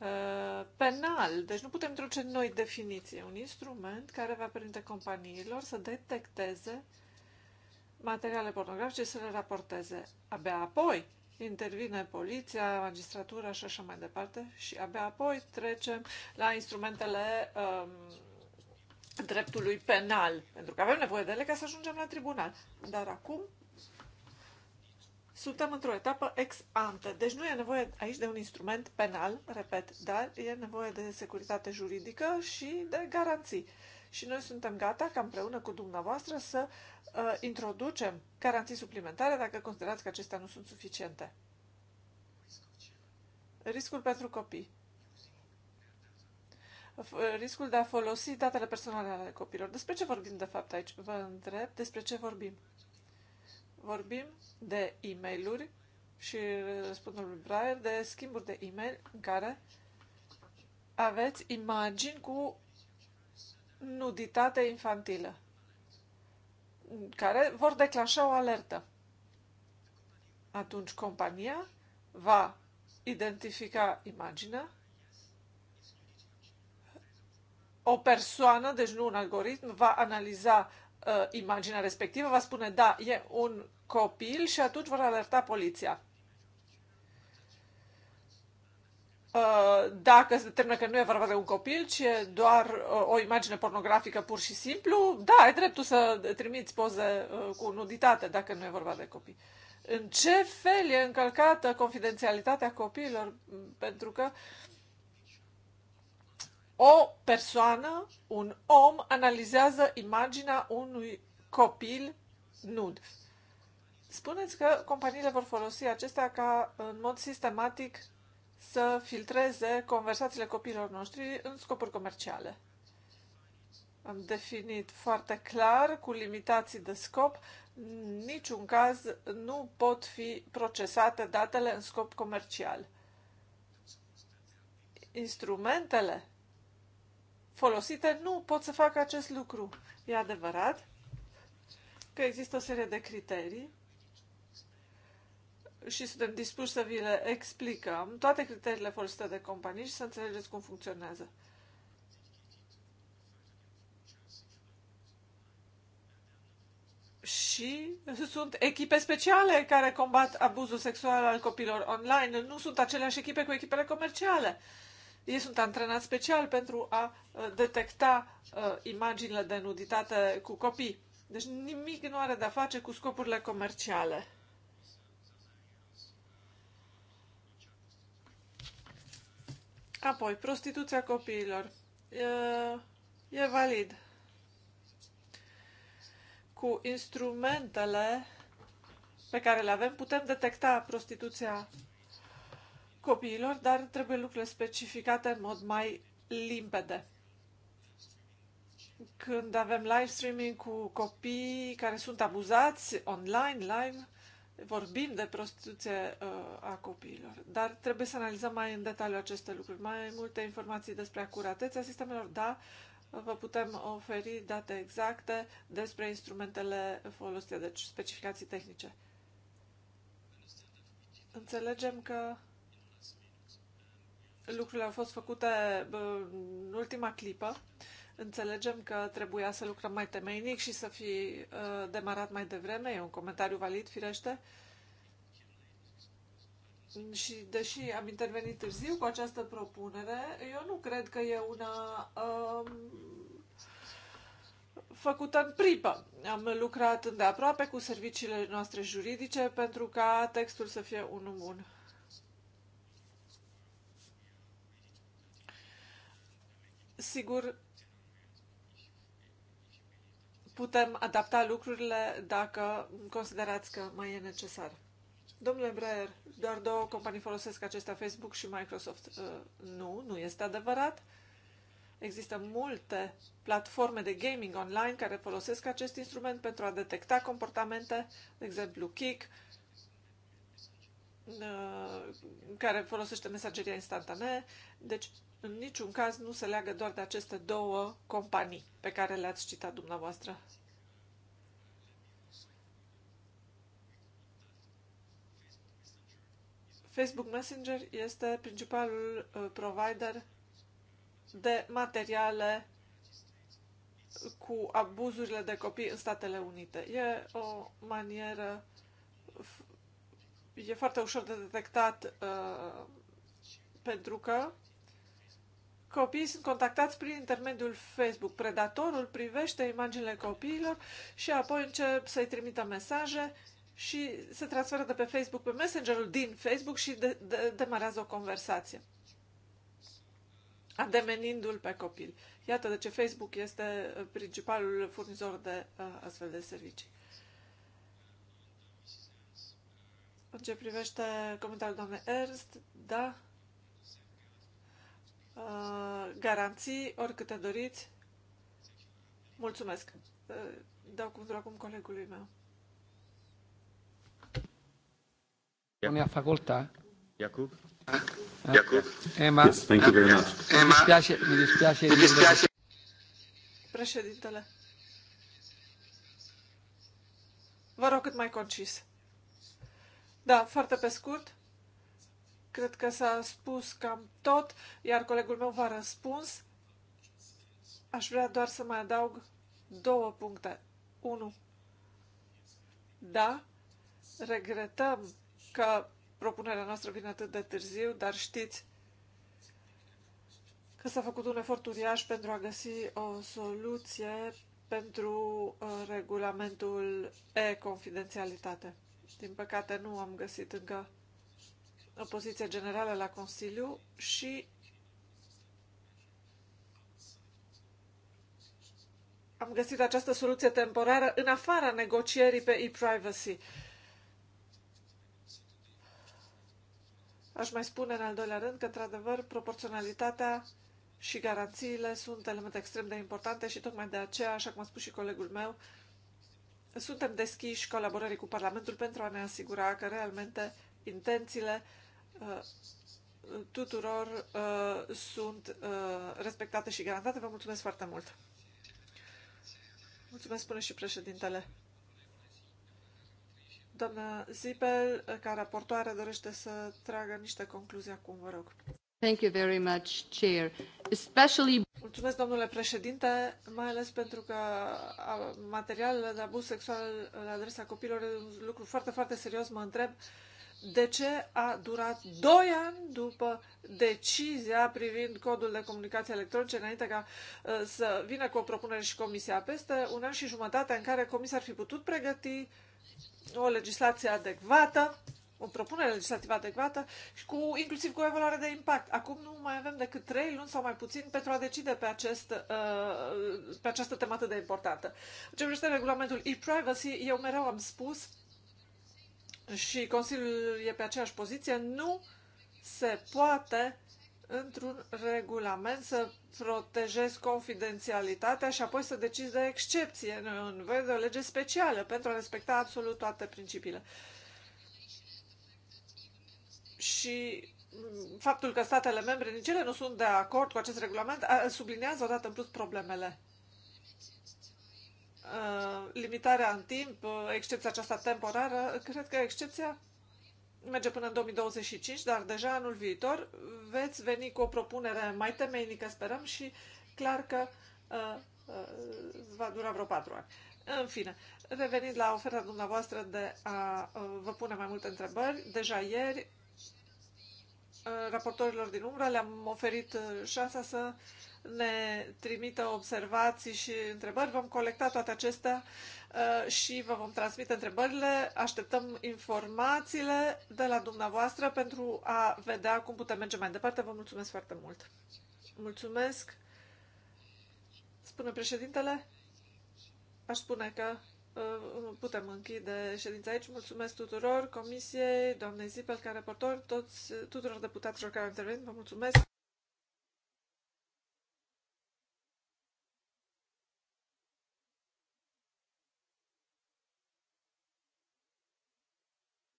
Uh, penal. Deci nu putem introduce noi definiții. Un instrument care va permite companiilor să detecteze materiale pornografice și să le raporteze. Abia apoi intervine poliția, magistratura și așa mai departe și abia apoi trecem la instrumentele um, dreptului penal, pentru că avem nevoie de ele ca să ajungem la tribunal. Dar acum suntem într-o etapă ex ante, deci nu e nevoie aici de un instrument penal, repet, dar e nevoie de securitate juridică și de garanții. Și noi suntem gata ca împreună cu dumneavoastră să uh, introducem garanții suplimentare dacă considerați că acestea nu sunt suficiente. Riscul pentru copii uh, riscul de a folosi datele personale ale copilor. Despre ce vorbim, de fapt, aici? Vă întreb despre ce vorbim. Vorbim de e mail și răspundul uh, lui Brian de schimburi de e-mail în care aveți imagini cu nuditate infantilă care vor declanșa o alertă. Atunci compania va identifica imaginea o persoană, deci nu un algoritm, va analiza uh, imaginea respectivă, va spune, da, e un copil și atunci vor alerta poliția. Uh, dacă se determină că nu e vorba de un copil, ci e doar uh, o imagine pornografică pur și simplu, da, ai dreptul să trimiți poze uh, cu nuditate dacă nu e vorba de copii. În ce fel e încălcată confidențialitatea copiilor? Pentru că uh, o persoană, un om, analizează imaginea unui copil nud. Spuneți că companiile vor folosi acestea ca în mod sistematic să filtreze conversațiile copiilor noștri în scopuri comerciale. Am definit foarte clar, cu limitații de scop, niciun caz nu pot fi procesate datele în scop comercial. Instrumentele folosite nu pot să facă acest lucru. E adevărat că există o serie de criterii și suntem dispuși să vi le explicăm, toate criteriile folosite de companii și să înțelegeți cum funcționează. și sunt echipe speciale care combat abuzul sexual al copilor online. Nu sunt aceleași echipe cu echipele comerciale. Ei sunt antrenați special pentru a uh, detecta uh, imaginile de nuditate cu copii. Deci nimic nu are de-a face cu scopurile comerciale. Apoi, prostituția copiilor. E, e valid. Cu instrumentele pe care le avem, putem detecta prostituția copiilor, dar trebuie lucrurile specificate în mod mai limpede. Când avem live streaming cu copii care sunt abuzați online, live, vorbim de prostituție uh, a copiilor, dar trebuie să analizăm mai în detaliu aceste lucruri. Mai multe informații despre acuratețea sistemelor, da, vă putem oferi date exacte despre instrumentele folosite, deci specificații tehnice. Înțelegem că lucrurile au fost făcute uh, în ultima clipă. Înțelegem că trebuia să lucrăm mai temeinic și să fi uh, demarat mai devreme. E un comentariu valid, firește. Și deși am intervenit târziu cu această propunere, eu nu cred că e una um, făcută în pripă. Am lucrat îndeaproape cu serviciile noastre juridice pentru ca textul să fie unul bun. Sigur, putem adapta lucrurile dacă considerați că mai e necesar. Domnule Breyer, doar două companii folosesc acestea, Facebook și Microsoft. Uh, nu, nu este adevărat. Există multe platforme de gaming online care folosesc acest instrument pentru a detecta comportamente, de exemplu Kik, uh, care folosește mesageria instantanee. Deci în niciun caz nu se leagă doar de aceste două companii pe care le-ați citat dumneavoastră. Facebook Messenger este principalul uh, provider de materiale cu abuzurile de copii în Statele Unite. E o manieră, e foarte ușor de detectat uh, pentru că copiii sunt contactați prin intermediul Facebook. Predatorul privește imaginile copiilor și apoi încep să-i trimită mesaje și se transferă de pe Facebook pe Messengerul din Facebook și de, de, demarează o conversație, ademenindu-l pe copil. Iată de ce Facebook este uh, principalul furnizor de uh, astfel de servicii. În ce privește comentariul doamnei Ernst, da, uh, garanții, oricâte doriți. Mulțumesc. Uh, dau cuvântul acum colegului meu. a facultă. Iacub? Eh, Iacub? Emma? Yes, thank you very much. Emma? Mi dispiace, mi dispiace. Mi dispiace. Președintele. Vă rog cât mai concis. Da, foarte pe scurt. Cred că s-a spus cam tot, iar colegul meu v-a răspuns. Aș vrea doar să mai adaug două puncte. 1. Da, regretăm că propunerea noastră vine atât de târziu, dar știți că s-a făcut un efort uriaș pentru a găsi o soluție pentru uh, regulamentul e-confidențialitate. Din păcate nu am găsit încă o poziție generală la Consiliu și am găsit această soluție temporară în afara negocierii pe e-privacy. Aș mai spune în al doilea rând că, într-adevăr, proporționalitatea și garanțiile sunt elemente extrem de importante și tocmai de aceea, așa cum a spus și colegul meu, suntem deschiși colaborării cu Parlamentul pentru a ne asigura că realmente intențiile Uh, tuturor uh, sunt uh, respectate și garantate. Vă mulțumesc foarte mult! Mulțumesc, spune și președintele. Doamna Zipel, uh, ca raportoare, dorește să tragă niște concluzii acum, vă rog. Thank you very much, Chair. Especially... Mulțumesc, domnule președinte, mai ales pentru că materialele de abuz sexual la adresa copilor e un lucru foarte, foarte serios. Mă întreb uh, de ce a durat doi ani după decizia privind codul de comunicație electronice înainte ca uh, să vină cu o propunere și comisia peste un an și jumătate în care comisia ar fi putut pregăti o legislație adecvată, o propunere legislativă adecvată și cu, inclusiv cu o evaluare de impact. Acum nu mai avem decât trei luni sau mai puțin pentru a decide pe, acest, uh, pe această temată de importantă. Ce privește regulamentul e-privacy, eu mereu am spus și Consiliul e pe aceeași poziție, nu se poate într-un regulament să protejezi confidențialitatea și apoi să decizi de excepție. în avem nevoie de o lege specială pentru a respecta absolut toate principiile. Și mm, faptul că statele membre nici ele nu sunt de acord cu acest regulament subliniază odată în plus problemele. Uh, limitarea în timp, uh, excepția aceasta temporară, cred că excepția merge până în 2025, dar deja anul viitor veți veni cu o propunere mai temeinică, sperăm, și clar că uh, uh, va dura vreo patru ani. În fine, revenind la oferta dumneavoastră de a uh, vă pune mai multe întrebări, deja ieri Uh, raportorilor din umbră, le-am oferit uh, șansa să ne trimită observații și întrebări. Vom colecta toate acestea uh, și vă vom transmite întrebările. Așteptăm informațiile de la dumneavoastră pentru a vedea cum putem merge mai departe. Vă mulțumesc foarte mult. Mulțumesc. Spune președintele. Aș spune că Uh, putem închide ședința aici. Mulțumesc tuturor, comisiei, doamnei Zipel, ca raportor, toți, tuturor deputaților care au intervenit. Vă mulțumesc!